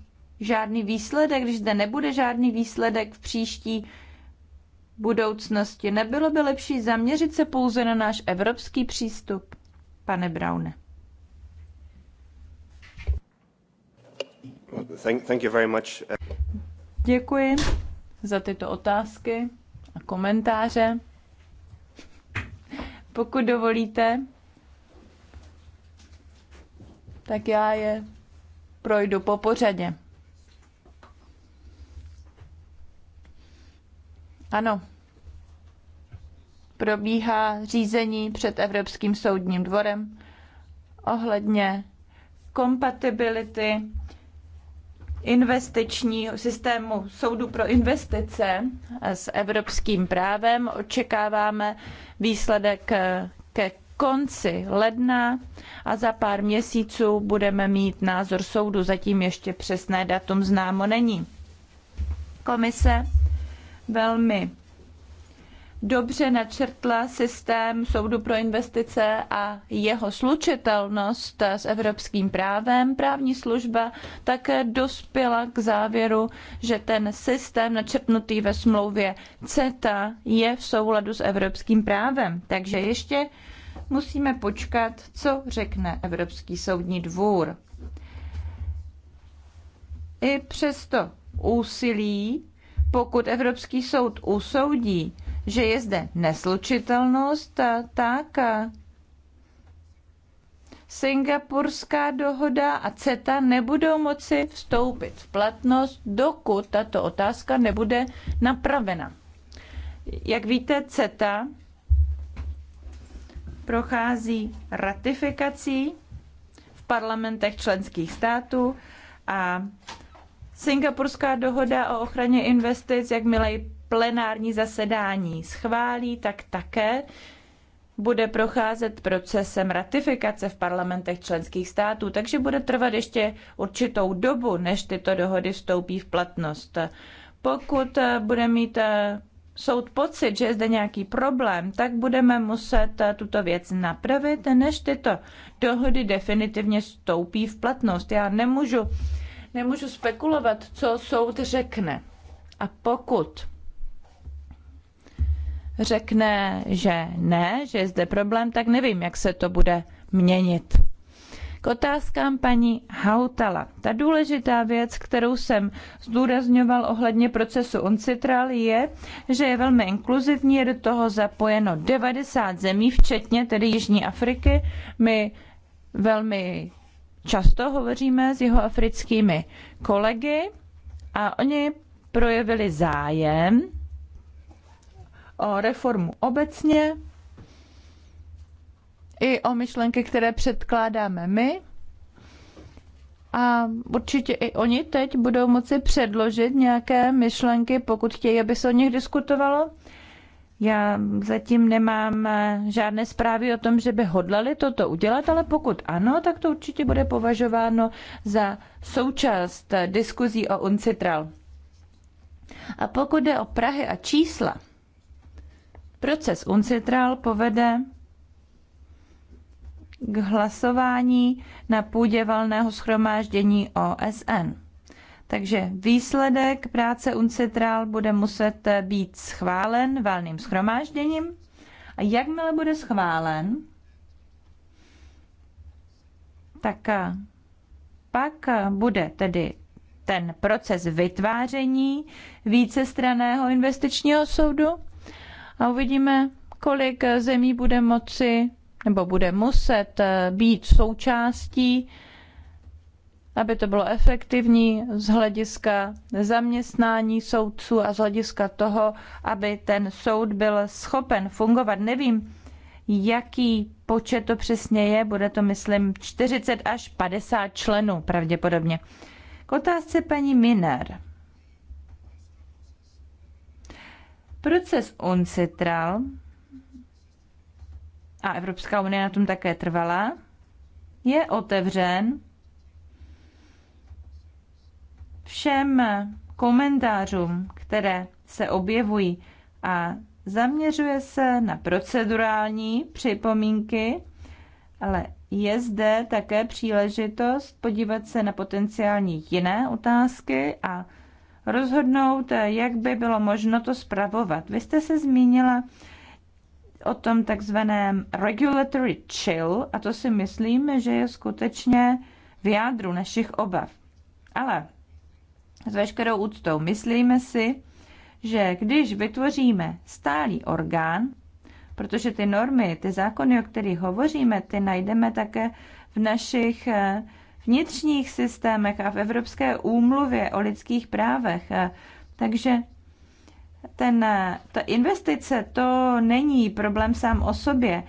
žádný výsledek, když zde nebude žádný výsledek v příští budoucnosti, nebylo by lepší zaměřit se pouze na náš evropský přístup, pane Braune? Thank, you very much. Děkuji za tyto otázky a komentáře. Pokud dovolíte, tak já je projdu po pořadě. Ano. Probíhá řízení před Evropským soudním dvorem ohledně kompatibility investičního systému soudu pro investice s evropským právem. Očekáváme výsledek eh, ke konci ledna a za pár měsíců budeme mít názor soudu. Zatím ještě přesné datum známo není. Komise velmi dobře načrtla systém soudu pro investice a jeho slučitelnost s evropským právem. Právní služba také dospěla k závěru, že ten systém načrtnutý ve smlouvě CETA je v souladu s evropským právem. Takže ještě musíme počkat, co řekne Evropský soudní dvůr. I přesto úsilí pokud Evropský soud usoudí, že je zde neslučitelnost, tak Singapurská dohoda a CETA nebudou moci vstoupit v platnost, dokud tato otázka nebude napravena. Jak víte, CETA prochází ratifikací v parlamentech členských států a Singapurská dohoda o ochraně investic, jakmile ji plenární zasedání schválí, tak také bude procházet procesem ratifikace v parlamentech členských států, takže bude trvat ještě určitou dobu, než tyto dohody vstoupí v platnost. Pokud eh, bude mít eh, soud pocit, že je zde nějaký problém, tak budeme muset eh, tuto věc napravit, než tyto dohody definitivně vstoupí v platnost. Já nemůžu nemůžu spekulovat, co soud řekne. A pokud řekne, že ne, že je zde problém, tak nevím, jak se to bude měnit. K otázkám paní Hautala. Ta důležitá věc, kterou jsem zdůrazňoval ohledně procesu Uncitral, je, že je velmi inkluzivní, je do toho zapojeno 90 zemí, včetně tedy Jižní Afriky. My velmi často hovoříme s jeho africkými kolegy a oni projevili zájem o reformu obecně i o myšlenky, které předkládáme my. A určitě i oni teď budou moci předložit nějaké myšlenky, pokud chtějí, aby se o nich diskutovalo. Já zatím nemám eh, žádné zprávy o tom, že by hodlali toto udělat, ale pokud ano, tak to určitě bude považováno za součást eh, diskuzí o Uncitral. A pokud jde o Prahy a čísla, proces Uncitral povede k hlasování na půdě valného schromáždění OSN. Takže výsledek práce UNCITRAL bude muset být schválen valným schromážděním a jakmile bude schválen, tak eh, pak bude tedy ten proces vytváření vícestraného investičního soudu a uvidíme, kolik zemí bude moci nebo bude muset eh, být součástí aby to bylo efektivní z hlediska zaměstnání soudců a z hlediska toho, aby ten soud byl schopen fungovat. Nevím, jaký počet to přesně je, bude to, myslím, 40 až 50 členů pravděpodobně. K otázce paní Miner. Proces UNCITRAL a Evropská unie na tom také trvala, je otevřen všem komentářům, které se objevují a zaměřuje se na procedurální připomínky, ale je zde také příležitost podívat se na potenciální jiné otázky a rozhodnout, jak by bylo možno to spravovat. Vy jste se zmínila o tom takzvaném regulatory chill a to si myslím, že je skutečně v jádru našich obav. Ale s veškerou úctou myslíme si, že když vytvoříme stálý orgán, protože ty normy, ty zákony, o kterých hovoříme, ty najdeme také v našich eh, vnitřních systémech a v Evropské úmluvě o lidských právech. Eh, takže ten, eh, ta investice to není problém sám o sobě.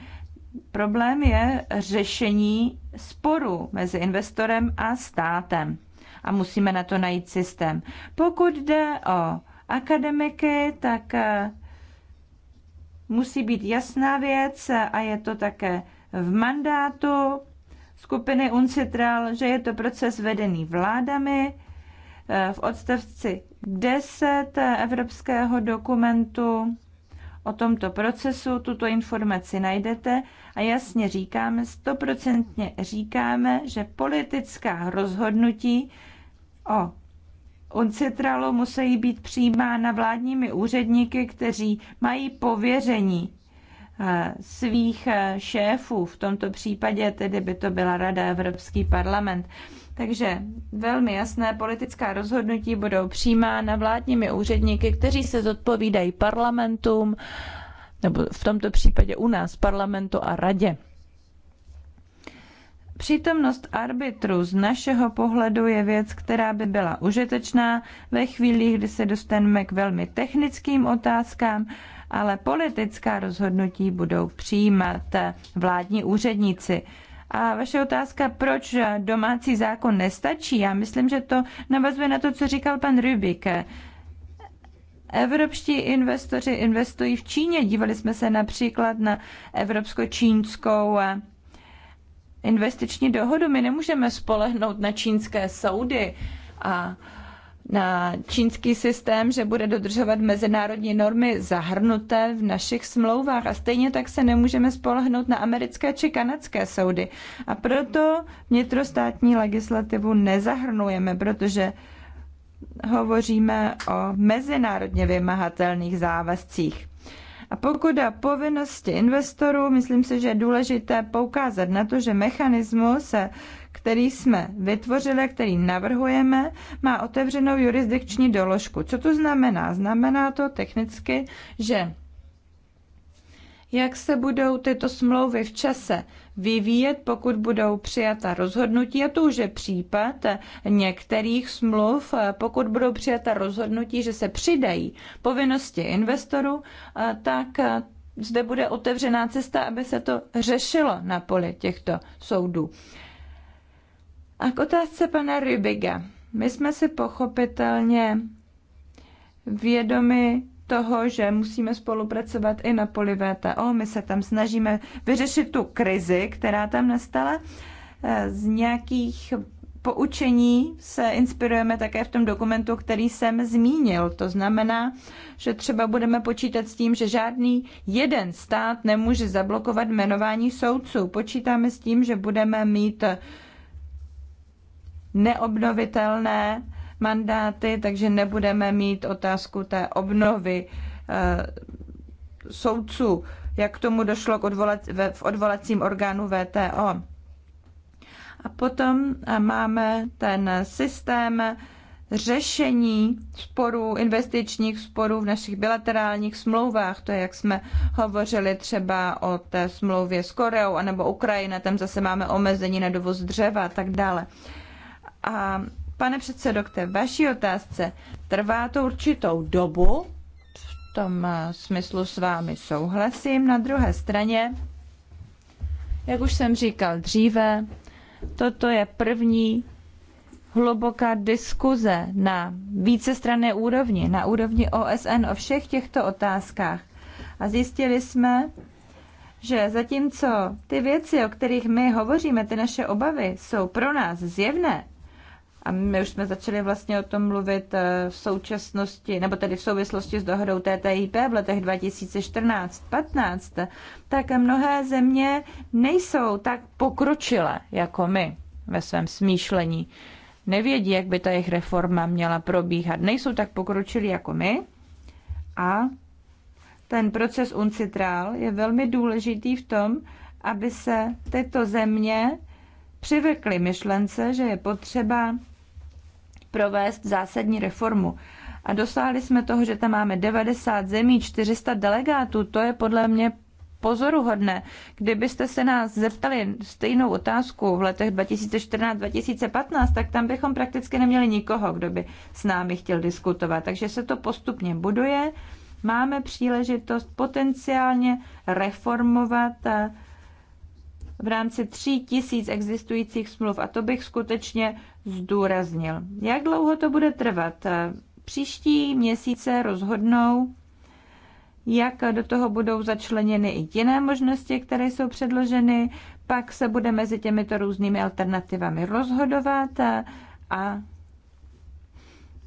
Problém je řešení sporu mezi investorem a státem a musíme na to najít systém. Pokud jde o akademiky, tak eh, musí být jasná věc a je to také v mandátu skupiny UNCITRAL, že je to proces vedený vládami. Eh, v odstavci 10 evropského dokumentu o tomto procesu tuto informaci najdete a jasně říkáme, stoprocentně říkáme, že politická rozhodnutí o Uncitralu musí být přijímána vládními úředníky, kteří mají pověření eh, svých eh, šéfů, v tomto případě tedy by to byla Rada Evropský parlament. Takže velmi jasné politická rozhodnutí budou přijímána vládními úředníky, kteří se zodpovídají parlamentům, nebo v tomto případě u nás parlamentu a radě. Přítomnost arbitru z našeho pohledu je věc, která by byla užitečná ve chvíli, kdy se dostaneme k velmi technickým otázkám, ale politická rozhodnutí budou přijímat vládní úředníci. A vaše otázka, proč domácí zákon nestačí, já myslím, že to navazuje na to, co říkal pan Rybik. Evropští investoři investují v Číně. Dívali jsme se například na evropsko-čínskou investiční dohodu. My nemůžeme spolehnout na čínské soudy a na čínský systém, že bude dodržovat mezinárodní normy zahrnuté v našich smlouvách. A stejně tak se nemůžeme spolehnout na americké či kanadské soudy. A proto vnitrostátní legislativu nezahrnujeme, protože hovoříme o mezinárodně vymahatelných závazcích. A pokud a povinnosti investorů, myslím si, že je důležité poukázat na to, že mechanismus, který jsme vytvořili, který navrhujeme, má otevřenou jurisdikční doložku. Co to znamená? Znamená to technicky, že jak se budou tyto smlouvy v čase vyvíjet, pokud budou přijata rozhodnutí. A to už je případ některých smluv, pokud budou přijata rozhodnutí, že se přidají povinnosti investorů, tak zde bude otevřená cesta, aby se to řešilo na poli těchto soudů. A k otázce pana Rybiga. My jsme si pochopitelně vědomi toho, že musíme spolupracovat i na poli VTO. My se tam snažíme vyřešit tu krizi, která tam nastala. Eh, z nějakých poučení se inspirujeme také v tom dokumentu, který jsem zmínil. To znamená, že třeba budeme počítat s tím, že žádný jeden stát nemůže zablokovat jmenování soudců. Počítáme s tím, že budeme mít neobnovitelné mandáty, takže nebudeme mít otázku té obnovy eh, soudců, jak k tomu došlo v odvolacím orgánu VTO. A potom eh, máme ten systém řešení sporů, investičních sporů v našich bilaterálních smlouvách. To je, jak jsme hovořili třeba o té smlouvě s Koreou anebo Ukrajina, tam zase máme omezení na dovoz dřeva a tak dále. A Pane předsedo, k té vaší otázce, trvá to určitou dobu, v tom eh, smyslu s vámi souhlasím. Na druhé straně, jak už jsem říkal dříve, toto je první hluboká diskuze na vícestranné úrovni, na úrovni OSN o všech těchto otázkách. A zjistili jsme, že zatímco ty věci, o kterých my hovoříme, ty naše obavy, jsou pro nás zjevné, a my už jsme začali vlastně o tom mluvit eh, v současnosti, nebo tedy v souvislosti s dohodou TTIP v letech 2014-15, tak mnohé země nejsou tak pokročilé jako my ve svém smýšlení. Nevědí, jak by ta jejich reforma měla probíhat. Nejsou tak pokročilí jako my a ten proces uncitrál je velmi důležitý v tom, aby se tyto země přivykly myšlence, že je potřeba provést zásadní reformu. A dosáhli jsme toho, že tam máme 90 zemí, 400 delegátů. To je podle mě pozoruhodné. Kdybyste se nás zeptali stejnou otázku v letech 2014-2015, tak tam bychom prakticky neměli nikoho, kdo by s námi chtěl diskutovat. Takže se to postupně buduje. Máme příležitost potenciálně reformovat eh, v rámci tří tisíc existujících smluv. A to bych skutečně zdůraznil. Jak dlouho to bude trvat? Příští měsíce rozhodnou, jak do toho budou začleněny i jiné možnosti, které jsou předloženy, pak se bude mezi těmito různými alternativami rozhodovat a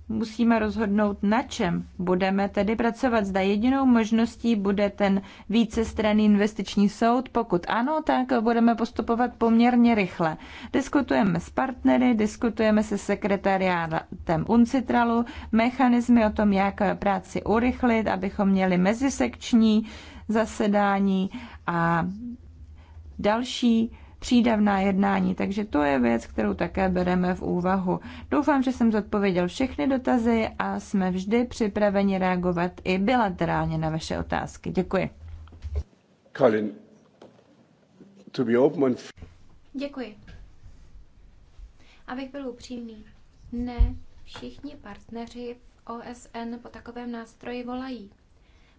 musíme rozhodnout, na čem budeme tedy pracovat. Zda jedinou možností bude ten vícestranný investiční soud. Pokud ano, tak budeme postupovat poměrně rychle. Diskutujeme s partnery, diskutujeme se sekretariátem UNCITRALu, mechanismy o tom, jak práci urychlit, abychom měli mezisekční zasedání a další přídavná jednání. Takže to je věc, kterou také bereme v úvahu. Doufám, že jsem zodpověděl všechny dotazy a jsme vždy připraveni reagovat i bilaterálně na vaše otázky. Děkuji. Colin, to be open and... Děkuji. Abych byl upřímný, ne všichni partneři v OSN po takovém nástroji volají.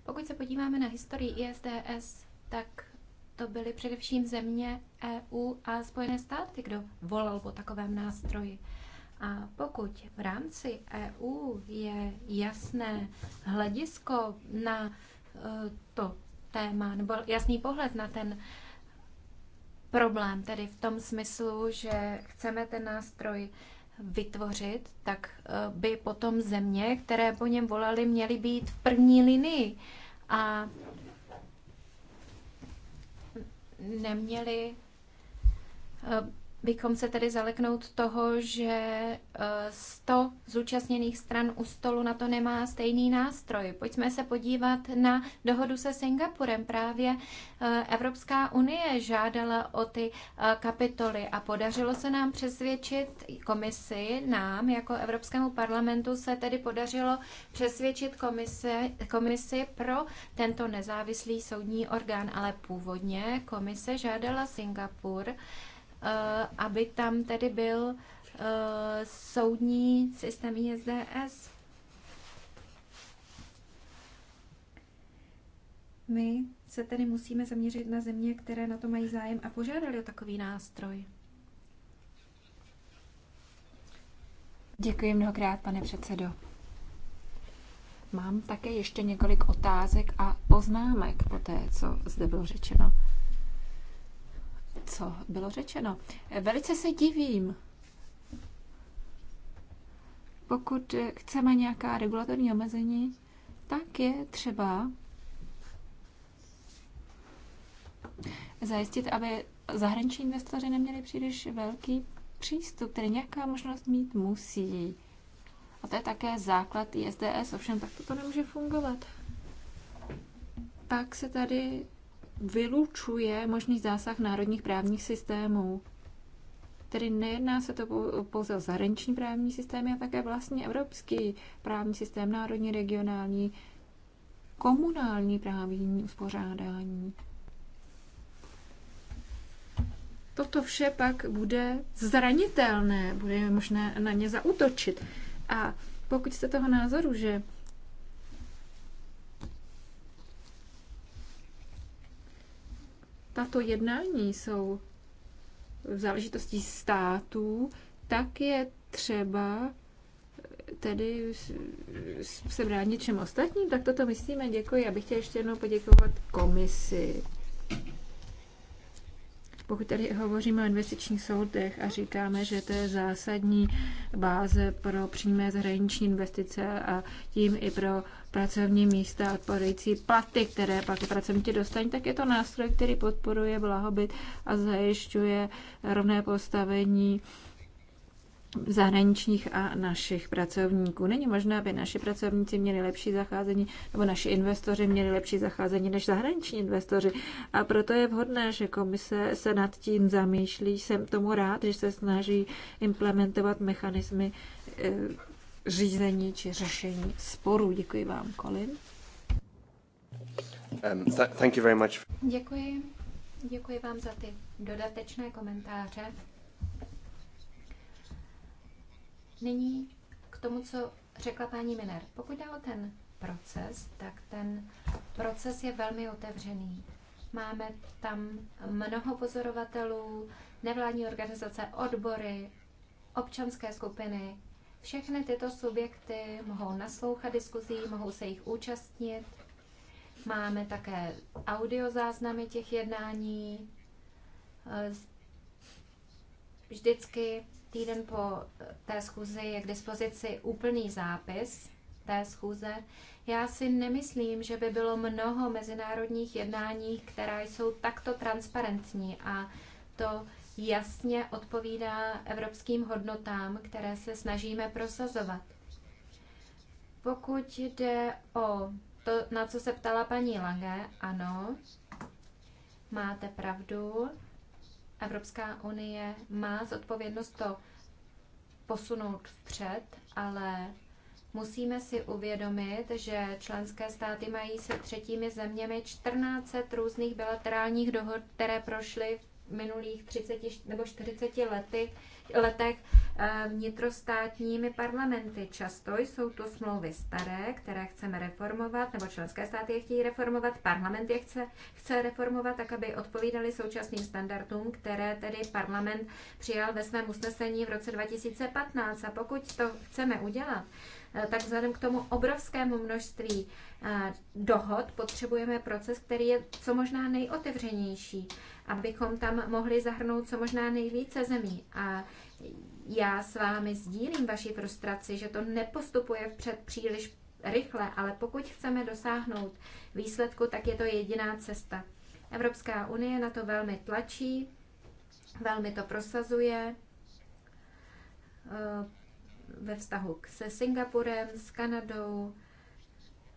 Pokud se podíváme na historii ISDS, tak to byly především země EU a Spojené státy, kdo volal po takovém nástroji. A pokud v rámci EU je jasné hledisko na eh, to téma, nebo jasný pohled na ten problém, tedy v tom smyslu, že chceme ten nástroj vytvořit, tak eh, by potom země, které po něm volali, měly být v první linii. A neměli eh, bychom se tedy zaleknout toho, že 100 eh, zúčastněných stran u stolu na to nemá stejný nástroj. Pojďme se podívat na dohodu se Singapurem. Právě eh, Evropská unie žádala o ty eh, kapitoly a podařilo se nám přesvědčit komisi, nám jako Evropskému parlamentu se tedy podařilo přesvědčit komise, komisi pro tento nezávislý soudní orgán, ale původně komise žádala Singapur, Eh, aby tam tedy byl eh, soudní systém ISDS. My se tedy musíme zaměřit na země, které na to mají zájem a požádali o takový nástroj. Děkuji mnohokrát, pane předsedo. Mám také ještě několik otázek a poznámek po té, co zde bylo řečeno co bylo řečeno. Velice se divím, pokud chceme nějaká regulatorní omezení, tak je třeba zajistit, aby zahraniční investoři neměli příliš velký přístup, který nějaká možnost mít musí. A to je také základ ISDS, ovšem tak to nemůže fungovat. Pak se tady vylučuje možný zásah národních právních systémů. Tedy nejedná se to pouze o zahraniční právní systém, ale také vlastně evropský právní systém, národní, regionální, komunální právní uspořádání. Toto vše pak bude zranitelné, bude možné na ně zautočit. A pokud jste toho názoru, že tato jednání jsou v záležitostí států, tak je třeba eh, tedy se bránit čem ostatním, tak toto myslíme. Děkuji. Já bych chtěla ještě jednou poděkovat komisi. Pokud tady hovoříme o investičních soudech a říkáme, že to je zásadní báze pro přímé zahraniční investice a tím i pro pracovní místa, odpovědající platy, které pak pracovníci dostaní, tak je to nástroj, který podporuje blahobyt a zajišťuje rovné postavení zahraničních a našich pracovníků. Není možné, aby naši pracovníci měli lepší zacházení, nebo naši investoři měli lepší zacházení než zahraniční investoři. A proto je vhodné, že komise se nad tím zamýšlí. Jsem tomu rád, že se snaží implementovat mechanismy eh, řízení či řešení sporů. Děkuji vám, Colin. Um, th- thank you very much. Děkuji. Děkuji vám za ty dodatečné komentáře. Nyní k tomu, co řekla paní Miner. Pokud jde o ten proces, tak ten proces je velmi otevřený. Máme tam mnoho pozorovatelů, nevládní organizace, odbory, občanské skupiny. Všechny tyto subjekty mohou naslouchat diskuzí, mohou se jich účastnit. Máme také audiozáznamy těch jednání. Eh, vždycky týden po eh, té schůzi je k dispozici úplný zápis té schůze. Já si nemyslím, že by bylo mnoho mezinárodních jednání, která jsou takto transparentní a to jasně odpovídá evropským hodnotám, které se snažíme prosazovat. Pokud jde o to, na co se ptala paní Lange, ano, máte pravdu. Evropská unie má zodpovědnost to posunout vpřed, ale musíme si uvědomit, že členské státy mají se třetími zeměmi 14 různých bilaterálních dohod, které prošly v minulých 30 nebo 40 lety letech eh, vnitrostátními parlamenty. Často jsou to smlouvy staré, které chceme reformovat, nebo členské státy je chtějí reformovat, parlament je chce, chce reformovat, tak aby odpovídali současným standardům, které tedy parlament přijal ve svém usnesení v roce 2015. A pokud to chceme udělat, eh, tak vzhledem k tomu obrovskému množství eh, dohod potřebujeme proces, který je co možná nejotevřenější abychom tam mohli zahrnout co možná nejvíce zemí. A já s vámi sdílím vaši frustraci, že to nepostupuje vpřed příliš rychle, ale pokud chceme dosáhnout výsledku, tak je to jediná cesta. Evropská unie na to velmi tlačí, velmi to prosazuje eh, ve vztahu k se Singapurem, s Kanadou.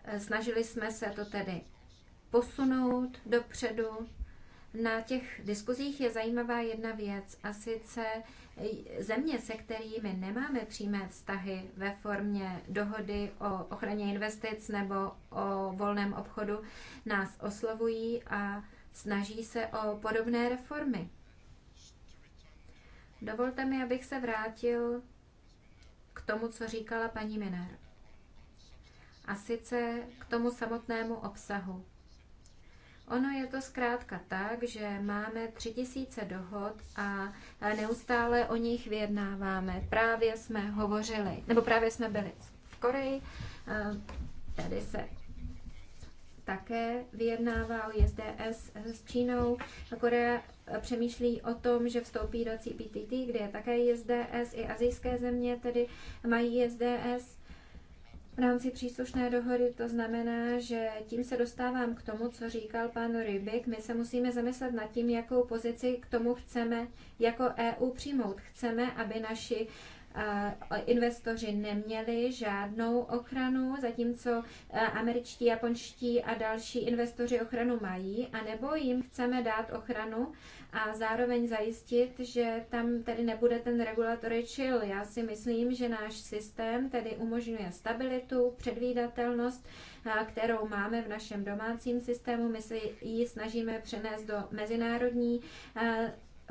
Eh, snažili jsme se to tedy posunout dopředu, na těch diskuzích je zajímavá jedna věc, a sice e, země, se kterými nemáme přímé vztahy ve formě dohody o ochraně investic nebo o volném obchodu, nás oslovují a snaží se o podobné reformy. Dovolte mi, abych se vrátil k tomu, co říkala paní Miner. A sice k tomu samotnému obsahu. Ono je to zkrátka tak, že máme tři tisíce dohod a neustále o nich vyjednáváme. Právě jsme hovořili, nebo právě jsme byli v Koreji, tady se také vyjednává o SDS s Čínou. Korea přemýšlí o tom, že vstoupí do CPTT, kde je také SDS, i azijské země tedy mají SDS v rámci příslušné dohody. To znamená, že tím se dostávám k tomu, co říkal pan Rybik. My se musíme zamyslet nad tím, jakou pozici k tomu chceme jako EU přijmout. Chceme, aby naši Eh, investoři neměli žádnou ochranu, zatímco eh, američtí, japonští a další investoři ochranu mají, anebo jim chceme dát ochranu a zároveň zajistit, že tam tedy nebude ten regulatory chill. Já si myslím, že náš systém tedy umožňuje stabilitu, předvídatelnost, eh, kterou máme v našem domácím systému. My se ji snažíme přenést do mezinárodní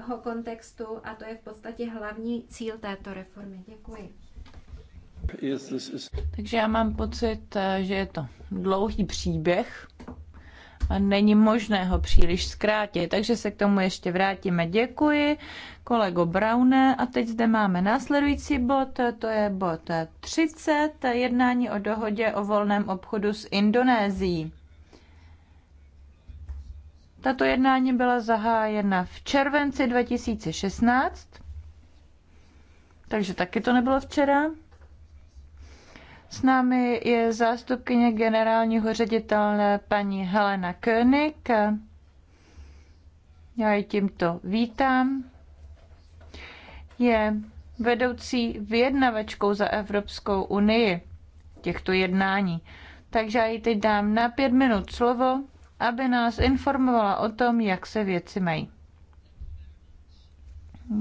celého kontextu a to je v podstatě hlavní cíl této reformy. Děkuji. Takže já mám pocit, eh, že je to dlouhý příběh a není možné ho příliš zkrátit, takže se k tomu ještě vrátíme. Děkuji kolego Browne. a teď zde máme následující bod, to je bod 30, jednání o dohodě o volném obchodu s Indonésií. Tato jednání byla zahájena v červenci 2016, takže taky to nebylo včera. S námi je zástupkyně generálního ředitele paní Helena König. Já ji tímto vítám. Je vedoucí vyjednavačkou za Evropskou unii těchto jednání. Takže já ji teď dám na pět minut slovo aby nás informovala o tom, jak se věci mají.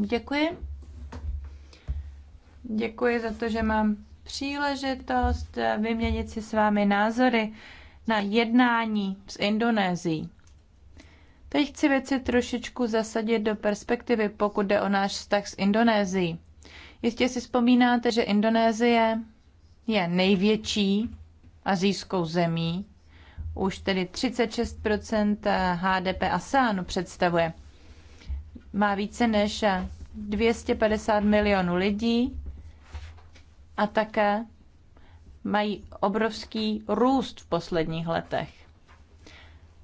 Děkuji. Děkuji za to, že mám příležitost vyměnit si s vámi názory na jednání s Indonésií. Teď chci věci trošičku zasadit do perspektivy, pokud jde o náš vztah s Indonésií. Jistě si vzpomínáte, že Indonésie je největší azijskou zemí už tedy 36 HDP ASEANu představuje. Má více než 250 milionů lidí a také mají obrovský růst v posledních letech.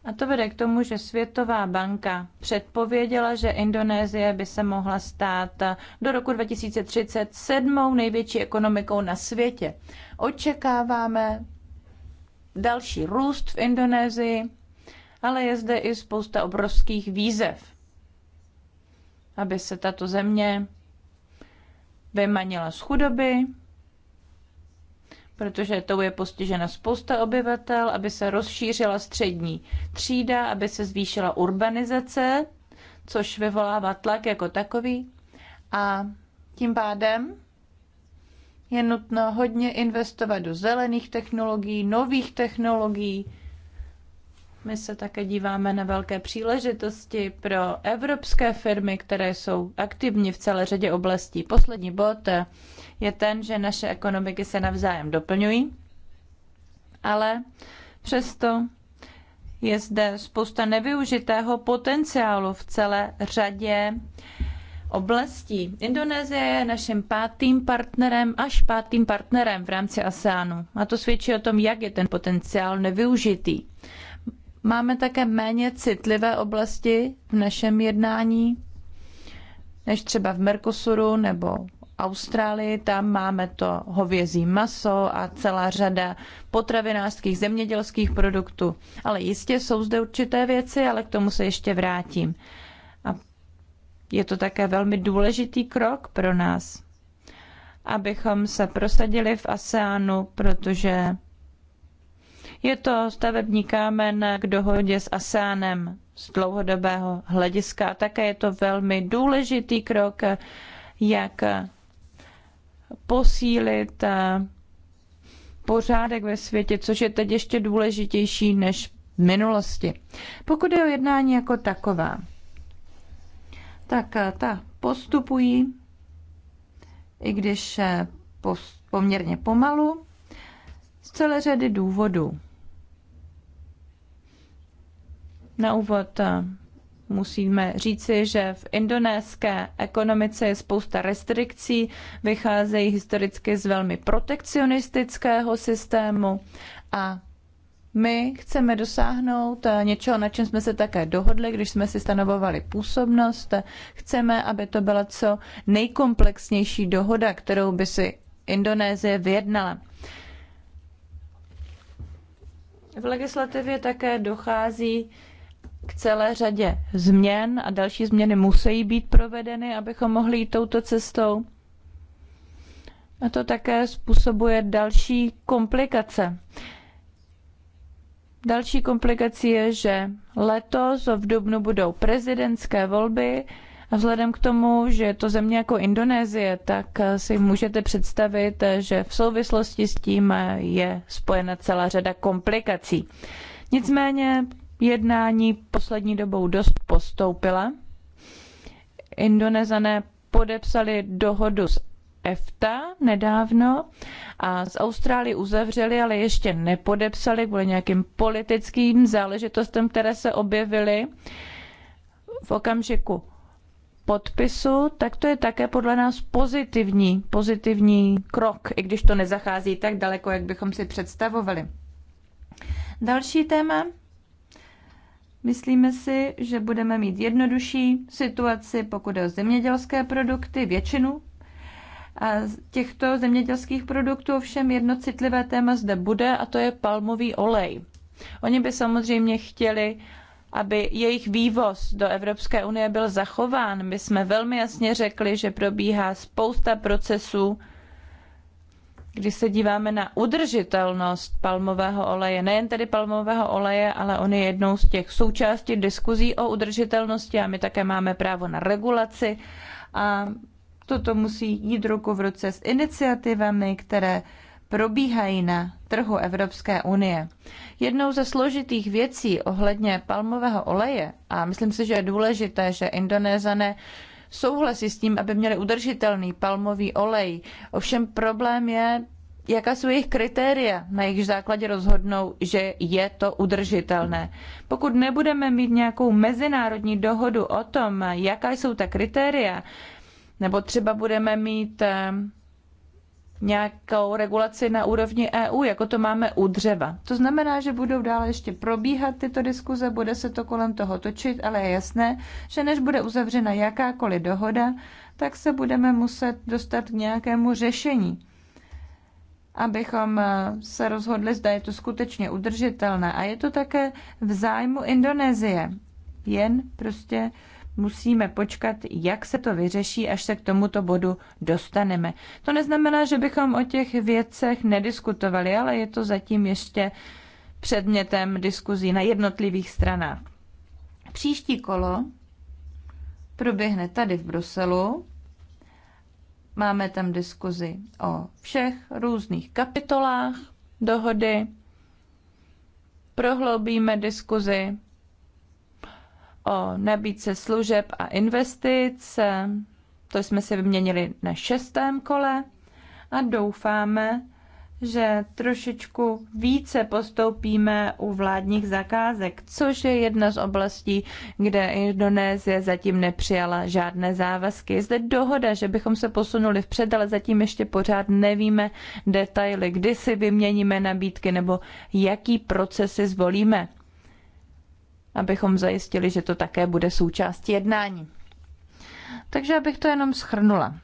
A to vede k tomu, že Světová banka předpověděla, že Indonésie by se mohla stát do roku 2030 sedmou největší ekonomikou na světě. Očekáváme další růst v Indonésii, ale je zde i spousta obrovských výzev, aby se tato země vymanila z chudoby, protože tou je postižena spousta obyvatel, aby se rozšířila střední třída, aby se zvýšila urbanizace, což vyvolává tlak jako takový. A tím pádem je nutno hodně investovat do zelených technologií, nových technologií. My se také díváme na velké příležitosti pro evropské firmy, které jsou aktivní v celé řadě oblastí. Poslední bod je ten, že naše ekonomiky se navzájem doplňují, ale přesto je zde spousta nevyužitého potenciálu v celé řadě oblastí. Indonésie je naším pátým partnerem, až pátým partnerem v rámci ASEANu. A to svědčí o tom, jak je ten potenciál nevyužitý. Máme také méně citlivé oblasti v našem jednání, než třeba v Mercosuru nebo Austrálii. Tam máme to hovězí maso a celá řada potravinářských zemědělských produktů. Ale jistě jsou zde určité věci, ale k tomu se ještě vrátím. Je to také velmi důležitý krok pro nás, abychom se prosadili v ASEANu, protože je to stavební kámen k dohodě s ASEANem z dlouhodobého hlediska. také je to velmi důležitý krok, jak posílit eh, pořádek ve světě, což je teď ještě důležitější než v minulosti. Pokud je o jednání jako taková, tak eh, ta postupují, i když eh, poměrně pomalu, z celé řady důvodů. Na úvod eh, musíme říci, že v indonéské ekonomice je spousta restrikcí, vycházejí historicky z velmi protekcionistického systému a my chceme dosáhnout eh, něčeho, na čem jsme se také dohodli, když jsme si stanovovali působnost. Chceme, aby to byla co nejkomplexnější dohoda, kterou by si Indonésie vyjednala. V legislativě také dochází k celé řadě změn a další změny musí být provedeny, abychom mohli jít touto cestou. A to také způsobuje další komplikace. Další komplikací je, že letos v Dubnu budou prezidentské volby a vzhledem k tomu, že je to země jako Indonésie, tak si můžete představit, že v souvislosti s tím je spojena celá řada komplikací. Nicméně jednání poslední dobou dost postoupila. Indonezané podepsali dohodu s EFTA nedávno a z Austrálie uzavřeli, ale ještě nepodepsali kvůli nějakým politickým záležitostem, které se objevily v okamžiku podpisu, tak to je také podle nás pozitivní, pozitivní krok, i když to nezachází tak daleko, jak bychom si představovali. Další téma. Myslíme si, že budeme mít jednodušší situaci, pokud je o zemědělské produkty, většinu a z těchto zemědělských produktů ovšem jedno citlivé téma zde bude a to je palmový olej. Oni by samozřejmě chtěli, aby jejich vývoz do Evropské unie byl zachován. My jsme velmi jasně řekli, že probíhá spousta procesů, když se díváme na udržitelnost palmového oleje, nejen tedy palmového oleje, ale on je jednou z těch součástí diskuzí o udržitelnosti a my také máme právo na regulaci a Toto musí jít ruku v ruce s iniciativami, které probíhají na trhu Evropské unie. Jednou ze složitých věcí ohledně palmového oleje, a myslím si, že je důležité, že Indonézané souhlasí s tím, aby měli udržitelný palmový olej, ovšem problém je, jaká jsou jejich kritéria, na jejich základě rozhodnou, že je to udržitelné. Pokud nebudeme mít nějakou mezinárodní dohodu o tom, jaká jsou ta kritéria, nebo třeba budeme mít eh, nějakou regulaci na úrovni EU, jako to máme u dřeva. To znamená, že budou dále ještě probíhat tyto diskuze, bude se to kolem toho točit, ale je jasné, že než bude uzavřena jakákoliv dohoda, tak se budeme muset dostat k nějakému řešení, abychom eh, se rozhodli, zda je to skutečně udržitelné. A je to také v zájmu Indonésie. Jen prostě musíme počkat, jak se to vyřeší, až se k tomuto bodu dostaneme. To neznamená, že bychom o těch věcech nediskutovali, ale je to zatím ještě předmětem diskuzí na jednotlivých stranách. Příští kolo proběhne tady v Bruselu. Máme tam diskuzi o všech různých kapitolách dohody. Prohloubíme diskuzi o nabídce služeb a investic. To jsme si vyměnili na šestém kole a doufáme, že trošičku více postoupíme u vládních zakázek, což je jedna z oblastí, kde Indonésie zatím nepřijala žádné závazky. Je zde dohoda, že bychom se posunuli vpřed, ale zatím ještě pořád nevíme detaily, kdy si vyměníme nabídky nebo jaký procesy zvolíme abychom zajistili, že to také bude součástí jednání. Takže abych to jenom schrnula.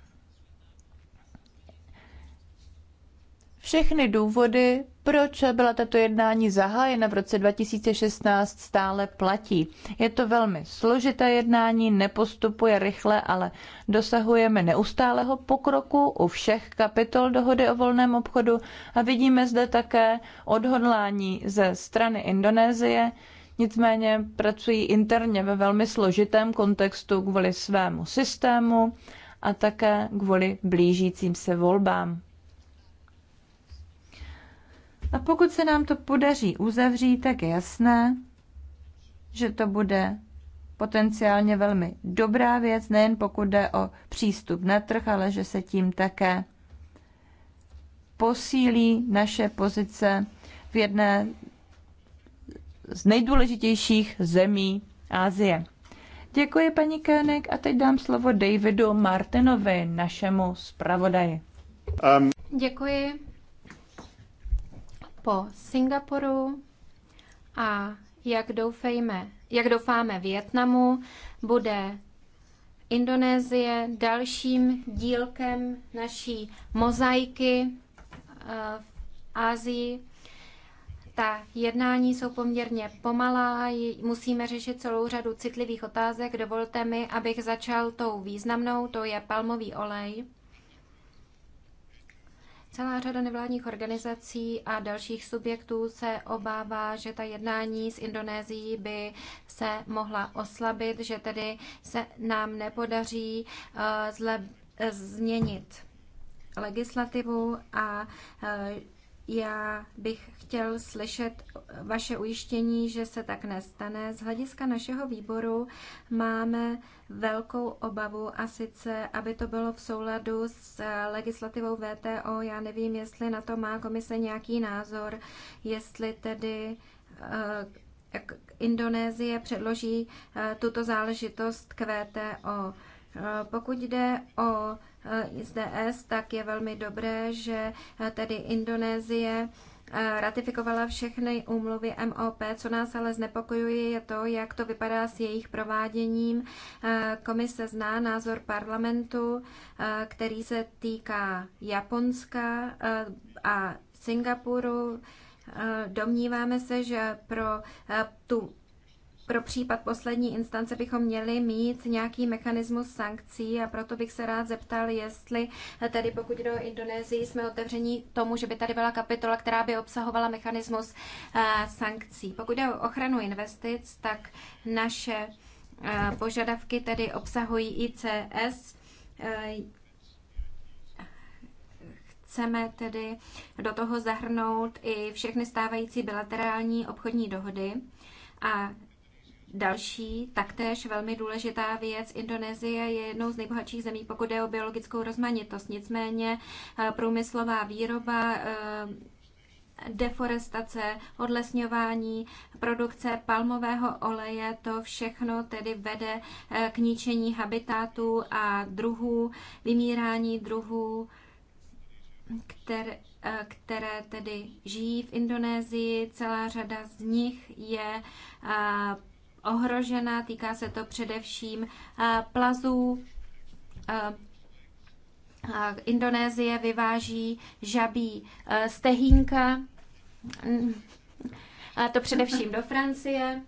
Všechny důvody, proč byla tato jednání zahájena v roce 2016, stále platí. Je to velmi složité jednání, nepostupuje rychle, ale dosahujeme neustálého pokroku u všech kapitol dohody o volném obchodu a vidíme zde také odhodlání ze strany Indonésie nicméně pracují interně ve velmi složitém kontextu kvůli svému systému a také kvůli blížícím se volbám. A pokud se nám to podaří uzavřít, tak je jasné, že to bude potenciálně velmi dobrá věc, nejen pokud jde o přístup na trh, ale že se tím také posílí naše pozice v jedné z nejdůležitějších zemí Asie. Děkuji, paní Kének, a teď dám slovo Davidu Martinovi, našemu zpravodaji. Um. Děkuji. Po Singapuru a jak, doufejme, jak doufáme Větnamu, bude Indonésie dalším dílkem naší mozaiky uh, v Ázii ta jednání jsou poměrně pomalá, musíme řešit celou řadu citlivých otázek. Dovolte mi, abych začal tou významnou, to je palmový olej. Celá řada nevládních organizací a dalších subjektů se obává, že ta jednání s Indonésií by se mohla oslabit, že tedy se nám nepodaří eh, zle, eh, změnit legislativu a eh, já bych chtěl slyšet vaše ujištění, že se tak nestane. Z hlediska našeho výboru máme velkou obavu a sice, aby to bylo v souladu s legislativou VTO. Já nevím, jestli na to má komise nějaký názor, jestli tedy eh, Indonésie předloží eh, tuto záležitost k VTO. Eh, pokud jde o Eh, DS, tak je velmi dobré, že eh, tedy Indonésie eh, ratifikovala všechny úmluvy MOP. Co nás ale znepokojuje, je to, jak to vypadá s jejich prováděním. Komise zná názor parlamentu, který se týká Japonska a Singapuru. Domníváme se, že pro tu pro případ poslední instance bychom měli mít nějaký mechanismus sankcí a proto bych se rád zeptal, jestli tedy pokud do Indonésie Indonésii, jsme otevření tomu, že by tady byla kapitola, která by obsahovala mechanismus eh, sankcí. Pokud jde o ochranu investic, tak naše eh, požadavky tedy obsahují ICS. Eh, chceme tedy do toho zahrnout i všechny stávající bilaterální obchodní dohody. A Další, taktéž velmi důležitá věc, Indonésie je jednou z nejbohatších zemí, pokud je o biologickou rozmanitost. Nicméně eh, průmyslová výroba eh, deforestace, odlesňování, produkce palmového oleje, to všechno tedy vede eh, k ničení habitátů a druhů, vymírání druhů, které, které tedy žijí v Indonésii. Celá řada z nich je ohrožena. Týká se to především eh, plazů. Eh, eh, Indonésie vyváží žabí stehínka, mm. a to především do Francie.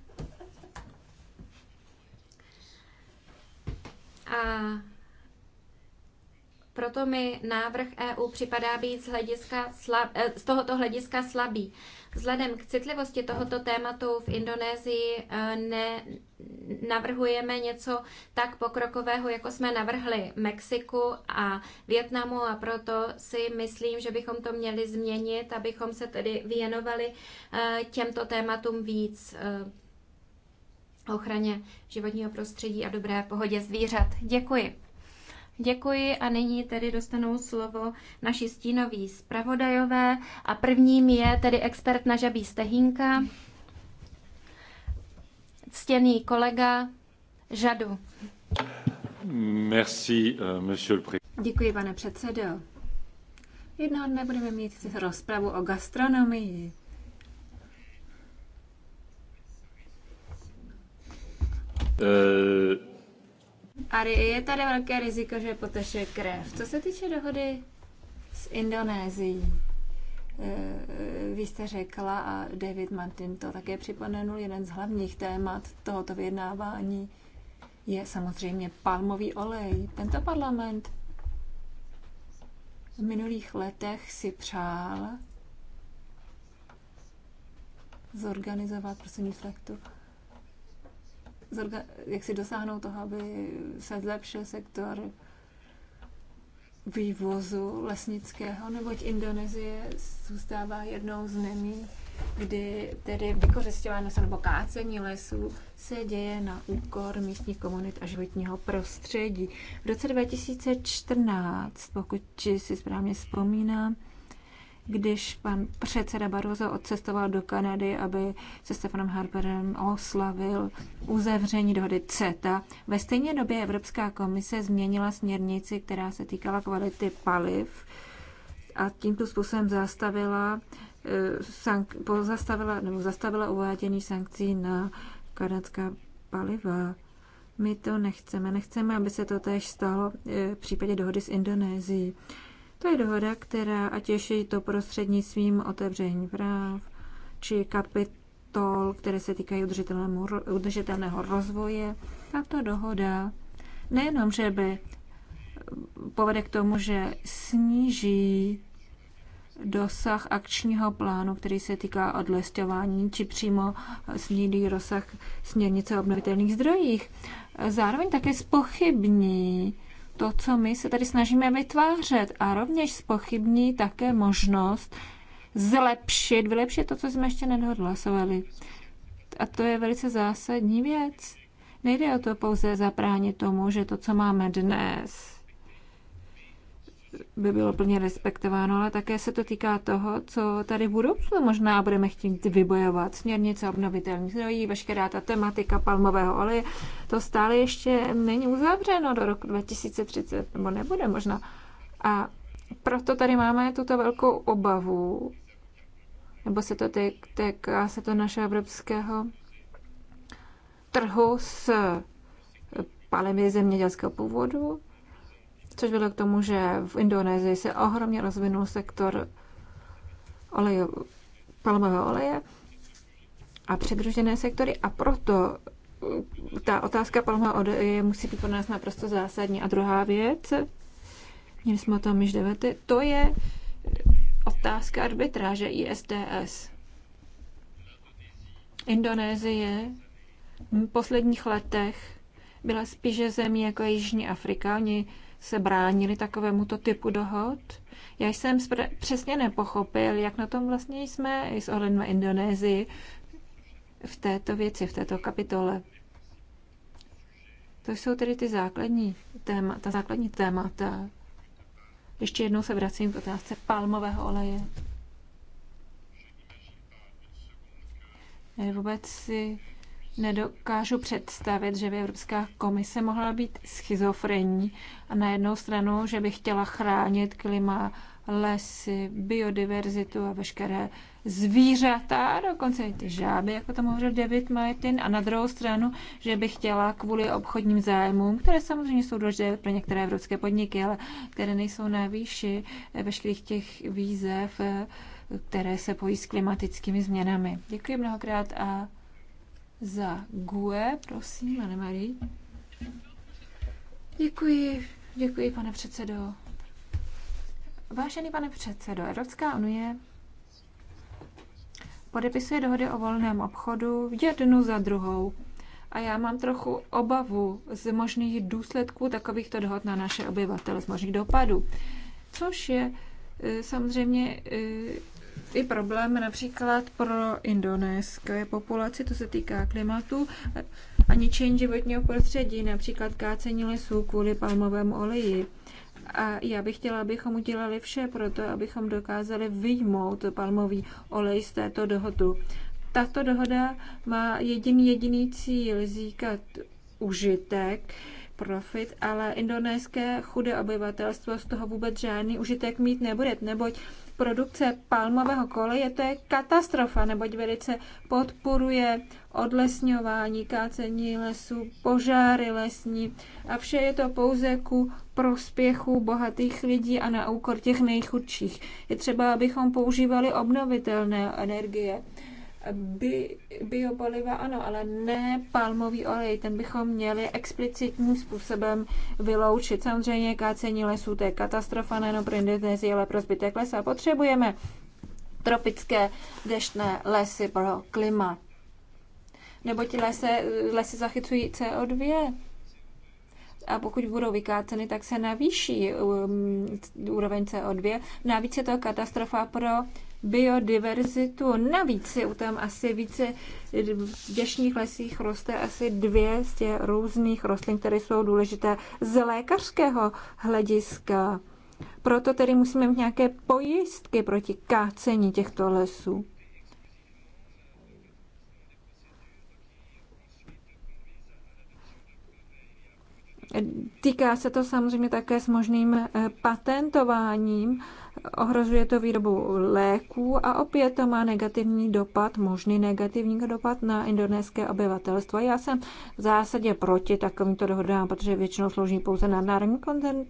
A proto mi návrh EU připadá být z, hlediska slab, z tohoto hlediska slabý. Vzhledem k citlivosti tohoto tématu v Indonésii eh, ne, navrhujeme něco tak pokrokového, jako jsme navrhli Mexiku a Větnamu a proto si myslím, že bychom to měli změnit, abychom se tedy věnovali eh, těmto tématům víc eh, ochraně životního prostředí a dobré pohodě zvířat. Děkuji. Děkuji a nyní tedy dostanou slovo naši stínoví zpravodajové a prvním je tedy expert na žabí stehínka, ctěný kolega Žadu. Merci, euh, monsieur le président. Děkuji, pane předsedo. Jednoho dne budeme mít rozpravu o gastronomii. Uh... A je tady velké riziko, že poteše krev. Co se týče dohody s Indonésií, eh, vy jste řekla a David Martin to také připomenul, jeden z hlavních témat tohoto vyjednávání je samozřejmě palmový olej. Tento parlament v minulých letech si přál zorganizovat, prosím, reflektu, jak si dosáhnout toho, aby se zlepšil sektor vývozu lesnického, neboť Indonésie zůstává jednou z nemí, kdy tedy vykořišťování se nebo kácení lesů se děje na úkor místních komunit a životního prostředí. V roce 2014, pokud si správně vzpomínám, když pan předseda Barroso odcestoval do Kanady, aby se Stefanem Harperem oslavil uzavření dohody CETA. Ve stejné době Evropská komise změnila směrnici, která se týkala kvality paliv a tímto způsobem zastavila, eh, sank, pozastavila, nebo zastavila uvádění sankcí na kanadská paliva. My to nechceme. Nechceme, aby se to též stalo eh, v případě dohody s Indonésií. To je dohoda, která, ať už je to prostřednictvím otevření práv, či kapitol, které se týkají udržitelného rozvoje, tato dohoda nejenom, že by povede k tomu, že sníží dosah akčního plánu, který se týká odlesťování, či přímo sníží rozsah směrnice o obnovitelných zdrojích. Zároveň také spochybní to, co my se tady snažíme vytvářet a rovněž spochybní také možnost zlepšit, vylepšit to, co jsme ještě nedohlasovali. A to je velice zásadní věc. Nejde o to pouze zapránit tomu, že to, co máme dnes, by bylo plně respektováno, ale také se to týká toho, co tady v budoucnu možná budeme chtít vybojovat. Směrnice obnovitelných zdrojí, veškerá ta tematika palmového oleje, to stále ještě není uzavřeno do roku 2030, nebo nebude možná. A proto tady máme tuto velkou obavu, nebo se to týká se to našeho evropského trhu s palivy zemědělského původu, což vedlo k tomu, že v Indonésii se ohromně rozvinul sektor olejo, palmového oleje a předružené sektory a proto uh, ta otázka palmového oleje musí být pro nás naprosto zásadní. A druhá věc, měli jsme o tom již devety, to je otázka arbitráže ISDS. Indonésie v posledních letech byla spíše zemí jako Jižní Afrika. Oni se bránili takovémuto typu dohod. Já jsem přesně nepochopil, jak na tom vlastně jsme i s ohledem na Indonésii v této věci, v této kapitole. To jsou tedy ty základní téma, ta základní témata. Ještě jednou se vracím k otázce palmového oleje. vůbec si nedokážu představit, že by Evropská komise mohla být schizofrenní a na jednou stranu, že by chtěla chránit klima, lesy, biodiverzitu a veškeré zvířata, dokonce i ty žáby, jako to mohl David Martin, a na druhou stranu, že by chtěla kvůli obchodním zájmům, které samozřejmě jsou důležité pro některé evropské podniky, ale které nejsou na výši veškerých těch výzev, které se pojí s klimatickými změnami. Děkuji mnohokrát a za GUE, prosím, Anne Marie. Děkuji, děkuji, pane předsedo. Vážený pane předsedo, Evropská unie podepisuje dohody o volném obchodu jednu za druhou. A já mám trochu obavu z možných důsledků takovýchto dohod na naše obyvatele, z možných dopadů. Což je e, samozřejmě e, i problém například pro indonéské populaci, to se týká klimatu a ničení životního prostředí, například kácení lesů kvůli palmovému oleji. A já bych chtěla, abychom udělali vše pro to, abychom dokázali vyjmout palmový olej z této dohodu. Tato dohoda má jediný jediný cíl, získat užitek profit, ale indonéské chudé obyvatelstvo z toho vůbec žádný užitek mít nebude, neboť produkce palmového koleje to je katastrofa, neboť velice podporuje odlesňování, kácení lesů, požáry lesní a vše je to pouze ku prospěchu bohatých lidí a na úkor těch nejchudších. Je třeba, abychom používali obnovitelné energie. Bi- biopaliva ano, ale ne palmový olej. Ten bychom měli explicitním způsobem vyloučit. Samozřejmě kácení lesů, to je katastrofa nejen pro Indonésii, ale pro zbytek lesa. Potřebujeme tropické deštné lesy pro klima. Nebo ti lesy, lesy zachycují CO2 a pokud budou vykáceny, tak se navýší um, úroveň CO2. Navíc je to katastrofa pro biodiverzitu. Navíc je tam asi více v děšních lesích roste asi 200 různých rostlin, které jsou důležité z lékařského hlediska. Proto tedy musíme mít nějaké pojistky proti kácení těchto lesů. Týká se to samozřejmě také s možným eh, patentováním, ohrožuje to výrobu léků a opět to má negativní dopad, možný negativní dopad na indonéské obyvatelstvo. Já jsem v zásadě proti takovýmto dohodám, protože většinou slouží pouze na národní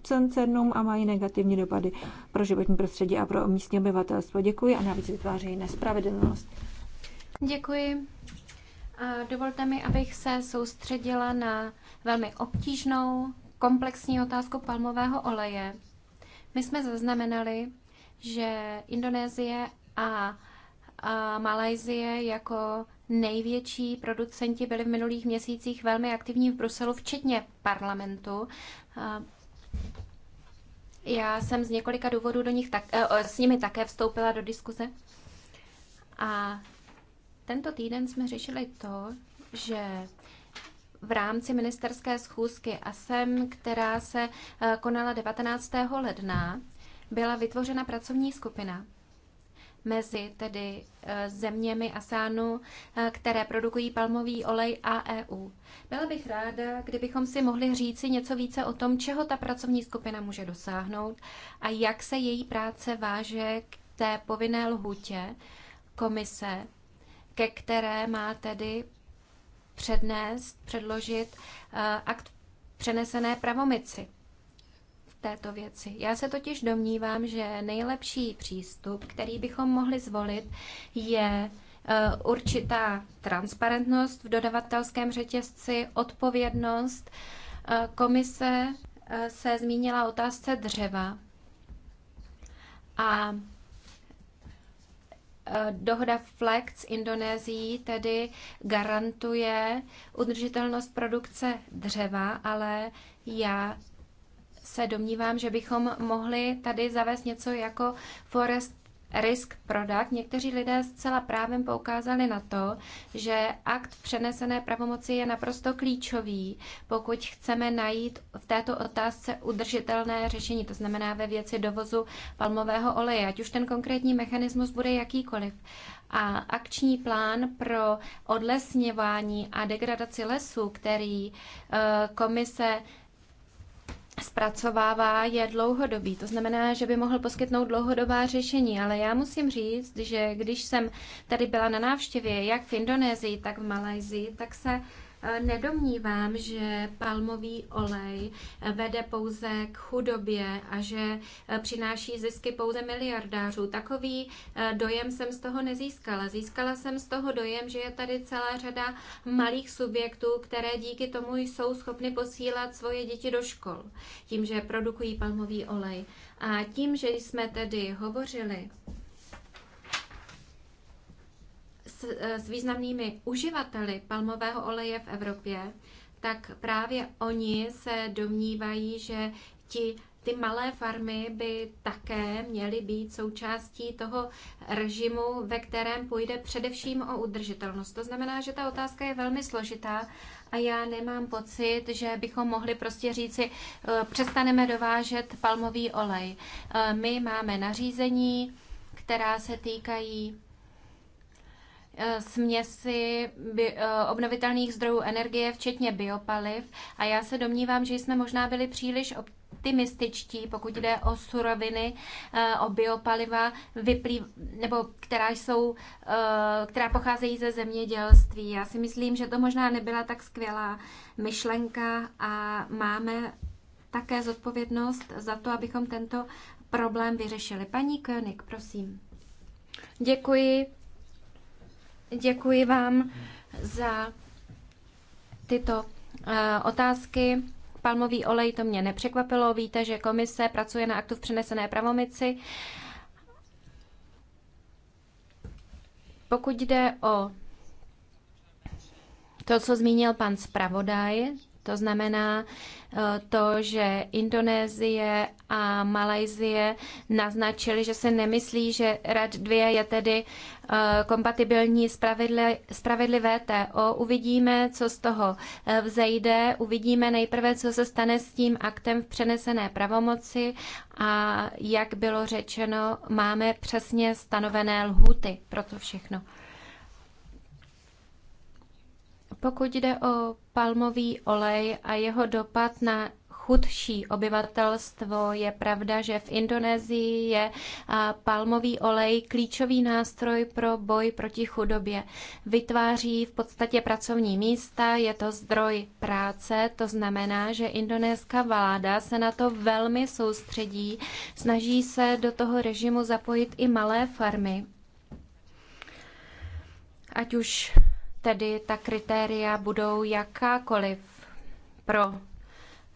koncernům a mají negativní dopady pro životní prostředí a pro místní obyvatelstvo. Děkuji a navíc vytváří nespravedlnost. Děkuji. A dovolte mi, abych se soustředila na velmi obtížnou, komplexní otázku palmového oleje. My jsme zaznamenali, že Indonésie a, a Malajzie jako největší producenti byli v minulých měsících velmi aktivní v Bruselu, včetně parlamentu. Já jsem z několika důvodů do nich tak, eh, s nimi také vstoupila do diskuze. A tento týden jsme řešili to, že v rámci ministerské schůzky ASEM, která se eh, konala 19. ledna, byla vytvořena pracovní skupina mezi tedy eh, zeměmi Asánu, e eh, které produkují palmový olej a EU. Byla bych ráda, kdybychom si mohli říci něco více o tom, čeho ta pracovní skupina může dosáhnout a jak se její práce váže k té povinné lhutě komise ke které má tedy přednést, předložit eh, akt přenesené pravomici v této věci. Já se totiž domnívám, že nejlepší přístup, který bychom mohli zvolit, je eh, určitá transparentnost v dodavatelském řetězci, odpovědnost. Eh, komise se zmínila otázce dřeva a Eh, dohoda FLEX s Indonésií tedy garantuje udržitelnost produkce dřeva, ale já se domnívám, že bychom mohli tady zavést něco jako forest risk product, někteří lidé zcela právem poukázali na to, že akt přenesené pravomoci je naprosto klíčový, pokud chceme najít v této otázce udržitelné řešení, to znamená ve věci dovozu palmového oleje, ať už ten konkrétní mechanismus bude jakýkoliv. A akční plán pro odlesňování a degradaci lesů, který eh, komise zpracovává, je dlouhodobý. To znamená, že by mohl poskytnout dlouhodobá řešení. Ale já musím říct, že když jsem tady byla na návštěvě jak v Indonésii, tak v Malajzii, tak se Eh, nedomnívám, že palmový olej eh, vede pouze k chudobě a že eh, přináší zisky pouze miliardářů. Takový dojem jsem z toho nezískala. Získala jsem z toho dojem, že je tady celá řada malých subjektů, které díky tomu jsou schopny posílat svoje děti do škol, tím, že produkují palmový olej. A tím, že jsme tedy hovořili s, eh, s významnými uživateli palmového oleje v Evropě, tak právě oni se domnívají, že ti ty malé farmy by také měly být součástí toho režimu, ve kterém půjde především o udržitelnost. To znamená, že ta otázka je velmi složitá a já nemám pocit, že bychom mohli prostě říci, eh, přestaneme dovážet palmový olej. Eh, my máme nařízení, která se týkají Eh, směsi eh, obnovitelných zdrojů energie, včetně biopaliv. A já se domnívám, že jsme možná byli příliš optimističtí, pokud jde o suroviny, eh, o biopaliva, vyplý- nebo která, jsou, která pocházejí ze zemědělství. Já si myslím, že to možná nebyla tak skvělá myšlenka a máme také zodpovědnost za to, abychom tento problém vyřešili. Paní König, prosím. Děkuji. Děkuji vám za tyto eh, otázky. Palmový olej to mě nepřekvapilo. Víte, že komise pracuje na aktu v přenesené pravomici. Pokud jde o to, co zmínil pan zpravodaj, to znamená eh, to, že Indonésie a Malajzie naznačili, že se nemyslí, že RAD 2 je tedy eh, kompatibilní s pravidly VTO. Uvidíme, co z toho eh, vzejde. Uvidíme nejprve, co se stane s tím aktem v přenesené pravomoci a jak bylo řečeno, máme přesně stanovené lhuty pro to všechno. Pokud jde o palmový olej a jeho dopad na chudší obyvatelstvo. Je pravda, že v Indonésii je palmový olej klíčový nástroj pro boj proti chudobě. Vytváří v podstatě pracovní místa, je to zdroj práce, to znamená, že indonéská vláda se na to velmi soustředí, snaží se do toho režimu zapojit i malé farmy. Ať už tedy ta kritéria budou jakákoliv pro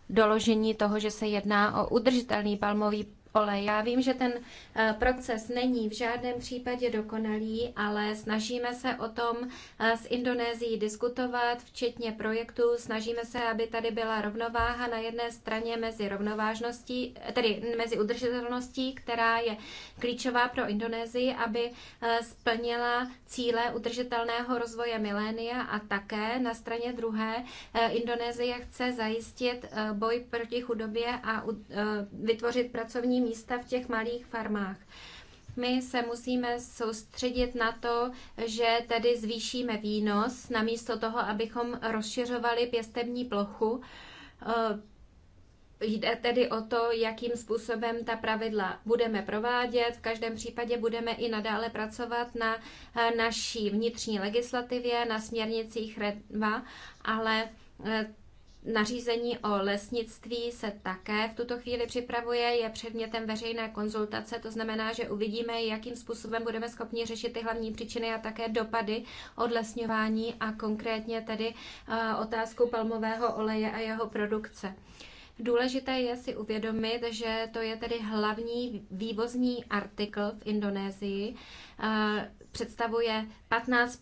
doložení toho, že se jedná o udržitelný palmový olej. Já vím, že ten eh, proces není v žádném případě dokonalý, ale snažíme se o tom eh, s Indonésií diskutovat, včetně projektů. Snažíme se, aby tady byla rovnováha na jedné straně mezi rovnovážností, eh, tedy mezi udržitelností, která je klíčová pro Indonésii, aby splnila cíle udržitelného rozvoje milénia a také na straně druhé Indonésie chce zajistit boj proti chudobě a vytvořit pracovní místa v těch malých farmách. My se musíme soustředit na to, že tedy zvýšíme výnos, namísto toho, abychom rozšiřovali pěstební plochu. Eh, jde tedy o to, jakým způsobem ta pravidla budeme provádět. V každém případě budeme i nadále pracovat na eh, naší vnitřní legislativě, na směrnicích REDVA, ale eh, Nařízení o lesnictví se také v tuto chvíli připravuje, je předmětem veřejné konzultace, to znamená, že uvidíme, jakým způsobem budeme schopni řešit ty hlavní příčiny a také dopady odlesňování a konkrétně tedy eh, otázku palmového oleje a jeho produkce. Důležité je si uvědomit, že to je tedy hlavní vývozní artikl v Indonésii. Eh, představuje 15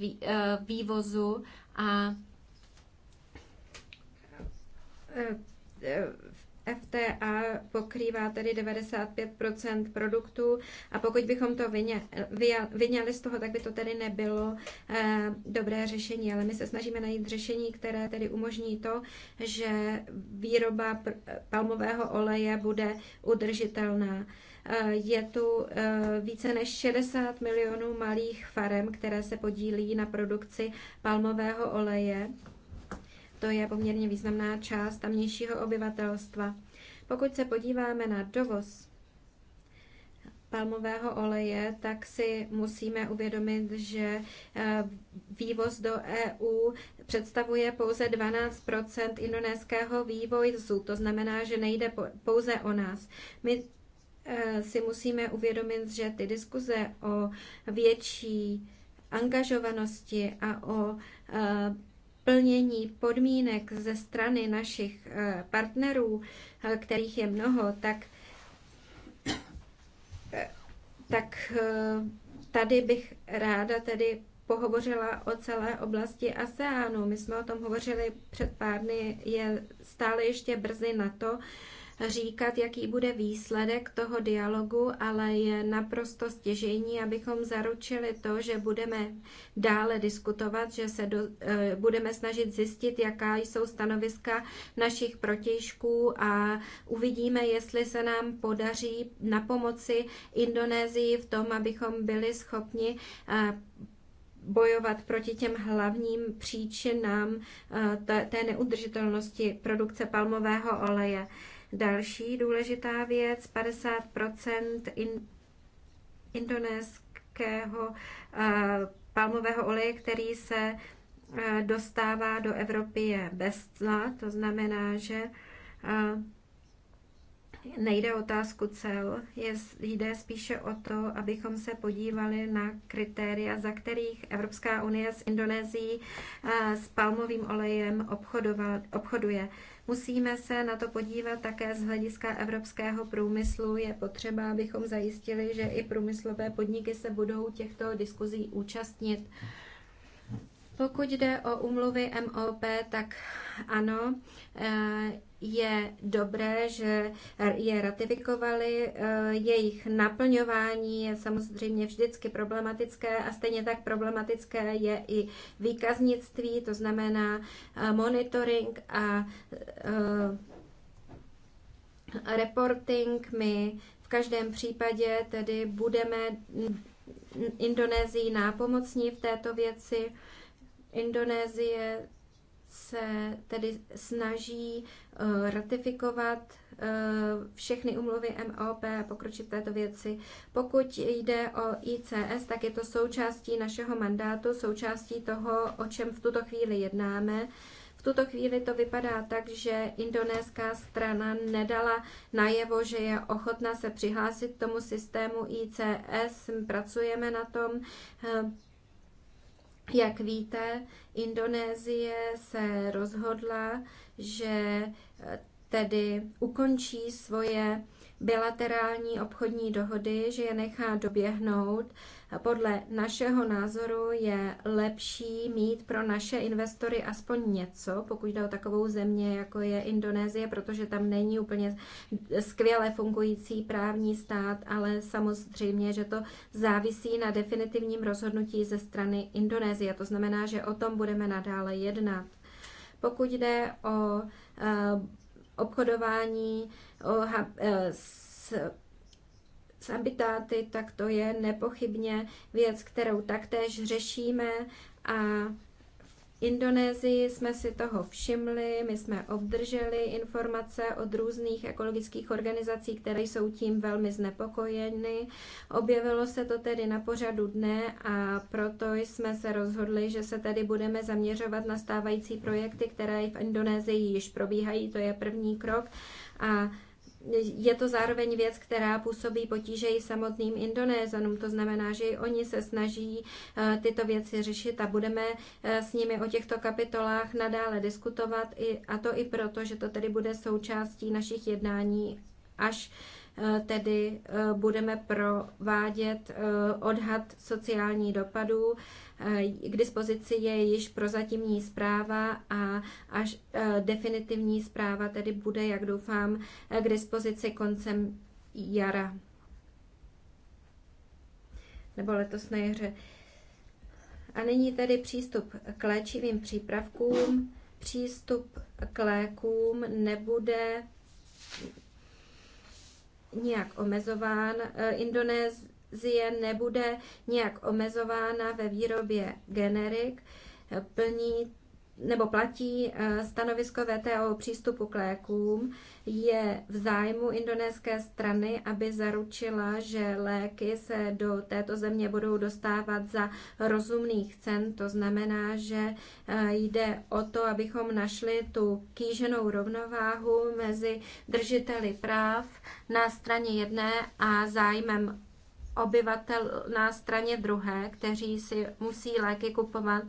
eh, vývozu a Eh, eh, FTA pokrývá tedy 95 produktů a pokud bychom to vyňali z toho, tak by to tedy nebylo eh, dobré řešení. Ale my se snažíme najít řešení, které tedy umožní to, že výroba palmového oleje bude udržitelná. Je tu více než 60 milionů malých farem, které se podílí na produkci palmového oleje. To je poměrně významná část tamnějšího obyvatelstva. Pokud se podíváme na dovoz palmového oleje, tak si musíme uvědomit, že eh, vývoz do EU představuje pouze 12 indonéského vývozu. To znamená, že nejde pouze o nás. My eh, si musíme uvědomit, že ty diskuze o větší angažovanosti a o eh, plnění podmínek ze strany našich eh, partnerů, eh, kterých je mnoho, tak, eh, tak tady bych ráda tedy pohovořila o celé oblasti ASEANu. My jsme o tom hovořili před pár dny, je stále ještě brzy na to, říkat, jaký bude výsledek toho dialogu, ale je naprosto stěžení, abychom zaručili to, že budeme dále diskutovat, že se do, eh, budeme snažit zjistit, jaká jsou stanoviska našich protějšků a uvidíme, jestli se nám podaří na pomoci Indonésii v tom, abychom byli schopni eh, bojovat proti těm hlavním příčinám eh, té neudržitelnosti produkce palmového oleje. Další důležitá věc, 50 in, indonéského eh, palmového oleje, který se eh, dostává do Evropy, je bez cla. To znamená, že eh, nejde o otázku cel, je, jde spíše o to, abychom se podívali na kritéria, za kterých Evropská unie s Indonésií s palmovým olejem obchoduje. Musíme se na to podívat také z hlediska evropského průmyslu. Je potřeba, abychom zajistili, že i průmyslové podniky se budou těchto diskuzí účastnit. Pokud jde o umluvy MOP, tak ano, eh, je dobré, že je ratifikovali. Eh, jejich naplňování je samozřejmě vždycky problematické a stejně tak problematické je i výkaznictví, to znamená eh, monitoring a reporting. My v každém případě tedy budeme Indonésii nápomocní v této věci. Indonésie se tedy snaží eh, ratifikovat eh, všechny umluvy MOP a pokročit v této věci. Pokud jde o ICS, tak je to součástí našeho mandátu, součástí toho, o čem v tuto chvíli jednáme. V tuto chvíli to vypadá tak, že indonéská strana nedala najevo, že je ochotna se přihlásit k tomu systému ICS. Pracujeme na tom, eh, jak víte, Indonésie se rozhodla, že eh, tedy ukončí svoje bilaterální obchodní dohody, že je nechá doběhnout. Podle našeho názoru je lepší mít pro naše investory aspoň něco, pokud jde o takovou země, jako je Indonésie, protože tam není úplně skvěle fungující právní stát, ale samozřejmě, že to závisí na definitivním rozhodnutí ze strany Indonésie. To znamená, že o tom budeme nadále jednat. Pokud jde o eh, obchodování E, s, s habitáty, tak to je nepochybně věc, kterou taktéž řešíme a v Indonésii jsme si toho všimli, my jsme obdrželi informace od různých ekologických organizací, které jsou tím velmi znepokojeny. Objevilo se to tedy na pořadu dne a proto jsme se rozhodli, že se tady budeme zaměřovat na stávající projekty, které v Indonésii již probíhají, to je první krok. A je to zároveň věc, která působí potíže i samotným Indonézanům. To znamená, že i oni se snaží eh, tyto věci řešit a budeme eh, s nimi o těchto kapitolách nadále diskutovat, a to i proto, že to tedy bude součástí našich jednání, až eh, tedy budeme provádět odhad sociální dopadů k dispozici je již prozatímní zpráva a až eh, definitivní zpráva tedy bude, jak doufám, eh, k dispozici koncem jara nebo letos na jaře. A nyní tedy přístup k léčivým přípravkům. Přístup k lékům nebude nijak omezován. Eh, Indonéz, Azie nebude nějak omezována ve výrobě generik, plní nebo platí eh, stanovisko VTO o přístupu k lékům, je v zájmu indonéské strany, aby zaručila, že léky se do této země budou dostávat za rozumných cen. To znamená, že eh, jde o to, abychom našli tu kýženou rovnováhu mezi držiteli práv na straně jedné a zájmem obyvatel na straně druhé, kteří si musí léky kupovat.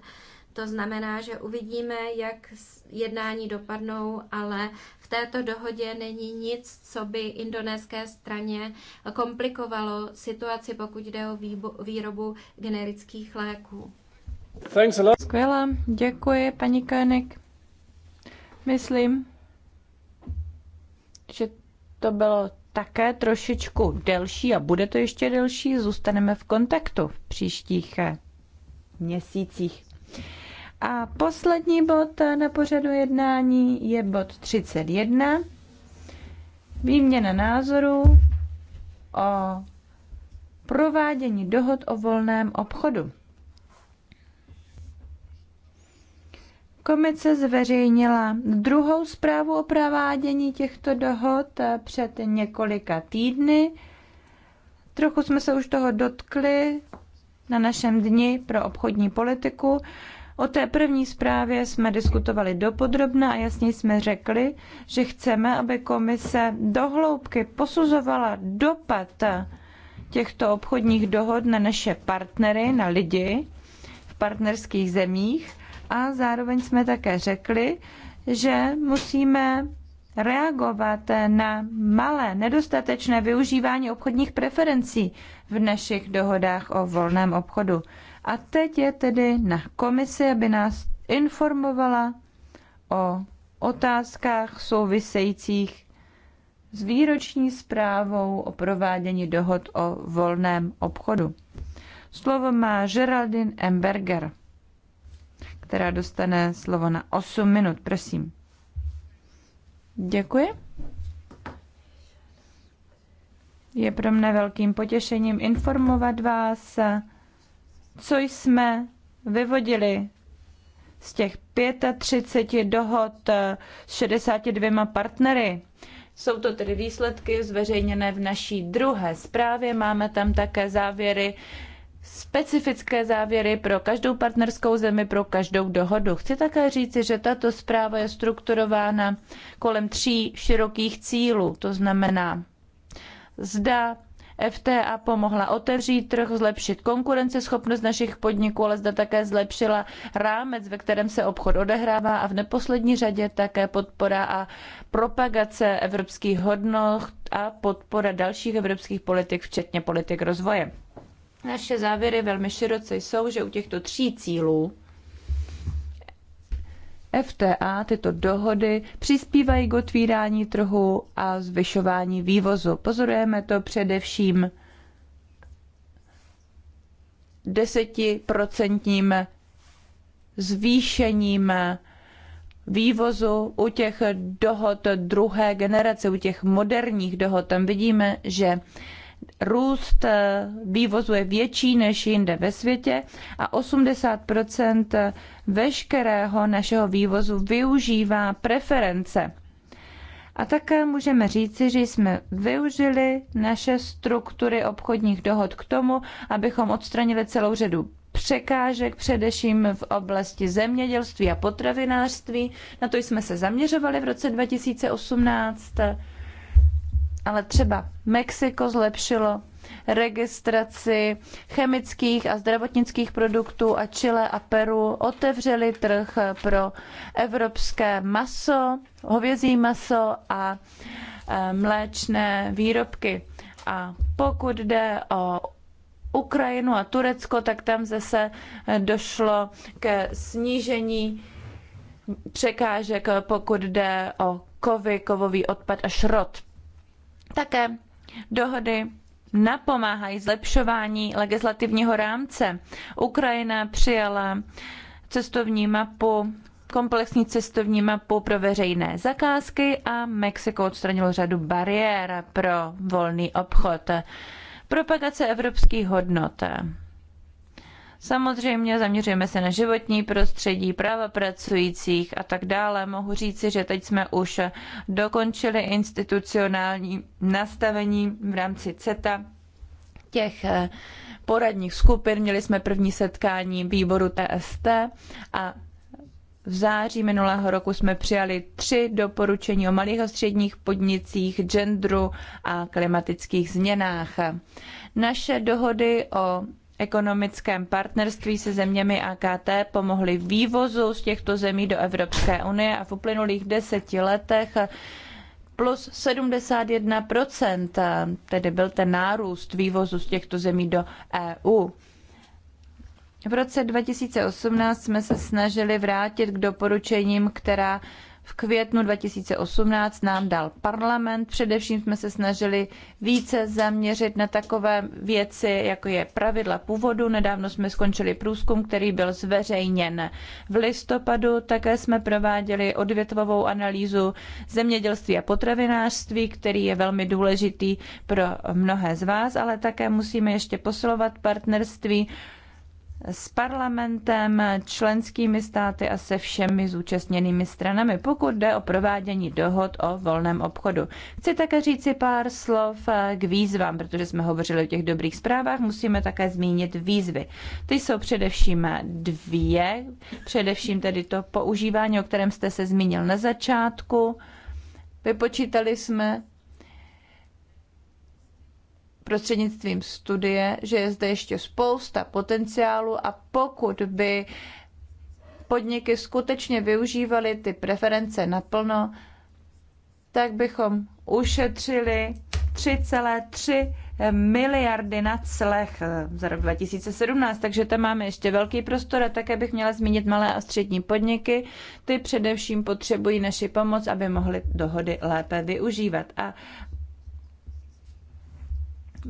To znamená, že uvidíme, jak jednání dopadnou, ale v této dohodě není nic, co by indonéské straně komplikovalo situaci, pokud jde o výrobu generických léků. Thanks a lot. děkuji, paní Koenig. Myslím, že to bylo také trošičku delší a bude to ještě delší. Zůstaneme v kontaktu v příštích eh, měsících. A poslední bod na pořadu jednání je bod 31. Výměna názorů o provádění dohod o volném obchodu. Komise zveřejnila druhou zprávu o provádění těchto dohod eh, před několika týdny. Trochu jsme se už toho dotkli na našem dni pro obchodní politiku. O té první zprávě jsme diskutovali dopodrobna a jasně jsme řekli, že chceme, aby komise dohloubky posuzovala dopad těchto obchodních dohod na naše partnery, na lidi v partnerských zemích a zároveň jsme také řekli, že musíme reagovat na malé nedostatečné využívání obchodních preferencí v našich dohodách o volném obchodu. A teď je tedy na komisi, aby nás informovala o otázkách souvisejících s výroční zprávou o provádění dohod o volném obchodu. Slovo má Geraldine Emberger která dostane slovo na 8 minut. Prosím. Děkuji. Je pro mne velkým potěšením informovat vás, co jsme vyvodili z těch 35 dohod s 62 partnery. Jsou to tedy výsledky zveřejněné v naší druhé zprávě. Máme tam také závěry specifické závěry pro každou partnerskou zemi, pro každou dohodu. Chci také říci, že tato zpráva je strukturována kolem tří širokých cílů, to znamená zda FTA pomohla otevřít trh, zlepšit konkurenceschopnost našich podniků, ale zda také zlepšila rámec, ve kterém se obchod odehrává a v neposlední řadě také podpora a propagace evropských hodnot a podpora dalších evropských politik, včetně politik rozvoje. Naše závěry velmi široce jsou, že u těchto tří cílů FTA, tyto dohody, přispívají k otvírání trhu a zvyšování vývozu. Pozorujeme to především desetiprocentním zvýšením vývozu u těch dohod druhé generace, u těch moderních dohod. Tam vidíme, že růst eh, vývozu je větší než jinde ve světě a 80 veškerého našeho vývozu využívá preference. A také můžeme říci, že jsme využili naše struktury obchodních dohod k tomu, abychom odstranili celou řadu překážek, především v oblasti zemědělství a potravinářství. Na to jsme se zaměřovali v roce 2018 ale třeba Mexiko zlepšilo registraci chemických a zdravotnických produktů a Chile a Peru otevřeli trh pro evropské maso, hovězí maso a eh, mléčné výrobky. A pokud jde o Ukrajinu a Turecko, tak tam zase eh, došlo ke snížení překážek, pokud jde o kovy, kovový odpad a šrot. Také dohody napomáhají zlepšování legislativního rámce. Ukrajina přijala cestovní mapu, komplexní cestovní mapu pro veřejné zakázky a Mexiko odstranilo řadu bariér pro volný obchod. Propagace evropských hodnot. Samozřejmě zaměřujeme se na životní prostředí, práva pracujících a tak dále. Mohu říci, že teď jsme už dokončili institucionální nastavení v rámci CETA těch eh, poradních skupin. Měli jsme první setkání výboru TST a v září minulého roku jsme přijali tři doporučení o malých a středních podnicích, genderu a klimatických změnách. Naše dohody o ekonomickém partnerství se zeměmi AKT pomohly vývozu z těchto zemí do Evropské unie a v uplynulých deseti letech plus 71%, tedy byl ten nárůst vývozu z těchto zemí do EU. V roce 2018 jsme se snažili vrátit k doporučením, která v květnu 2018 nám dal parlament. Především jsme se snažili více zaměřit na takové věci, jako je pravidla původu. Nedávno jsme skončili průzkum, který byl zveřejněn v listopadu. Také jsme prováděli odvětvovou analýzu zemědělství a potravinářství, který je velmi důležitý pro mnohé z vás, ale také musíme ještě posilovat partnerství s parlamentem, členskými státy a se všemi zúčastněnými stranami, pokud jde o provádění dohod o volném obchodu. Chci také říci pár slov eh, k výzvám, protože jsme hovořili o těch dobrých zprávách, musíme také zmínit výzvy. Ty jsou především dvě, především tedy to používání, o kterém jste se zmínil na začátku. Vypočítali jsme, prostřednictvím studie, že je zde ještě spousta potenciálu a pokud by podniky skutečně využívaly ty preference naplno, tak bychom ušetřili 3,3 miliardy na clech za rok 2017, takže tam máme ještě velký prostor a také bych měla zmínit malé a střední podniky. Ty především potřebují naši pomoc, aby mohly dohody lépe využívat. A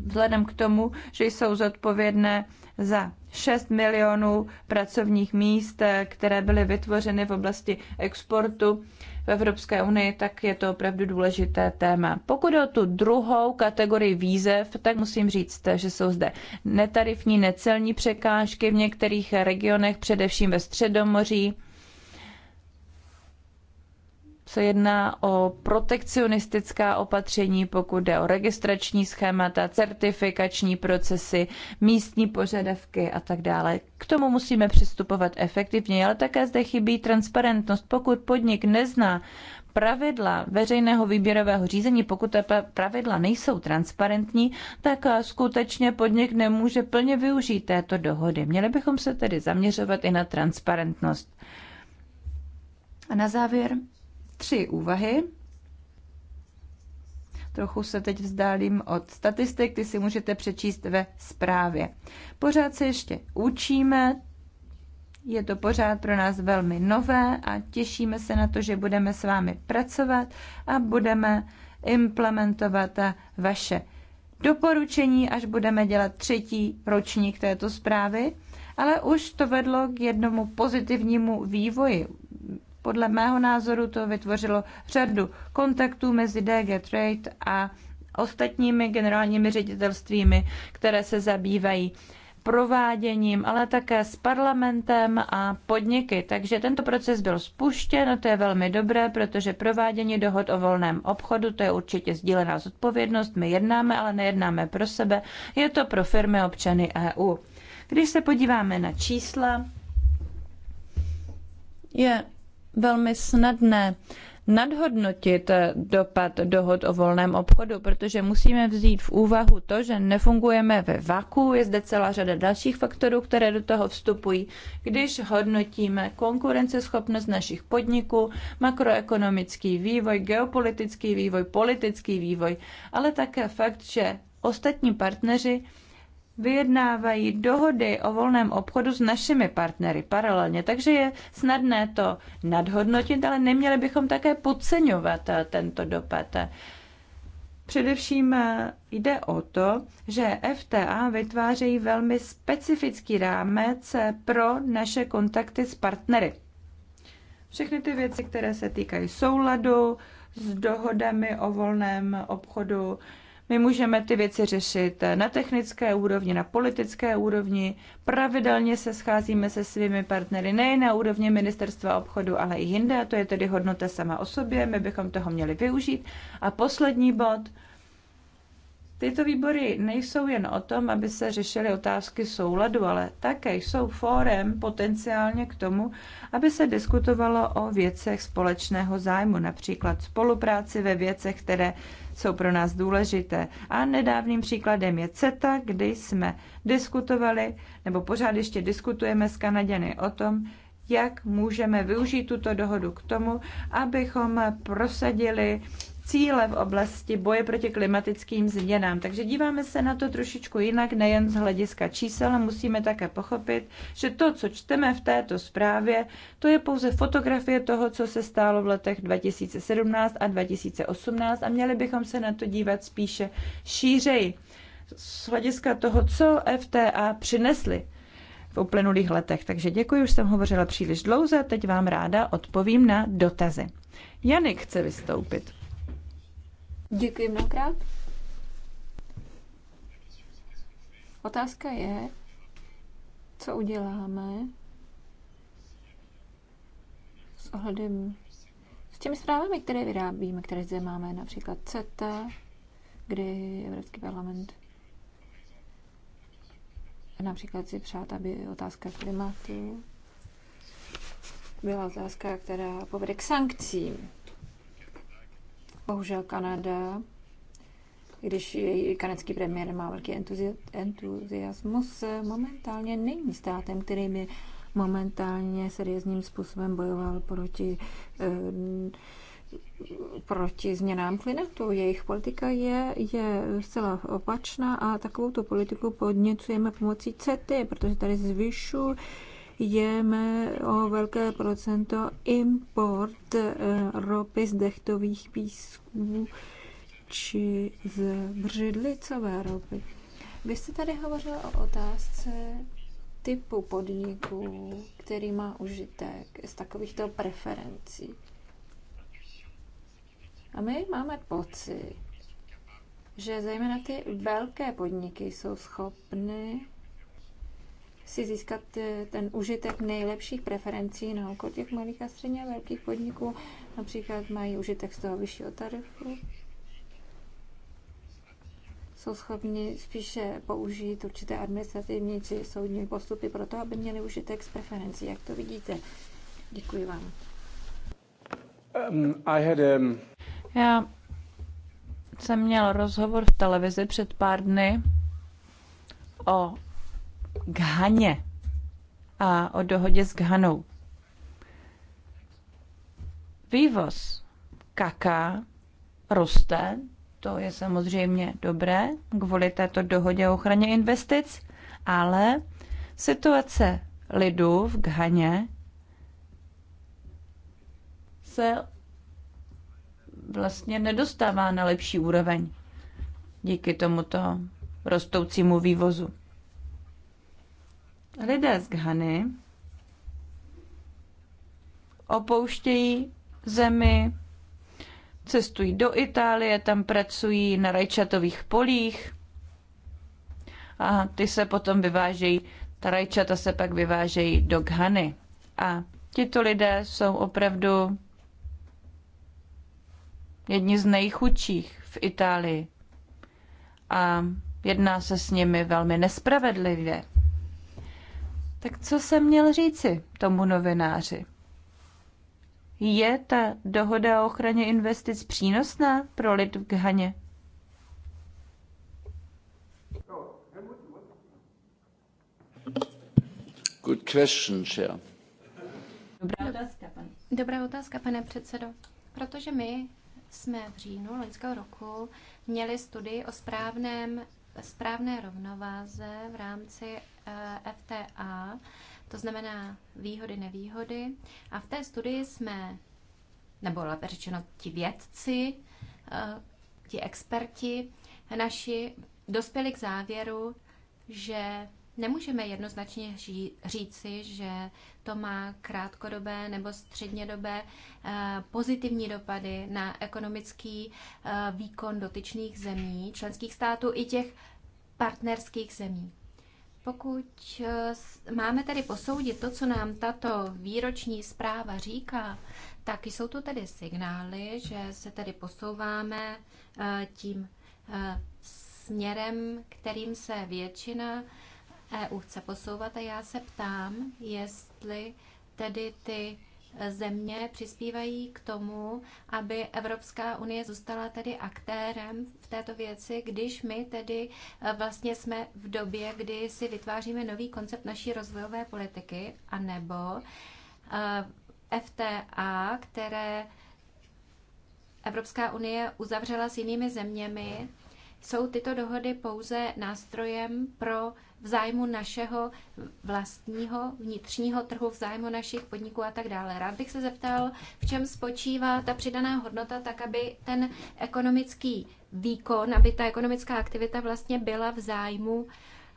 vzhledem k tomu, že jsou zodpovědné za 6 milionů pracovních míst, eh, které byly vytvořeny v oblasti exportu v Evropské unii, tak je to opravdu důležité téma. Pokud o tu druhou kategorii výzev, tak musím říct, že jsou zde netarifní, necelní překážky v některých regionech, především ve Středomoří, se jedná o protekcionistická opatření, pokud jde o registrační schémata, certifikační procesy, místní požadavky a tak dále. K tomu musíme přistupovat efektivně, ale také zde chybí transparentnost. Pokud podnik nezná pravidla veřejného výběrového řízení, pokud ta pravidla nejsou transparentní, tak skutečně podnik nemůže plně využít této dohody. Měli bychom se tedy zaměřovat i na transparentnost. A na závěr tři úvahy. Trochu se teď vzdálím od statistik, ty si můžete přečíst ve zprávě. Pořád se ještě učíme, je to pořád pro nás velmi nové a těšíme se na to, že budeme s vámi pracovat a budeme implementovat vaše doporučení, až budeme dělat třetí ročník této zprávy, ale už to vedlo k jednomu pozitivnímu vývoji. Podle mého názoru to vytvořilo řadu kontaktů mezi DG Trade a ostatními generálními ředitelstvími, které se zabývají prováděním, ale také s parlamentem a podniky. Takže tento proces byl spuštěn, to je velmi dobré, protože provádění dohod o volném obchodu, to je určitě sdílená zodpovědnost, my jednáme, ale nejednáme pro sebe, je to pro firmy občany EU. Když se podíváme na čísla, je velmi snadné nadhodnotit eh, dopad dohod o volném obchodu, protože musíme vzít v úvahu to, že nefungujeme ve vaku, je zde celá řada dalších faktorů, které do toho vstupují. Když hodnotíme konkurenceschopnost našich podniků, makroekonomický vývoj, geopolitický vývoj, politický vývoj, ale také fakt, že ostatní partneři vyjednávají dohody o volném obchodu s našimi partnery paralelně, takže je snadné to nadhodnotit, ale neměli bychom také podceňovat eh, tento dopad. Především eh, jde o to, že FTA vytvářejí velmi specifický rámec eh, pro naše kontakty s partnery. Všechny ty věci, které se týkají souladu s dohodami o volném obchodu, my můžeme ty věci řešit na technické úrovni, na politické úrovni. Pravidelně se scházíme se svými partnery nejen na úrovni ministerstva obchodu, ale i jinde. A to je tedy hodnota sama o sobě. My bychom toho měli využít. A poslední bod – Tyto výbory nejsou jen o tom, aby se řešily otázky souladu, ale také jsou fórem potenciálně k tomu, aby se diskutovalo o věcech společného zájmu, například spolupráci ve věcech, které jsou pro nás důležité. A nedávným příkladem je CETA, kdy jsme diskutovali, nebo pořád ještě diskutujeme s Kanaděny o tom, jak můžeme využít tuto dohodu k tomu, abychom prosadili cíle v oblasti boje proti klimatickým změnám. Takže díváme se na to trošičku jinak, nejen z hlediska čísel, ale musíme také pochopit, že to, co čteme v této zprávě, to je pouze fotografie toho, co se stálo v letech 2017 a 2018 a měli bychom se na to dívat spíše šířeji z hlediska toho, co FTA přinesly v uplynulých letech. Takže děkuji, už jsem hovořila příliš dlouze, teď vám ráda odpovím na dotazy. Janik chce vystoupit. Děkuji mnohokrát. Otázka je, co uděláme s ohledem s těmi zprávami, které vyrábíme, které zde máme, například CETA, kdy Evropský parlament například si přát, aby otázka klimatu byla otázka, která povede k sankcím. Bohužel Kanada, když kanadský premiér má velký entuzi- entuziasmus, momentálně není státem, který by momentálně seriózním způsobem bojoval proti eh, proti změnám klimatu. Jejich politika je, je zcela opačná a takovou tu politiku podněcujeme pomocí CETY, protože tady zvyšuje je o velké procento import eh, ropy z dechtových písků či z břidlicové ropy. Vy jste tady hovořila o otázce typu podniků, který má užitek z takovýchto preferencí. A my máme pocit, že zejména ty velké podniky jsou schopny si získat eh, ten užitek nejlepších preferencí na úkor těch malých a středně velkých podniků. Například mají užitek z toho vyššího tarifu. Jsou schopni spíše použít určité administrativní či soudní postupy pro to, aby měli užitek z preferencí. Jak to vidíte? Děkuji vám. Um, I had, um... Já jsem měl rozhovor v televizi před pár dny o Ghaně a o dohodě s Ghanou. Vývoz kaká roste, to je samozřejmě dobré kvůli této dohodě o ochraně investic, ale situace lidu v Ghaně se vlastně nedostává na lepší úroveň díky tomuto rostoucímu vývozu. Lidé z Ghany opouštějí zemi, cestují do Itálie, tam pracují na rajčatových polích a ty se potom vyvážejí, ta rajčata se pak vyvážejí do Ghany. A tito lidé jsou opravdu jedni z nejchudších v Itálii a jedná se s nimi velmi nespravedlivě. Tak co jsem měl říci tomu novináři? Je ta dohoda o ochraně investic přínosná pro lid v Ghaně? Good question, chair. Dobrá otázka, pane. Dobrá otázka, pane předsedo. Protože my jsme v říjnu loňského roku měli studii o správném, správné rovnováze v rámci Eh, FTA, to znamená výhody, nevýhody. A v té studii jsme, nebo lépe řečeno ti vědci, eh, ti experti naši, dospěli k závěru, že nemůžeme jednoznačně říci, že to má krátkodobé nebo střednědobé eh, pozitivní dopady na ekonomický výkon dotyčných zemí, členských států i těch partnerských zemí. Pokud eh, máme tedy posoudit to, co nám tato výroční zpráva říká, tak jsou to tedy signály, že se tedy posouváme eh, tím eh, směrem, kterým se většina EU chce posouvat. A já se ptám, jestli tedy ty země přispívají k tomu, aby Evropská unie zůstala tedy aktérem v této věci, když my tedy eh, vlastně jsme v době, kdy si vytváříme nový koncept naší rozvojové politiky, anebo eh, FTA, které Evropská unie uzavřela s jinými zeměmi, jsou tyto dohody pouze nástrojem pro v zájmu našeho vlastního vnitřního trhu, v zájmu našich podniků a tak dále. Rád bych se zeptal, v čem spočívá ta přidaná hodnota, tak aby ten ekonomický výkon, aby ta ekonomická aktivita vlastně byla v zájmu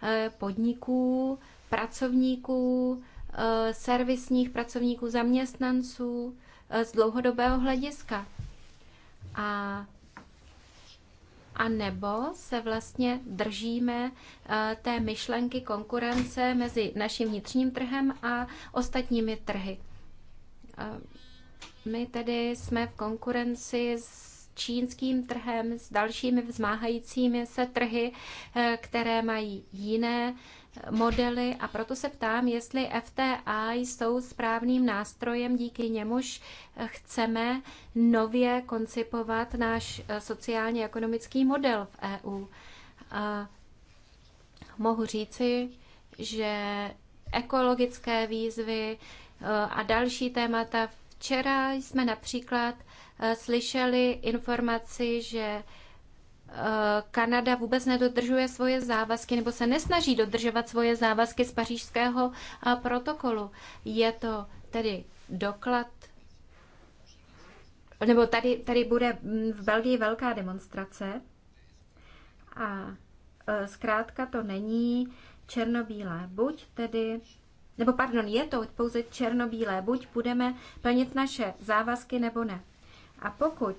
eh, podniků, pracovníků, eh, servisních pracovníků, zaměstnanců eh, z dlouhodobého hlediska. A a nebo se vlastně držíme eh, té myšlenky konkurence mezi naším vnitřním trhem a ostatními trhy. Eh, my tedy jsme v konkurenci s čínským trhem, s dalšími vzmáhajícími se trhy, eh, které mají jiné modely a proto se ptám, jestli FTA jsou správným nástrojem, díky němuž chceme nově koncipovat náš eh, sociálně ekonomický model v EU. A eh, mohu říci, že ekologické výzvy eh, a další témata. Včera jsme například slyšeli informaci, že Eh, Kanada vůbec nedodržuje svoje závazky nebo se nesnaží dodržovat svoje závazky z pařížského eh, protokolu. Je to tedy doklad, nebo tady, tady bude mm, v Belgii velká demonstrace a eh, zkrátka to není černobílé. Buď tedy nebo pardon, je to pouze černobílé, buď budeme plnit naše závazky nebo ne. A pokud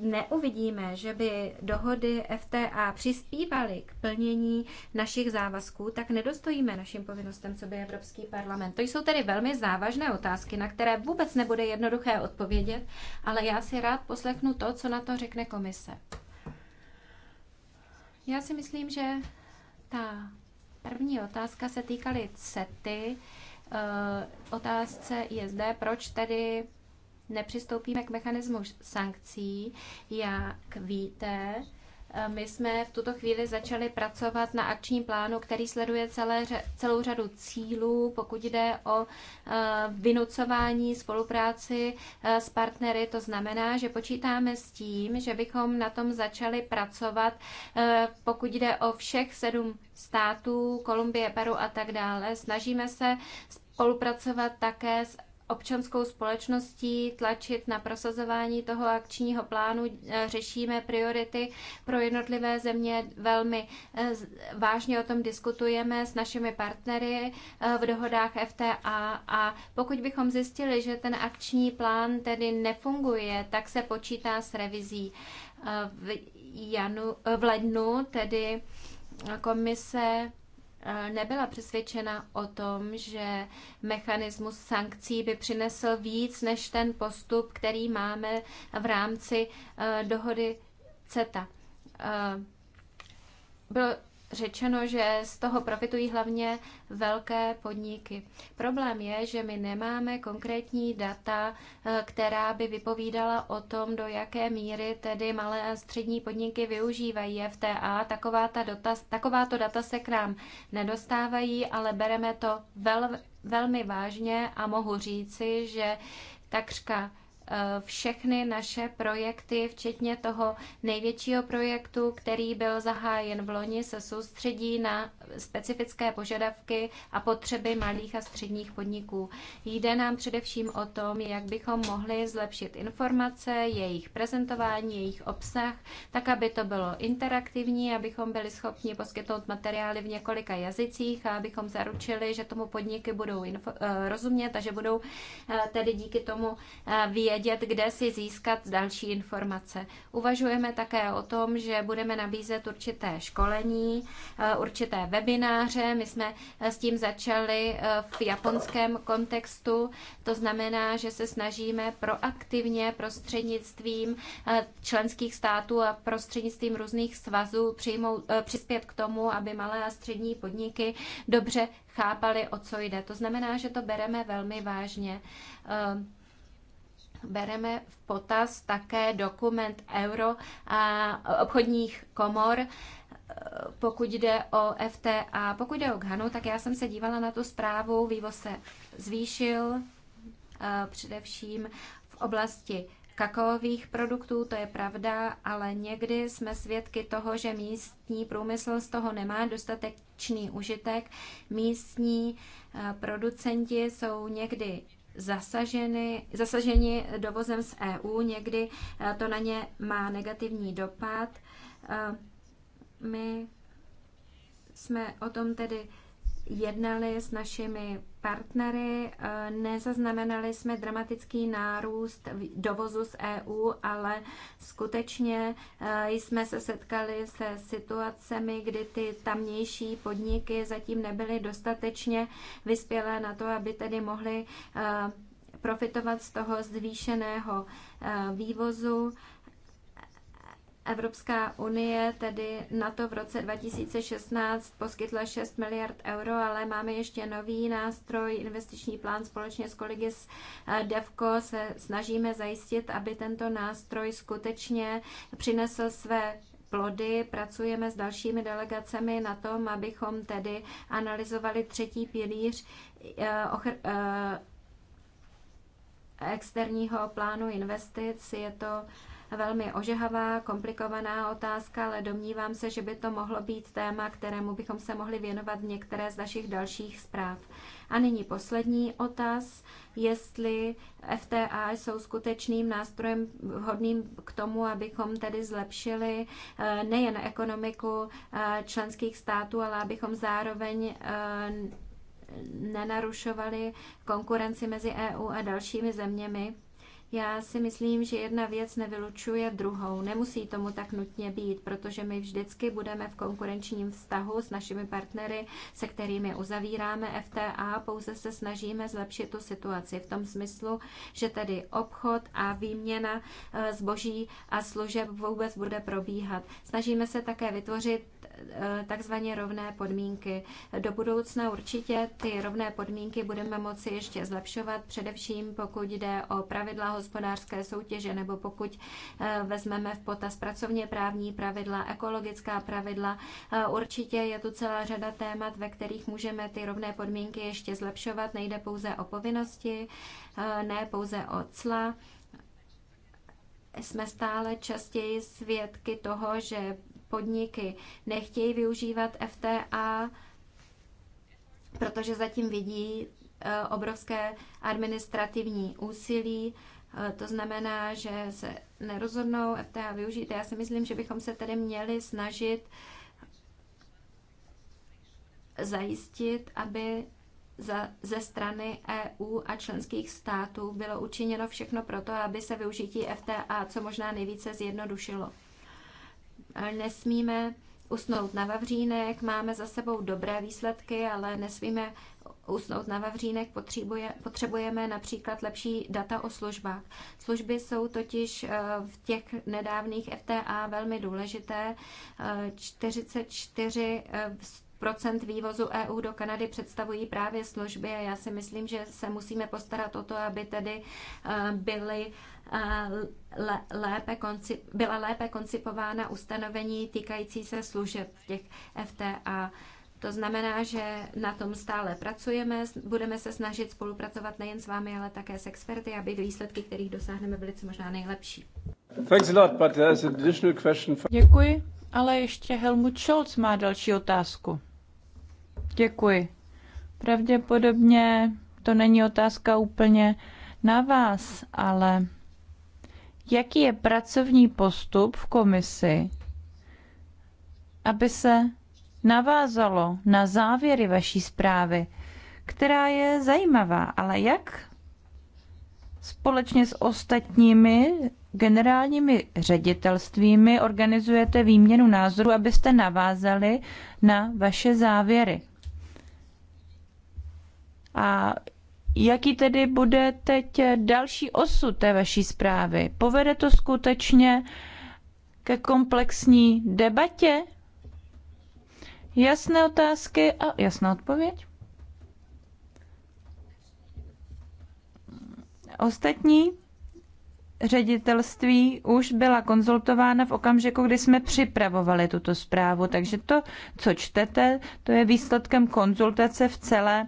neuvidíme, že by dohody FTA přispívaly k plnění našich závazků, tak nedostojíme našim povinnostem, co by Evropský parlament. To jsou tedy velmi závažné otázky, na které vůbec nebude jednoduché odpovědět, ale já si rád poslechnu to, co na to řekne komise. Já si myslím, že ta první otázka se týkaly CETY. Eh, otázce je zde, proč tedy nepřistoupíme k mechanismu sankcí, jak víte, eh, my jsme v tuto chvíli začali pracovat na akčním plánu, který sleduje celé, celou řadu cílů, pokud jde o eh, vynucování spolupráci eh, s partnery. To znamená, že počítáme s tím, že bychom na tom začali pracovat, pokud jde o všech sedm států, Kolumbie, Peru a tak dále. Snažíme se spolupracovat také s občanskou společností tlačit na prosazování toho akčního plánu. Eh, řešíme priority pro jednotlivé země, velmi eh, vážně o tom diskutujeme s našimi partnery eh, v dohodách FTA a pokud bychom zjistili, že ten akční plán tedy nefunguje, tak se počítá s revizí v, janu, v lednu, tedy komise Eh, nebyla přesvědčena o tom, že mechanismus sankcí by přinesl víc než ten postup, který máme v rámci eh, dohody CETA. Eh, bylo řečeno, že z toho profitují hlavně velké podniky. Problém je, že my nemáme konkrétní data, eh, která by vypovídala o tom, do jaké míry tedy malé a střední podniky využívají FTA. Taková ta data, takováto data se k nám nedostávají, ale bereme to vel, velmi vážně a mohu říci, že takřka Eh, všechny naše projekty, včetně toho největšího projektu, který byl zahájen v loni, se soustředí na specifické požadavky a potřeby malých a středních podniků. Jde nám především o tom, jak bychom mohli zlepšit informace, jejich prezentování, jejich obsah, tak, aby to bylo interaktivní, abychom byli schopni poskytnout materiály v několika jazycích a abychom zaručili, že tomu podniky budou eh, rozumět a že budou eh, tedy díky tomu vědět, vědět, kde si získat další informace. Uvažujeme také o tom, že budeme nabízet určité školení, eh, určité webináře. My jsme eh, s tím začali eh, v japonském kontextu. To znamená, že se snažíme proaktivně prostřednictvím členských států a prostřednictvím různých svazů přijmout, přispět k tomu, aby malé a střední podniky dobře chápali, o co jde. To znamená, že to bereme velmi vážně bereme v potaz také dokument euro a obchodních komor, pokud jde o FT a Pokud jde o GANu, tak já jsem se dívala na tu zprávu, vývoz se zvýšil eh, především v oblasti kakaových produktů, to je pravda, ale někdy jsme svědky toho, že místní průmysl z toho nemá dostatečný užitek. Místní eh, producenti jsou někdy zasaženy, zasaženi dovozem z EU. Někdy eh, to na ně má negativní dopad. Eh, my jsme o tom tedy jednali s našimi partnery. Eh, nezaznamenali jsme dramatický nárůst dovozu z EU, ale skutečně eh, jsme se setkali se situacemi, kdy ty tamnější podniky zatím nebyly dostatečně vyspělé na to, aby tedy mohly eh, profitovat z toho zvýšeného vývozu. Evropská unie tedy na to v roce 2016 poskytla 6 miliard euro, ale máme ještě nový nástroj, investiční plán společně s kolegy z eh, DEVCO se snažíme zajistit, aby tento nástroj skutečně přinesl své plody. Pracujeme s dalšími delegacemi na tom, abychom tedy analyzovali třetí pilíř eh, eh, externího plánu investic. Je to velmi ožehavá, komplikovaná otázka, ale domnívám se, že by to mohlo být téma, kterému bychom se mohli věnovat v některé z našich dalších zpráv. A nyní poslední otaz, jestli FTA jsou skutečným nástrojem vhodným k tomu, abychom tedy zlepšili eh, nejen ekonomiku eh, členských států, ale abychom zároveň eh, nenarušovali konkurenci mezi EU a dalšími zeměmi. Já si myslím, že jedna věc nevylučuje druhou. Nemusí tomu tak nutně být, protože my vždycky budeme v konkurenčním vztahu s našimi partnery, se kterými uzavíráme FTA, pouze se snažíme zlepšit tu situaci v tom smyslu, že tedy obchod a výměna eh, zboží a služeb vůbec bude probíhat. Snažíme se také vytvořit Eh, takzvaně rovné podmínky. Do budoucna určitě ty rovné podmínky budeme moci ještě zlepšovat, především pokud jde o pravidla hospodářské soutěže nebo pokud eh, vezmeme v potaz pracovně právní pravidla, ekologická pravidla. Eh, určitě je tu celá řada témat, ve kterých můžeme ty rovné podmínky ještě zlepšovat. Nejde pouze o povinnosti, ne pouze o cla jsme stále častěji svědky toho, že podniky nechtějí využívat FTA, protože zatím vidí eh, obrovské administrativní úsilí. Eh, to znamená, že se nerozhodnou FTA využít. Já si myslím, že bychom se tedy měli snažit zajistit, aby za, ze strany EU a členských států bylo učiněno všechno proto, aby se využití FTA co možná nejvíce zjednodušilo nesmíme usnout na Vavřínek, máme za sebou dobré výsledky, ale nesmíme usnout na Vavřínek, potřebuje, potřebujeme například lepší data o službách. Služby jsou totiž eh, v těch nedávných FTA velmi důležité. 44 eh, eh, procent vývozu EU do Kanady představují právě služby a já si myslím, že se musíme postarat o to, aby tedy byly lépe konci, byla lépe koncipována ustanovení týkající se služeb těch FTA. To znamená, že na tom stále pracujeme, budeme se snažit spolupracovat nejen s vámi, ale také s experty, aby výsledky, kterých dosáhneme, byly co možná nejlepší. Děkuji, ale ještě Helmut Scholz má další otázku. Děkuji. Pravděpodobně to není otázka úplně na vás, ale jaký je pracovní postup v komisi, aby se navázalo na závěry vaší zprávy, která je zajímavá, ale jak společně s ostatními generálními ředitelstvími organizujete výměnu názorů, abyste navázali na vaše závěry. A Jaký tedy bude teď další osud té vaší zprávy? Povede to skutečně ke komplexní debatě? Jasné otázky a jasná odpověď? Ostatní ředitelství už byla konzultována v okamžiku, kdy jsme připravovali tuto zprávu, takže to, co čtete, to je výsledkem konzultace v celé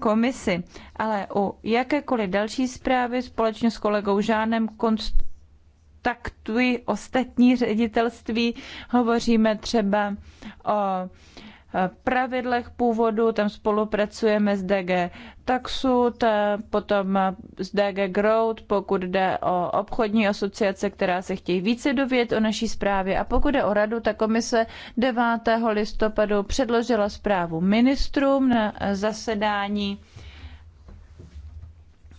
komisi, ale u jakékoliv další zprávy společně s kolegou Žánem kontaktují ostatní ředitelství. Hovoříme třeba o pravidlech původu, tam spolupracujeme s DG Taxud, potom s DG Growth, pokud jde o obchodní asociace, která se chtějí více dovědět o naší zprávě. A pokud jde o radu, ta komise 9. listopadu předložila zprávu ministrům na zasedání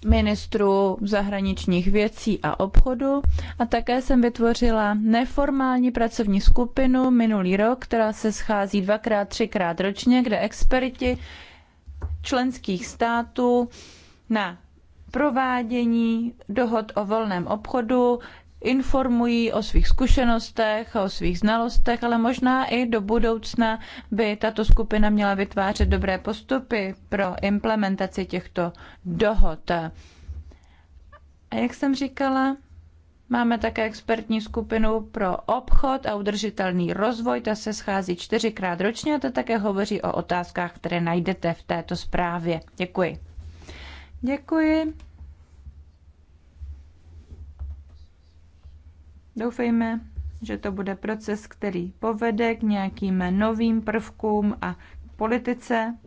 ministrů zahraničních věcí a obchodu a také jsem vytvořila neformální pracovní skupinu minulý rok, která se schází dvakrát, třikrát ročně, kde experti členských států na provádění dohod o volném obchodu informují o svých zkušenostech, o svých znalostech, ale možná i do budoucna by tato skupina měla vytvářet dobré postupy pro implementaci těchto dohod. A jak jsem říkala, máme také expertní skupinu pro obchod a udržitelný rozvoj. Ta se schází čtyřikrát ročně a ta také hovoří o otázkách, které najdete v této zprávě. Děkuji. Děkuji. Doufejme, že to bude proces, který povede k nějakým novým prvkům a politice.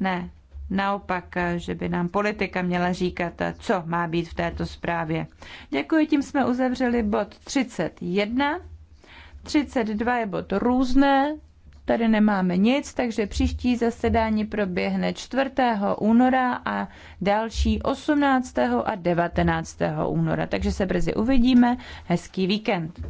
Ne, naopak, že by nám politika měla říkat, co má být v této zprávě. Děkuji, tím jsme uzavřeli bod 31. 32 je bod různé, tady nemáme nic, takže příští zasedání proběhne 4. února a další 18. a 19. února. Takže se brzy uvidíme. Hezký víkend.